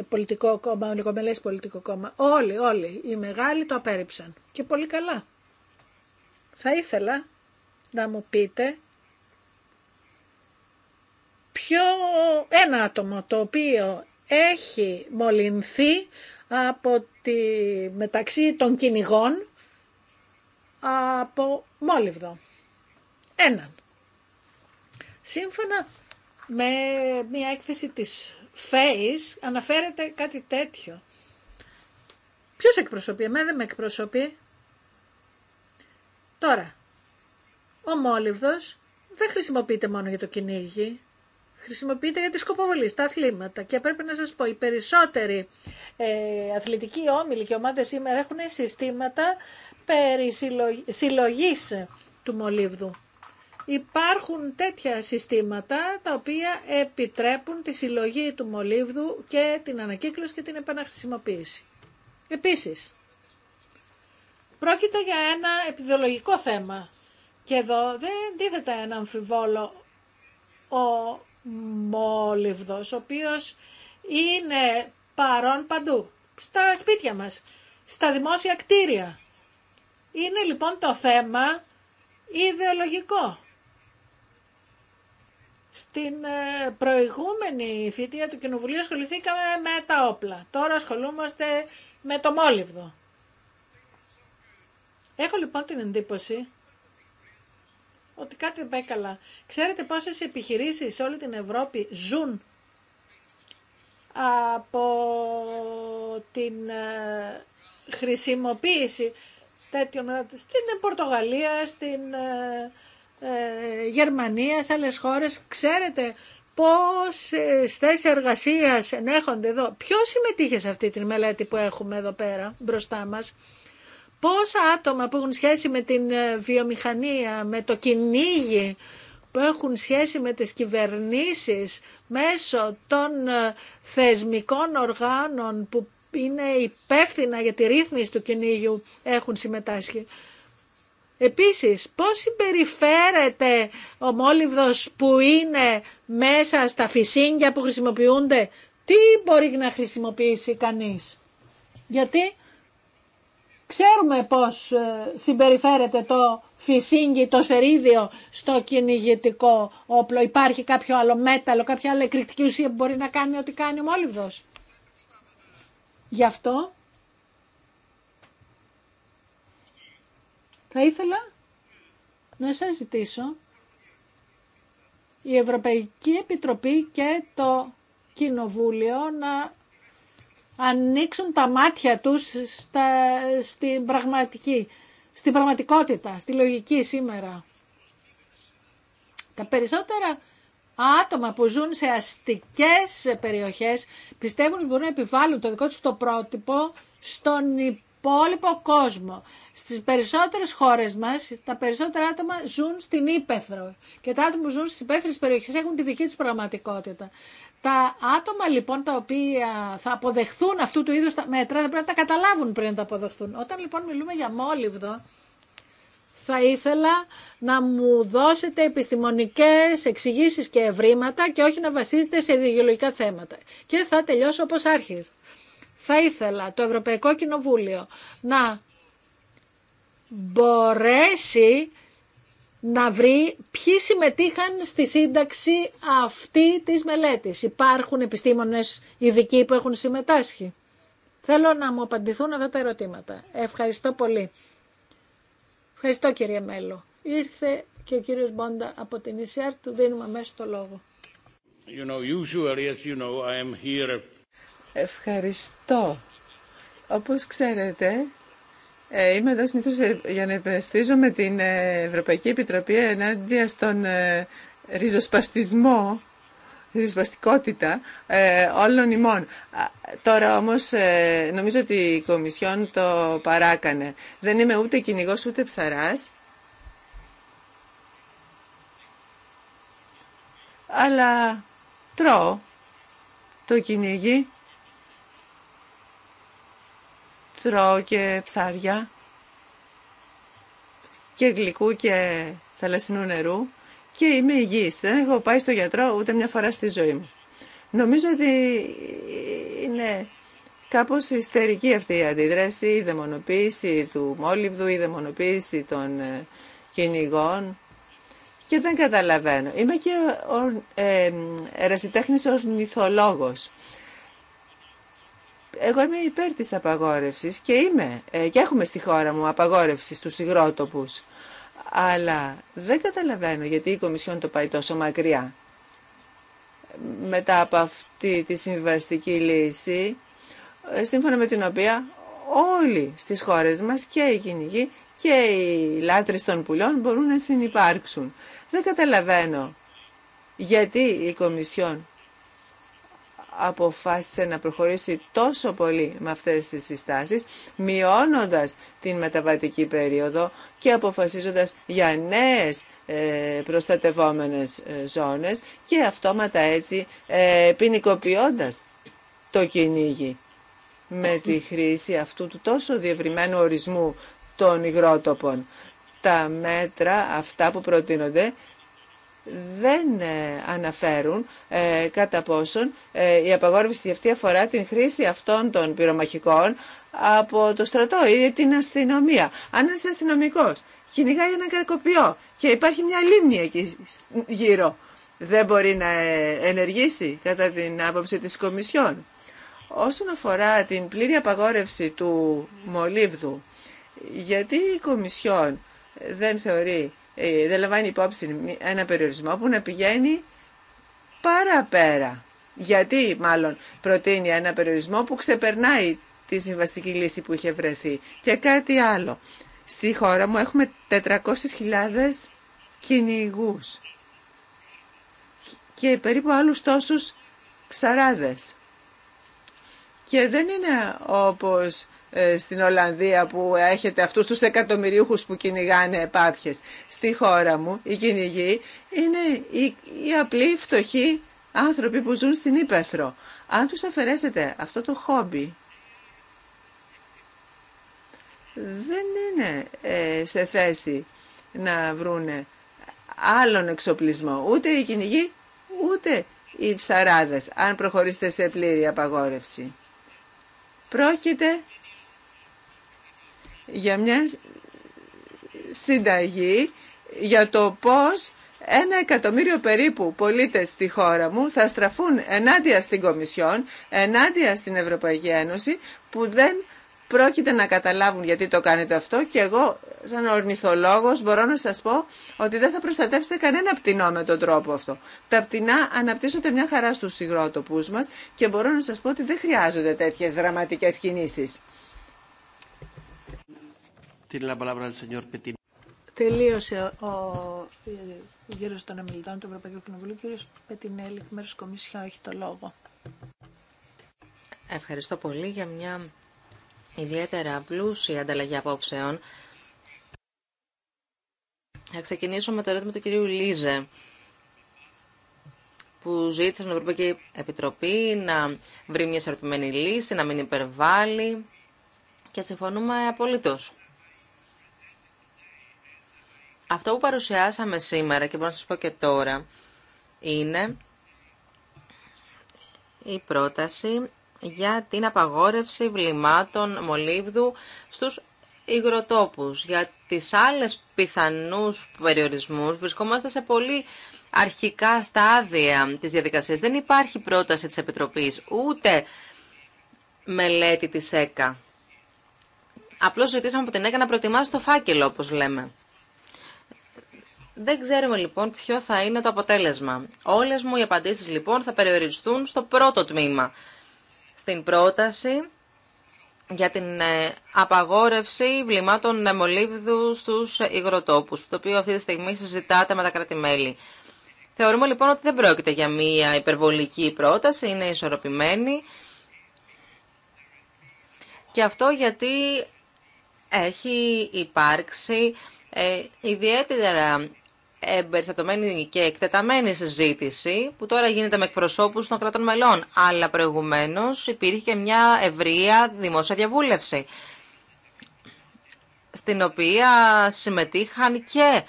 πολιτικό κόμμα, ολιγομελές πολιτικό κόμμα. Όλοι, όλοι, οι μεγάλοι το απέρριψαν. Και πολύ καλά. Θα ήθελα να μου πείτε πιο ένα άτομο το οποίο έχει μολυνθεί από τη, μεταξύ των κυνηγών από μόλυβδο. Έναν. Σύμφωνα με μια έκθεση της ΦΕΙΣ αναφέρεται κάτι τέτοιο. Ποιος εκπροσωπεί, εμένα δεν με εκπροσωπεί. Τώρα, ο μόλυβδος δεν χρησιμοποιείται μόνο για το κυνήγι χρησιμοποιείται για τη σκοποβολή, στα αθλήματα. Και πρέπει να σας πω, οι περισσότεροι ε, αθλητικοί όμιλοι και ομάδες σήμερα έχουν συστήματα περί συλλογής του μολύβδου. Υπάρχουν τέτοια συστήματα τα οποία επιτρέπουν τη συλλογή του μολύβδου και την ανακύκλωση και την επαναχρησιμοποίηση. Επίσης, πρόκειται για ένα επιδεολογικό θέμα. Και εδώ δεν δίδεται ένα αμφιβόλο ο μόλυβδος ο οποίος είναι παρόν παντού, στα σπίτια μας, στα δημόσια κτίρια. Είναι λοιπόν το θέμα ιδεολογικό. Στην ε, προηγούμενη θητεία του Κοινοβουλίου ασχοληθήκαμε με τα όπλα. Τώρα ασχολούμαστε με το μόλιβδο. Έχω λοιπόν την εντύπωση ότι κάτι δεν πάει καλά. Ξέρετε πόσες επιχειρήσεις σε όλη την Ευρώπη ζουν από την ε, χρησιμοποίηση τέτοιων στην Πορτογαλία, στην ε, ε, Γερμανία, σε άλλες χώρες. Ξέρετε πόσες θέσεις εργασίας ενέχονται εδώ. Ποιος συμμετείχε σε αυτή τη μελέτη που έχουμε εδώ πέρα μπροστά μας πόσα άτομα που έχουν σχέση με την ε, βιομηχανία, με το κυνήγι, που έχουν σχέση με τις κυβερνήσεις μέσω των ε, θεσμικών οργάνων που είναι υπεύθυνα για τη ρύθμιση του κυνήγιου έχουν συμμετάσχει. Επίσης, πώς συμπεριφέρεται ο μόλιβδος που είναι μέσα στα φυσίγγια που χρησιμοποιούνται, τι μπορεί να χρησιμοποιήσει κανείς. Γιατί Ξέρουμε πώς ε, συμπεριφέρεται το φυσίγγι, το σφαιρίδιο στο κυνηγητικό όπλο. Υπάρχει κάποιο άλλο μέταλλο, κάποια άλλη εκρηκτική ουσία που μπορεί να κάνει ό,τι κάνει ο μόλυβδος. Γι' αυτό θα ήθελα να σας ζητήσω η Ευρωπαϊκή Επιτροπή και το Κοινοβούλιο να ανοίξουν τα μάτια τους στα, στην, πραγματική, στην πραγματικότητα, στη λογική σήμερα. Τα περισσότερα άτομα που ζουν σε αστικές περιοχές πιστεύουν ότι μπορούν να επιβάλλουν το δικό τους το πρότυπο στον υπόλοιπο κόσμο. Στις περισσότερες χώρες μας τα περισσότερα άτομα ζουν στην ύπεθρο και τα άτομα που ζουν στις περιοχές έχουν τη δική τους πραγματικότητα. Τα άτομα λοιπόν τα οποία θα αποδεχθούν αυτού του είδους τα μέτρα δεν πρέπει να τα καταλάβουν πριν να τα αποδεχθούν. Όταν λοιπόν μιλούμε για μόλιβδο, θα ήθελα να μου δώσετε επιστημονικές εξηγήσεις και ευρήματα και όχι να βασίζετε σε ιδεολογικά θέματα. Και θα τελειώσω όπως άρχισε. Θα ήθελα το Ευρωπαϊκό Κοινοβούλιο να μπορέσει να βρει ποιοι συμμετείχαν στη σύνταξη αυτή της μελέτης. Υπάρχουν επιστήμονες ειδικοί που έχουν συμμετάσχει. Θέλω να μου απαντηθούν αυτά τα ερωτήματα. Ευχαριστώ πολύ. Ευχαριστώ κύριε Μέλο. Ήρθε και ο κύριος Μπόντα από την ΙΣΙΑΡ, του δίνουμε αμέσως το λόγο. You know, usually, as you know, I Ευχαριστώ. Όπως ξέρετε, ε, είμαι εδώ συνήθω ε, για να υπερασπίζω με την ε, Ευρωπαϊκή Επιτροπή ενάντια στον ριζοσπαστισμό, ριζοσπαστικότητα όλων ημών. Τώρα όμως νομίζω ότι η Κομισιόν το παράκανε. Δεν είμαι ούτε κυνηγό ούτε ψαράς. Αλλά τρώω το κυνηγί τρώω και ψάρια και γλυκού και θαλασσινού νερού και είμαι υγιής. Δεν έχω πάει στο γιατρό ούτε μια φορά στη ζωή μου. Νομίζω ότι είναι κάπως ιστερική αυτή η αντίδραση, η δαιμονοποίηση του μόλιβδου, η δαιμονοποίηση των ε, κυνηγών και δεν καταλαβαίνω. Είμαι και ο, ε, ερασιτέχνης ορνηθολόγος εγώ είμαι υπέρ της απαγόρευσης και είμαι ε, και έχουμε στη χώρα μου απαγόρευση στους υγρότοπους. Αλλά δεν καταλαβαίνω γιατί η Κομισιόν το πάει τόσο μακριά. Μετά από αυτή τη συμβαστική λύση, ε, σύμφωνα με την οποία όλοι στις χώρες μας και οι κυνηγοί και οι λάτρεις των πουλιών μπορούν να συνεπάρξουν. Δεν καταλαβαίνω γιατί η Κομισιόν αποφάσισε να προχωρήσει τόσο πολύ με αυτές τις συστάσεις, μειώνοντας την μεταβατική περίοδο και αποφασίζοντας για νέες ε, προστατευόμενες ε, ζώνες και αυτόματα έτσι ε, ποινικοποιώντα το κυνήγι με τη χρήση αυτού του τόσο διευρυμένου ορισμού των υγρότοπων. Τα μέτρα αυτά που προτείνονται δεν ε, αναφέρουν ε, κατά πόσον ε, η απαγόρευση αυτή αφορά την χρήση αυτών των πυρομαχικών από το στρατό ή την αστυνομία. Αν ένας αστυνομικός κυνηγάει ένα κακοποιό και υπάρχει μια λίμνη εκεί γύρω, δεν μπορεί να ενεργήσει κατά την άποψη της Κομισιόν. Όσον αφορά την πλήρη απαγόρευση του μολύβδου, γιατί η την αστυνομια αν ειναι αστυνομικος κυνηγαει ενα κακοποιο και υπαρχει μια λιμνη εκει γυρω δεν θεωρεί ε, δεν λαμβάνει υπόψη ένα περιορισμό που να πηγαίνει παραπέρα. Γιατί μάλλον προτείνει ένα περιορισμό που ξεπερνάει τη συμβαστική λύση που είχε βρεθεί. Και κάτι άλλο. Στη χώρα μου έχουμε 400.000 κυνηγούς και περίπου άλλους τόσους ψαράδες. Και δεν είναι όπως ε, στην Ολλανδία που έχετε αυτούς τους εκατομμυριούχους που κυνηγάνε επάπιες. Στη χώρα μου οι κυνηγοί είναι οι, οι απλοί φτωχοί άνθρωποι που ζουν στην Ήπεθρο. Αν τους αφαιρέσετε αυτό το χόμπι δεν είναι ε, σε θέση να βρούνε άλλον εξοπλισμό. Ούτε οι κυνηγοί, ούτε οι ψαράδες, αν προχωρήσετε σε πλήρη απαγόρευση. Πρόκειται για μια συνταγή για το πώς ένα εκατομμύριο περίπου πολίτες στη χώρα μου θα στραφούν ενάντια στην Κομισιόν, ενάντια στην Ευρωπαϊκή Ένωση που δεν πρόκειται να καταλάβουν γιατί το κάνετε αυτό και εγώ σαν ορνηθολόγος μπορώ να σας πω ότι δεν θα προστατεύσετε κανένα πτηνό με τον τρόπο αυτό. Τα πτηνά αναπτύσσονται μια χαρά στους υγρότοπους μας και μπορώ να σας πω ότι δεν χρειάζονται τέτοιες δραματικές κινήσεις. Τελείωσε ο γύρο των ομιλητών του Ευρωπαϊκού Κοινοβουλίου. Κύριο Πετινέλη, εκ μέρου Κομισιόν, το λόγο. Ευχαριστώ πολύ για μια ιδιαίτερα πλούσια ανταλλαγή απόψεων. Θα ξεκινήσω με το ερώτημα του κυρίου Λίζε, που ζήτησε να την Ευρωπαϊκή Επιτροπή να βρει μια ισορροπημένη λύση, να μην υπερβάλλει και συμφωνούμε απολύτως. Αυτό που παρουσιάσαμε σήμερα και μπορώ να σας πω και τώρα είναι η πρόταση για την απαγόρευση βλημάτων μολύβδου στους υγροτόπους. Για τις άλλες πιθανούς περιορισμούς βρισκόμαστε σε πολύ αρχικά στάδια της διαδικασίας. Δεν υπάρχει πρόταση της Επιτροπής, ούτε μελέτη της ΕΚΑ. Απλώς ζητήσαμε από την ΕΚΑ να προετοιμάσει το φάκελο, όπως λέμε. Δεν ξέρουμε λοιπόν ποιο θα είναι το αποτέλεσμα. Όλες μου οι απαντήσεις λοιπόν θα περιοριστούν στο πρώτο τμήμα στην πρόταση για την ε, απαγόρευση βλημάτων μολύβδου στους υγροτόπους, το οποίο αυτή τη στιγμή συζητάται με τα κρατη Θεωρούμε λοιπόν ότι δεν πρόκειται για μία υπερβολική πρόταση, είναι ισορροπημένη. Και αυτό γιατί έχει υπάρξει ε, ιδιαίτερα εμπεριστατωμένη και εκτεταμένη συζήτηση που τώρα γίνεται με εκπροσώπους των κρατών μελών. Αλλά προηγουμένως υπήρχε μια ευρεία δημόσια διαβούλευση στην οποία συμμετείχαν και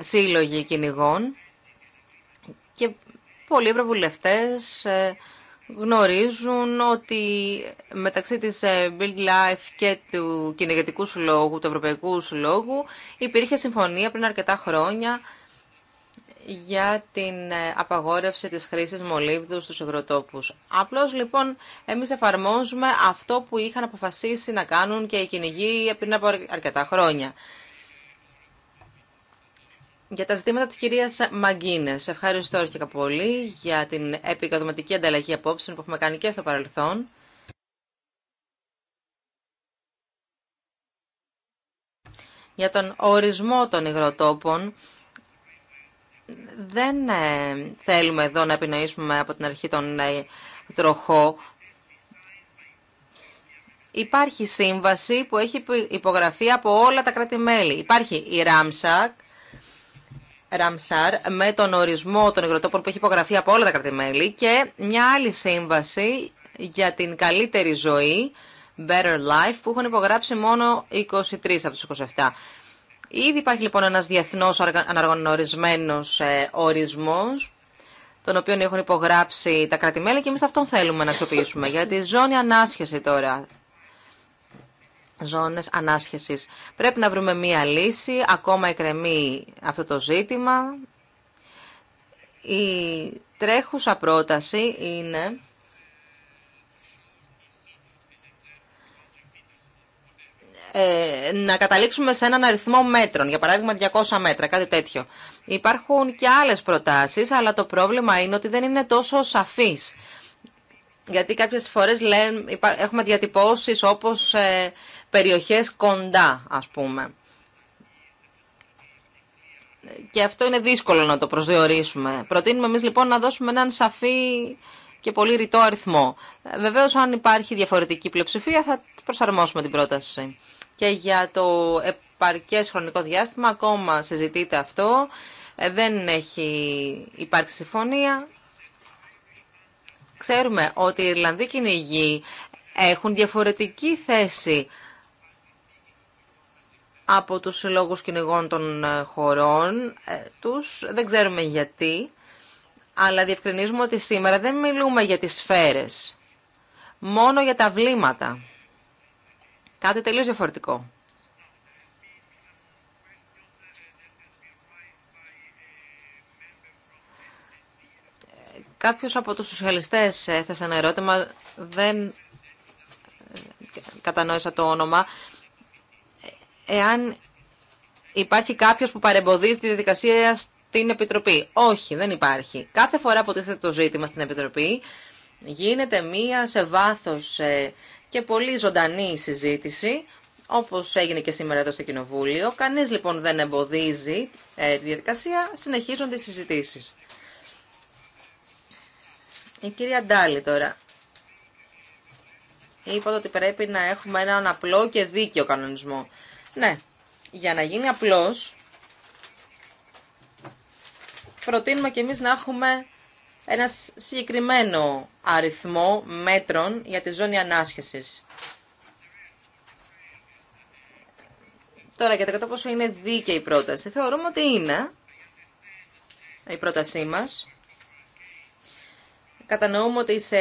σύλλογοι κυνηγών και πολλοί ευρωβουλευτές... Ε, γνωρίζουν ότι μεταξύ της ε, Build Life και του κυνηγετικού συλλόγου, του Ευρωπαϊκού Συλλόγου, υπήρχε συμφωνία πριν αρκετά χρόνια για την ε, απαγόρευση της χρήσης μολύβδου στους υγροτόπους. Απλώς λοιπόν εμείς εφαρμόζουμε αυτό που είχαν αποφασίσει να κάνουν και οι κυνηγοί πριν από αρκετά χρόνια. Για τα ζητήματα της κυρίας Μαγκίνε. ευχαριστώ αρχικά πολύ για την επικοδοματική ανταλλαγή απόψεων που έχουμε κάνει και στο παρελθόν. Για τον ορισμό των υγροτόπων, δεν ε, θέλουμε εδώ να επινοήσουμε από την αρχή τον ε, τροχό. Υπάρχει σύμβαση που έχει υπογραφεί από όλα τα κράτη-μέλη. Υπάρχει η Ράμσακ, Ραμσάρ με τον ορισμό των υγροτόπων που έχει υπογραφεί από όλα τα κρατημέλη και μια άλλη σύμβαση για την καλύτερη ζωή, Better Life, που έχουν υπογράψει μόνο 23 από τους 27. Ήδη υπάρχει λοιπόν ένας διεθνώς αναγνωρισμένος ε, ορισμός, τον οποίο έχουν υπογράψει τα κρατημέλη και εμείς αυτόν θέλουμε να αξιοποιήσουμε. γιατί τη ζώνη ανάσχεση τώρα, Ζώνε ανάσχεση. Πρέπει να βρούμε μία λύση, ακόμα εκρεμεί αυτό το ζήτημα. Η τρέχουσα πρόταση είναι... Ε, να καταλήξουμε σε έναν αριθμό μέτρων, για παράδειγμα 200 μέτρα, κάτι τέτοιο. Υπάρχουν και άλλες προτάσεις, αλλά το πρόβλημα είναι ότι δεν είναι τόσο σαφείς γιατί κάποιες φορές λέμε, έχουμε διατυπώσεις όπως ε, περιοχές κοντά, ας πούμε. Και αυτό είναι δύσκολο να το προσδιορίσουμε. Προτείνουμε εμείς λοιπόν να δώσουμε έναν σαφή και πολύ ρητό αριθμό. Ε, βεβαίως αν υπάρχει διαφορετική πλειοψηφία θα προσαρμόσουμε την πρόταση. Και για το επαρκές χρονικό διάστημα ακόμα συζητείται αυτό. Ε, δεν έχει υπάρξει συμφωνία. Ξέρουμε ότι οι Ιρλανδοί κυνηγοί έχουν διαφορετική θέση από τους συλλόγους κυνηγών των ε, χωρών ε, τους. Δεν ξέρουμε γιατί, αλλά διευκρινίζουμε ότι σήμερα δεν μιλούμε για τις σφαίρες, μόνο για τα βλήματα. Κάτι τελείως διαφορετικό. Κάποιος από τους σοσιαλιστές έθεσε ένα ερώτημα, δεν κατανόησα το όνομα. Εάν υπάρχει κάποιος που παρεμποδίζει τη διαδικασία στην Επιτροπή. Όχι, δεν υπάρχει. Κάθε φορά που τίθεται το ζήτημα στην Επιτροπή γίνεται μία σε βάθος ε, και πολύ ζωντανή συζήτηση, όπως έγινε και σήμερα εδώ στο Κοινοβούλιο. Κανείς λοιπόν δεν εμποδίζει ε, τη διαδικασία, συνεχίζονται οι συζητήσεις. Η κυρία Ντάλη τώρα. Είπατε ότι πρέπει να έχουμε έναν απλό και δίκαιο κανονισμό. Ναι, για να γίνει απλός, προτείνουμε και εμείς να έχουμε ένα συγκεκριμένο αριθμό μέτρων για τη ζώνη ανάσχεσης. Τώρα, για το πόσο είναι δίκαιη η πρόταση. Θεωρούμε ότι είναι η πρότασή μας κατανοούμε ότι σε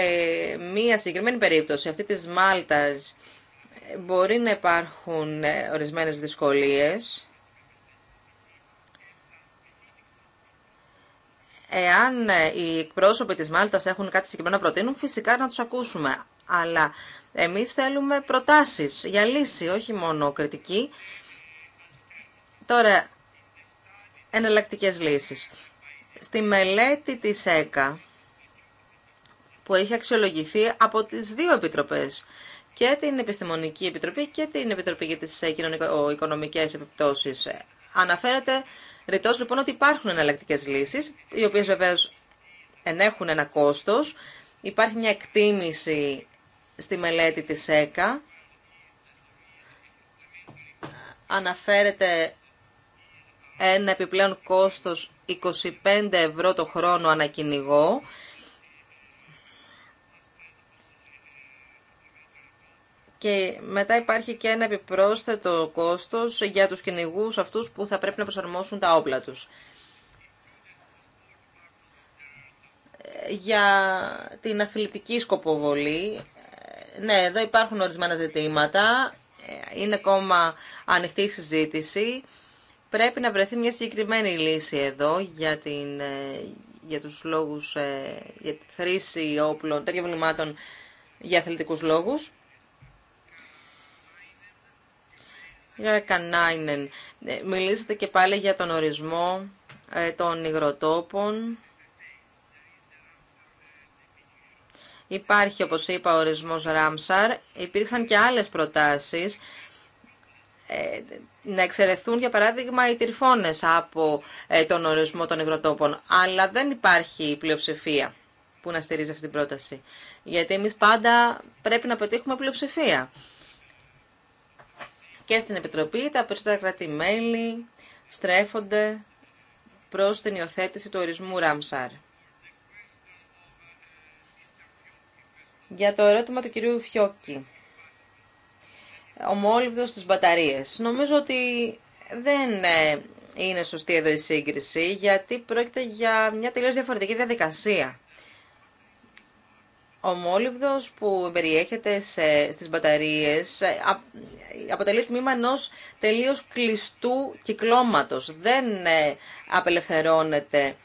μία συγκεκριμένη περίπτωση, αυτή της Μάλτας, μπορεί να υπάρχουν ε, ορισμένες δυσκολίες. Εάν ε, οι εκπρόσωποι της Μάλτας έχουν κάτι συγκεκριμένο να προτείνουν, φυσικά να τους ακούσουμε. Αλλά εμείς θέλουμε προτάσεις για λύση, όχι μόνο κριτική. Τώρα, εναλλακτικές λύσεις. Στη μελέτη της ΕΚΑ, που έχει αξιολογηθεί από τις δύο επιτροπές και την Επιστημονική Επιτροπή και την Επιτροπή για τις ε, οικονομικες Επιπτώσεις. Αναφέρεται ρητός λοιπόν ότι υπάρχουν εναλλακτικέ λύσεις, οι οποίες βεβαίω ενέχουν ένα κόστος. Υπάρχει μια εκτίμηση στη μελέτη της ΕΚΑ. Αναφέρεται ένα επιπλέον κόστος 25 ευρώ το χρόνο ανακυνηγό Και μετά υπάρχει και ένα επιπρόσθετο κόστος για τους κυνηγού αυτούς που θα πρέπει να προσαρμόσουν τα όπλα τους. Για την αθλητική σκοποβολή, ναι, εδώ υπάρχουν ορισμένα ζητήματα, είναι ακόμα ανοιχτή η συζήτηση. Πρέπει να βρεθεί μια συγκεκριμένη λύση εδώ για, την, ε, για τους λόγους, ε, για τη χρήση όπλων, τέτοιων βλημάτων για αθλητικούς λόγους. Για Κανάινεν, ε, μιλήσατε και πάλι για τον ορισμό ε, των υγροτόπων. Υπάρχει, όπως είπα, ο ορισμός Ράμσαρ. Υπήρξαν και άλλες προτάσεις ε, να εξαιρεθούν, για παράδειγμα, οι τυρφώνες από τον ορισμό των υγροτόπων. Αλλά δεν υπάρχει πλειοψηφία που να στηρίζει αυτή την πρόταση. Γιατί εμείς πάντα πρέπει να πετύχουμε πλειοψηφία και στην Επιτροπή τα περισσότερα κράτη-μέλη στρέφονται προς την υιοθέτηση του ορισμού Ράμσαρ. Για το ερώτημα του κυρίου Φιόκη. Ο μόλυβδος στις μπαταρίες. Νομίζω ότι δεν ε, είναι σωστή εδώ η σύγκριση, γιατί πρόκειται για μια τελείως διαφορετική διαδικασία. Ο μόλιβδος που περιέχεται σε, στις μπαταρίες ε, αποτελεί τμήμα ενό τελείως κλειστού κυκλώματος. Δεν ε, απελευθερώνεται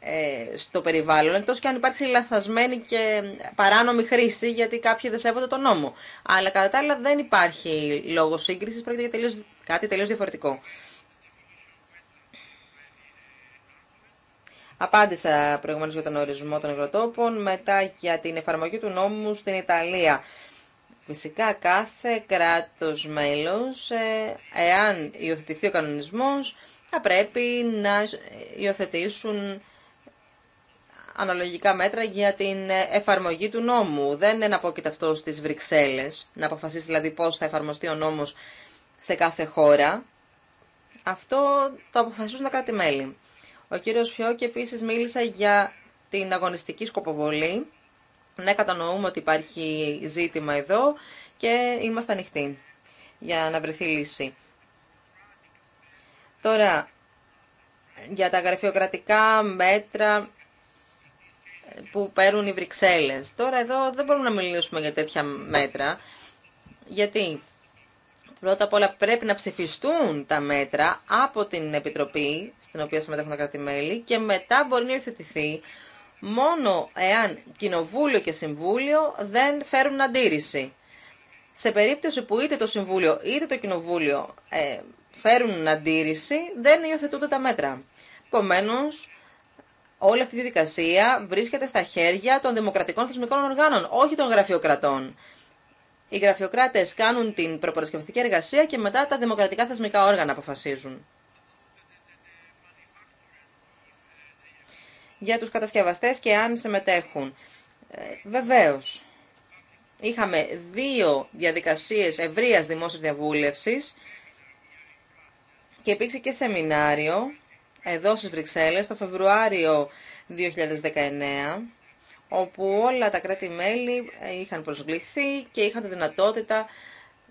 ε, στο περιβάλλον, εκτός και αν υπάρξει λαθασμένη και παράνομη χρήση, γιατί κάποιοι δεν σέβονται τον νόμο. Αλλά κατά τα άλλα δεν υπάρχει λόγος σύγκρισης, πρόκειται για τελείως, κάτι τελείως διαφορετικό. Απάντησα προηγουμένως για τον ορισμό των υγροτόπων, μετά για την εφαρμογή του νόμου στην Ιταλία. Φυσικά κάθε κράτος μέλος, ε, εάν υιοθετηθεί ο κανονισμός, θα πρέπει να υιοθετήσουν αναλογικά μέτρα για την εφαρμογή του νόμου. Δεν και αυτό στις Βρυξέλλες, να αποφασίσει δηλαδή πώς θα εφαρμοστεί ο νόμος σε κάθε χώρα. Αυτό το αποφασίζουν τα κράτη-μέλη. Ο κύριος Φιώκη επίσης μίλησε για την αγωνιστική σκοποβολή. Ναι, κατανοούμε ότι υπάρχει ζήτημα εδώ και είμαστε ανοιχτοί για να βρεθεί λύση. Τώρα, για τα γραφειοκρατικά μέτρα που παίρνουν οι Βρυξέλλες. Τώρα εδώ δεν μπορούμε να μιλήσουμε για τέτοια μέτρα. Γιατί Πρώτα απ' όλα πρέπει να ψηφιστούν τα μέτρα από την Επιτροπή, στην οποία συμμετέχουν τα κράτη-μέλη, και μετά μπορεί να υιοθετηθεί μόνο εάν Κοινοβούλιο και Συμβούλιο δεν φέρουν αντίρρηση. Σε περίπτωση που είτε το Συμβούλιο είτε το Κοινοβούλιο ε, φέρουν αντίρρηση, δεν υιοθετούνται τα μέτρα. Επομένω, όλη αυτή η δικασία βρίσκεται στα χέρια των δημοκρατικών θεσμικών οργάνων, όχι των γραφειοκρατών. Οι γραφειοκράτες κάνουν την προπαρασκευαστική εργασία και μετά τα δημοκρατικά θεσμικά όργανα αποφασίζουν. Για τους κατασκευαστές και αν συμμετέχουν. Ε, βεβαίως, είχαμε δύο διαδικασίες ευρείας δημόσιας διαβούλευσης και υπήρξε και σεμινάριο εδώ στις Βρυξέλλες το Φεβρουάριο 2019 όπου όλα τα κράτη-μέλη είχαν προσβληθεί και είχαν τη δυνατότητα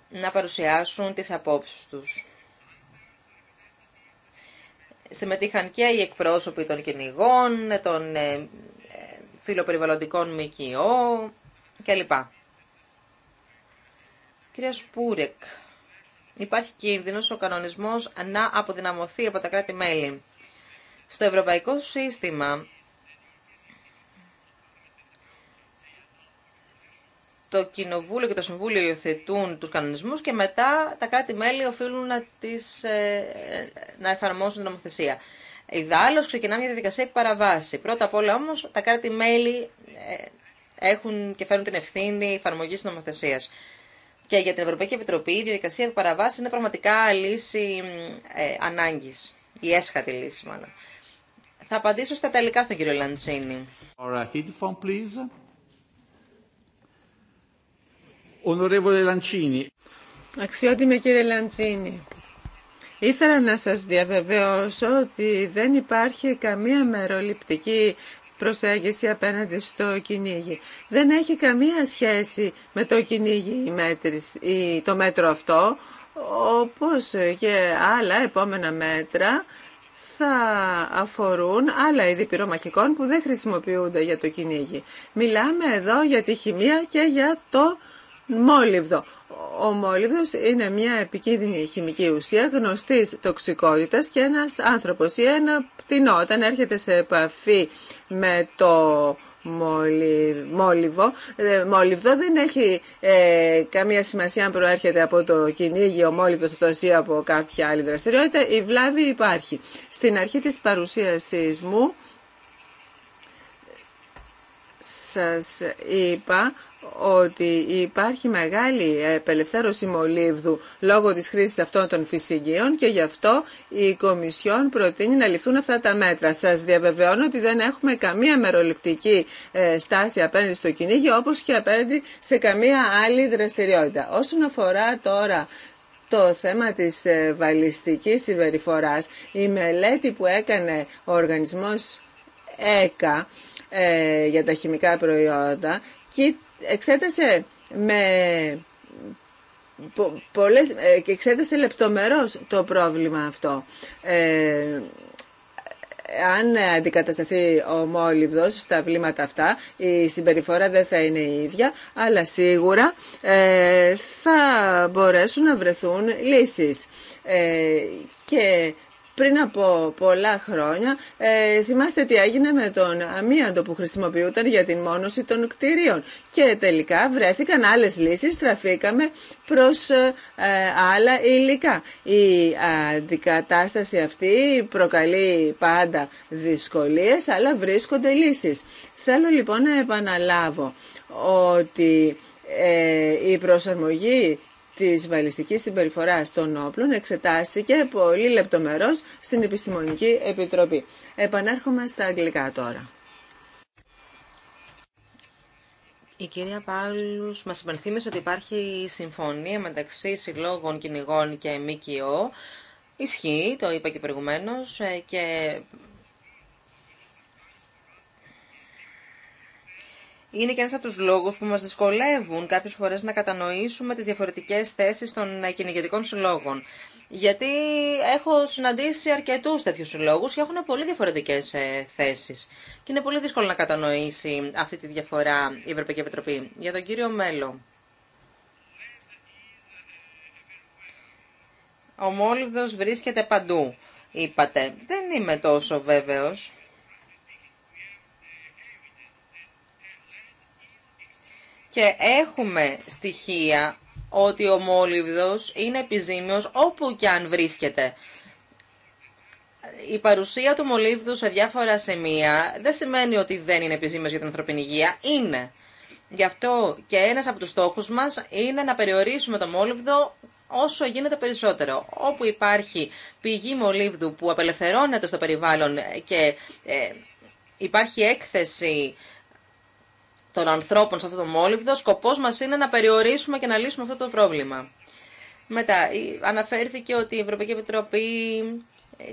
να παρουσιάσουν τις απόψεις τους. Συμμετείχαν και οι εκπρόσωποι των κυνηγών, των ε, φιλοπεριβαλλοντικών ΜΚΟ κλπ. Κυρία Σπούρεκ, υπάρχει κίνδυνος ο κανονισμός να αποδυναμωθεί από τα κράτη-μέλη. Στο ευρωπαϊκό σύστημα το Κοινοβούλιο και το Συμβούλιο υιοθετούν τους κανονισμούς και μετά τα κράτη-μέλη οφείλουν να, τις, ε, να εφαρμόσουν την νομοθεσία. Ιδάλλως ξεκινά μια διαδικασία επί παραβάση. Πρώτα απ' όλα όμως τα κράτη-μέλη ε, έχουν και φέρουν την ευθύνη εφαρμογή της νομοθεσίας. Και για την Ευρωπαϊκή Επιτροπή η διαδικασία επί παραβάση είναι πραγματικά λύση ε, ανάγκης, η έσχατη λύση μάλλον. Θα απαντήσω στα τελικά στον κύριο Λαντσίνη. Αξιότιμε κύριε Λαντσίνη, ήθελα να σας διαβεβαιώσω ότι δεν υπάρχει καμία μεροληπτική προσέγγιση απέναντι στο κυνήγι. Δεν έχει καμία σχέση με το κυνήγι η το μέτρο αυτό, όπως και άλλα επόμενα μέτρα θα αφορούν άλλα είδη πυρομαχικών που δεν χρησιμοποιούνται για το κυνήγι. Μιλάμε εδώ για τη χημεία και για το μόλιβδο. Ο μόλιβδος είναι μια επικίνδυνη χημική ουσία γνωστής τοξικότητας και ένας άνθρωπος ή ένα πτηνό όταν έρχεται σε επαφή με το μόλιβο. Ε, μόλιβδο δεν έχει ε, καμία σημασία αν προέρχεται από το ο αυτός ή από από κάποια άλλη δραστηριότητα. Η βλάβη υπάρχει. Στην αρχή της παρουσίασής μου σας είπα ότι υπάρχει μεγάλη απελευθέρωση μολύβδου λόγω της χρήσης αυτών των φυσικίων και γι' αυτό η Κομισιόν προτείνει να ληφθούν αυτά τα μέτρα. Σας διαβεβαιώνω ότι δεν έχουμε καμία μεροληπτική ε, στάση απέναντι στο κυνήγι όπως και απέναντι σε καμία άλλη δραστηριότητα. Όσον αφορά τώρα το θέμα της ε, βαλιστικής συμπεριφορά, η μελέτη που έκανε ο οργανισμός ΕΚΑ ε, για τα χημικά προϊόντα εξέτασε με πολλές, ε, εξέτασε λεπτομερώς το πρόβλημα αυτό. Ε, αν αντικατασταθεί ο μόλιβδος στα βλήματα αυτά, η συμπεριφορά δεν θα είναι η ίδια, αλλά σίγουρα ε, θα μπορέσουν να βρεθούν λύσεις. και πριν από πολλά χρόνια, ε, θυμάστε τι έγινε με τον αμίαντο που χρησιμοποιούταν για την μόνωση των κτηρίων. Και τελικά βρέθηκαν άλλες λύσεις, στραφήκαμε προς ε, ε, άλλα υλικά. Η αντικατάσταση αυτή προκαλεί πάντα δυσκολίες, αλλά βρίσκονται λύσεις. Θέλω λοιπόν να επαναλάβω ότι ε, η προσαρμογή Τη βαλιστική συμπεριφορά των όπλων εξετάστηκε πολύ λεπτομερώς στην Επιστημονική Επιτροπή. Επανέρχομαι στα αγγλικά τώρα. Η κυρία Πάλου μα υπενθύμισε ότι υπάρχει συμφωνία μεταξύ συλλόγων κυνηγών και ΜΚΟ. Ισχύει, το είπα και προηγουμένω. Ε, και είναι και ένα από του λόγους που μας δυσκολεύουν κάποιε φορές να κατανοήσουμε τις διαφορετικές θέσει των κυνηγετικών συλλόγων. Γιατί έχω συναντήσει αρκετού τέτοιου συλλόγου και έχουν πολύ διαφορετικές ε, θέσει. Και είναι πολύ δύσκολο να κατανοήσει αυτή τη διαφορά η Ευρωπαϊκή Επιτροπή. Για τον κύριο Μέλλο. Ο μόλυβδος βρίσκεται παντού, είπατε. Δεν είμαι τόσο βέβαιος. Και έχουμε στοιχεία ότι ο μόλυβδος είναι επιζήμιος όπου και αν βρίσκεται. Η παρουσία του μολύβδου σε διάφορα σημεία δεν σημαίνει ότι δεν είναι επιζήμιος για την ανθρωπινή υγεία. Είναι. Γι' αυτό και ένας από τους στόχους μας είναι να περιορίσουμε το μόλυβδο όσο γίνεται περισσότερο. Όπου υπάρχει πηγή μολύβδου που απελευθερώνεται στο περιβάλλον και ε, υπάρχει έκθεση των ανθρώπων σε αυτό το ο σκοπός μας είναι να περιορίσουμε και να λύσουμε αυτό το πρόβλημα. Μετά, αναφέρθηκε ότι η Ευρωπαϊκή Επιτροπή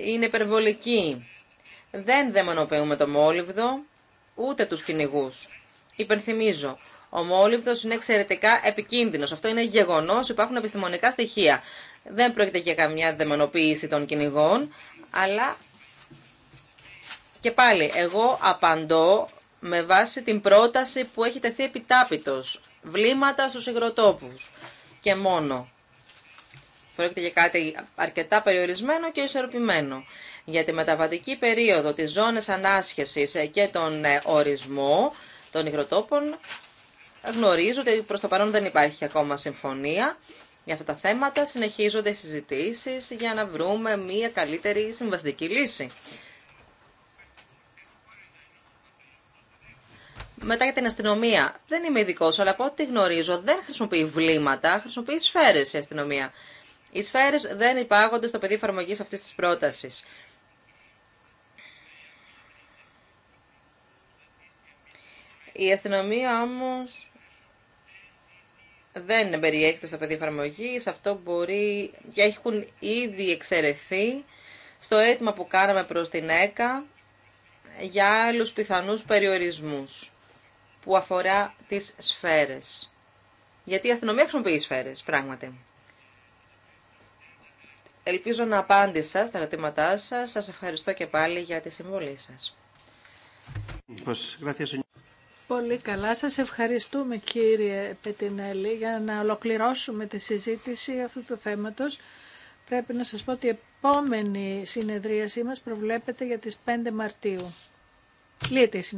είναι υπερβολική. Δεν δαιμονοποιούμε το μόλυβδο ούτε τους κυνηγού. Υπενθυμίζω, ο μόλυβδος είναι εξαιρετικά επικίνδυνος. Αυτό είναι γεγονός, υπάρχουν επιστημονικά στοιχεία. Δεν πρόκειται για καμιά δαιμονοποίηση των κυνηγών, αλλά και πάλι εγώ απαντώ με βάση την πρόταση που έχει τεθεί επιτάπητος. Βλήματα στους υγροτόπους και μόνο. Πρόκειται για κάτι αρκετά περιορισμένο και ισορροπημένο. Για τη μεταβατική περίοδο, τις ζώνες ανάσχεσης και τον ε, ορισμό των υγροτόπων, γνωρίζω ότι προς το παρόν δεν υπάρχει ακόμα συμφωνία. Για αυτά τα θέματα συνεχίζονται οι συζητήσεις για να βρούμε μια καλύτερη συμβαστική λύση. Μετά για την αστυνομία. Δεν είμαι ειδικό, αλλά από ό,τι γνωρίζω δεν χρησιμοποιεί βλήματα, χρησιμοποιεί σφαίρε η αστυνομία. Οι σφαίρε δεν υπάγονται στο πεδίο εφαρμογή αυτή τη πρόταση. Η αστυνομία όμως δεν περιέχεται στο πεδίο εφαρμογή. Αυτό μπορεί και έχουν ήδη εξαιρεθεί στο αίτημα που κάναμε προ την ΕΚΑ για άλλους πιθανούς περιορισμούς που αφορά τις σφαίρες. Γιατί η αστυνομία χρησιμοποιεί σφαίρες, πράγματι. Ελπίζω να απάντησα στα ερωτήματά σας. Σας ευχαριστώ και πάλι για τη συμβολή σας. Πολύ καλά. Σας ευχαριστούμε κύριε Πετινέλη για να ολοκληρώσουμε τη συζήτηση αυτού του θέματος. Πρέπει να σας πω ότι η επόμενη συνεδρίασή μας προβλέπεται για τις 5 Μαρτίου. Λύεται η συνεδρία.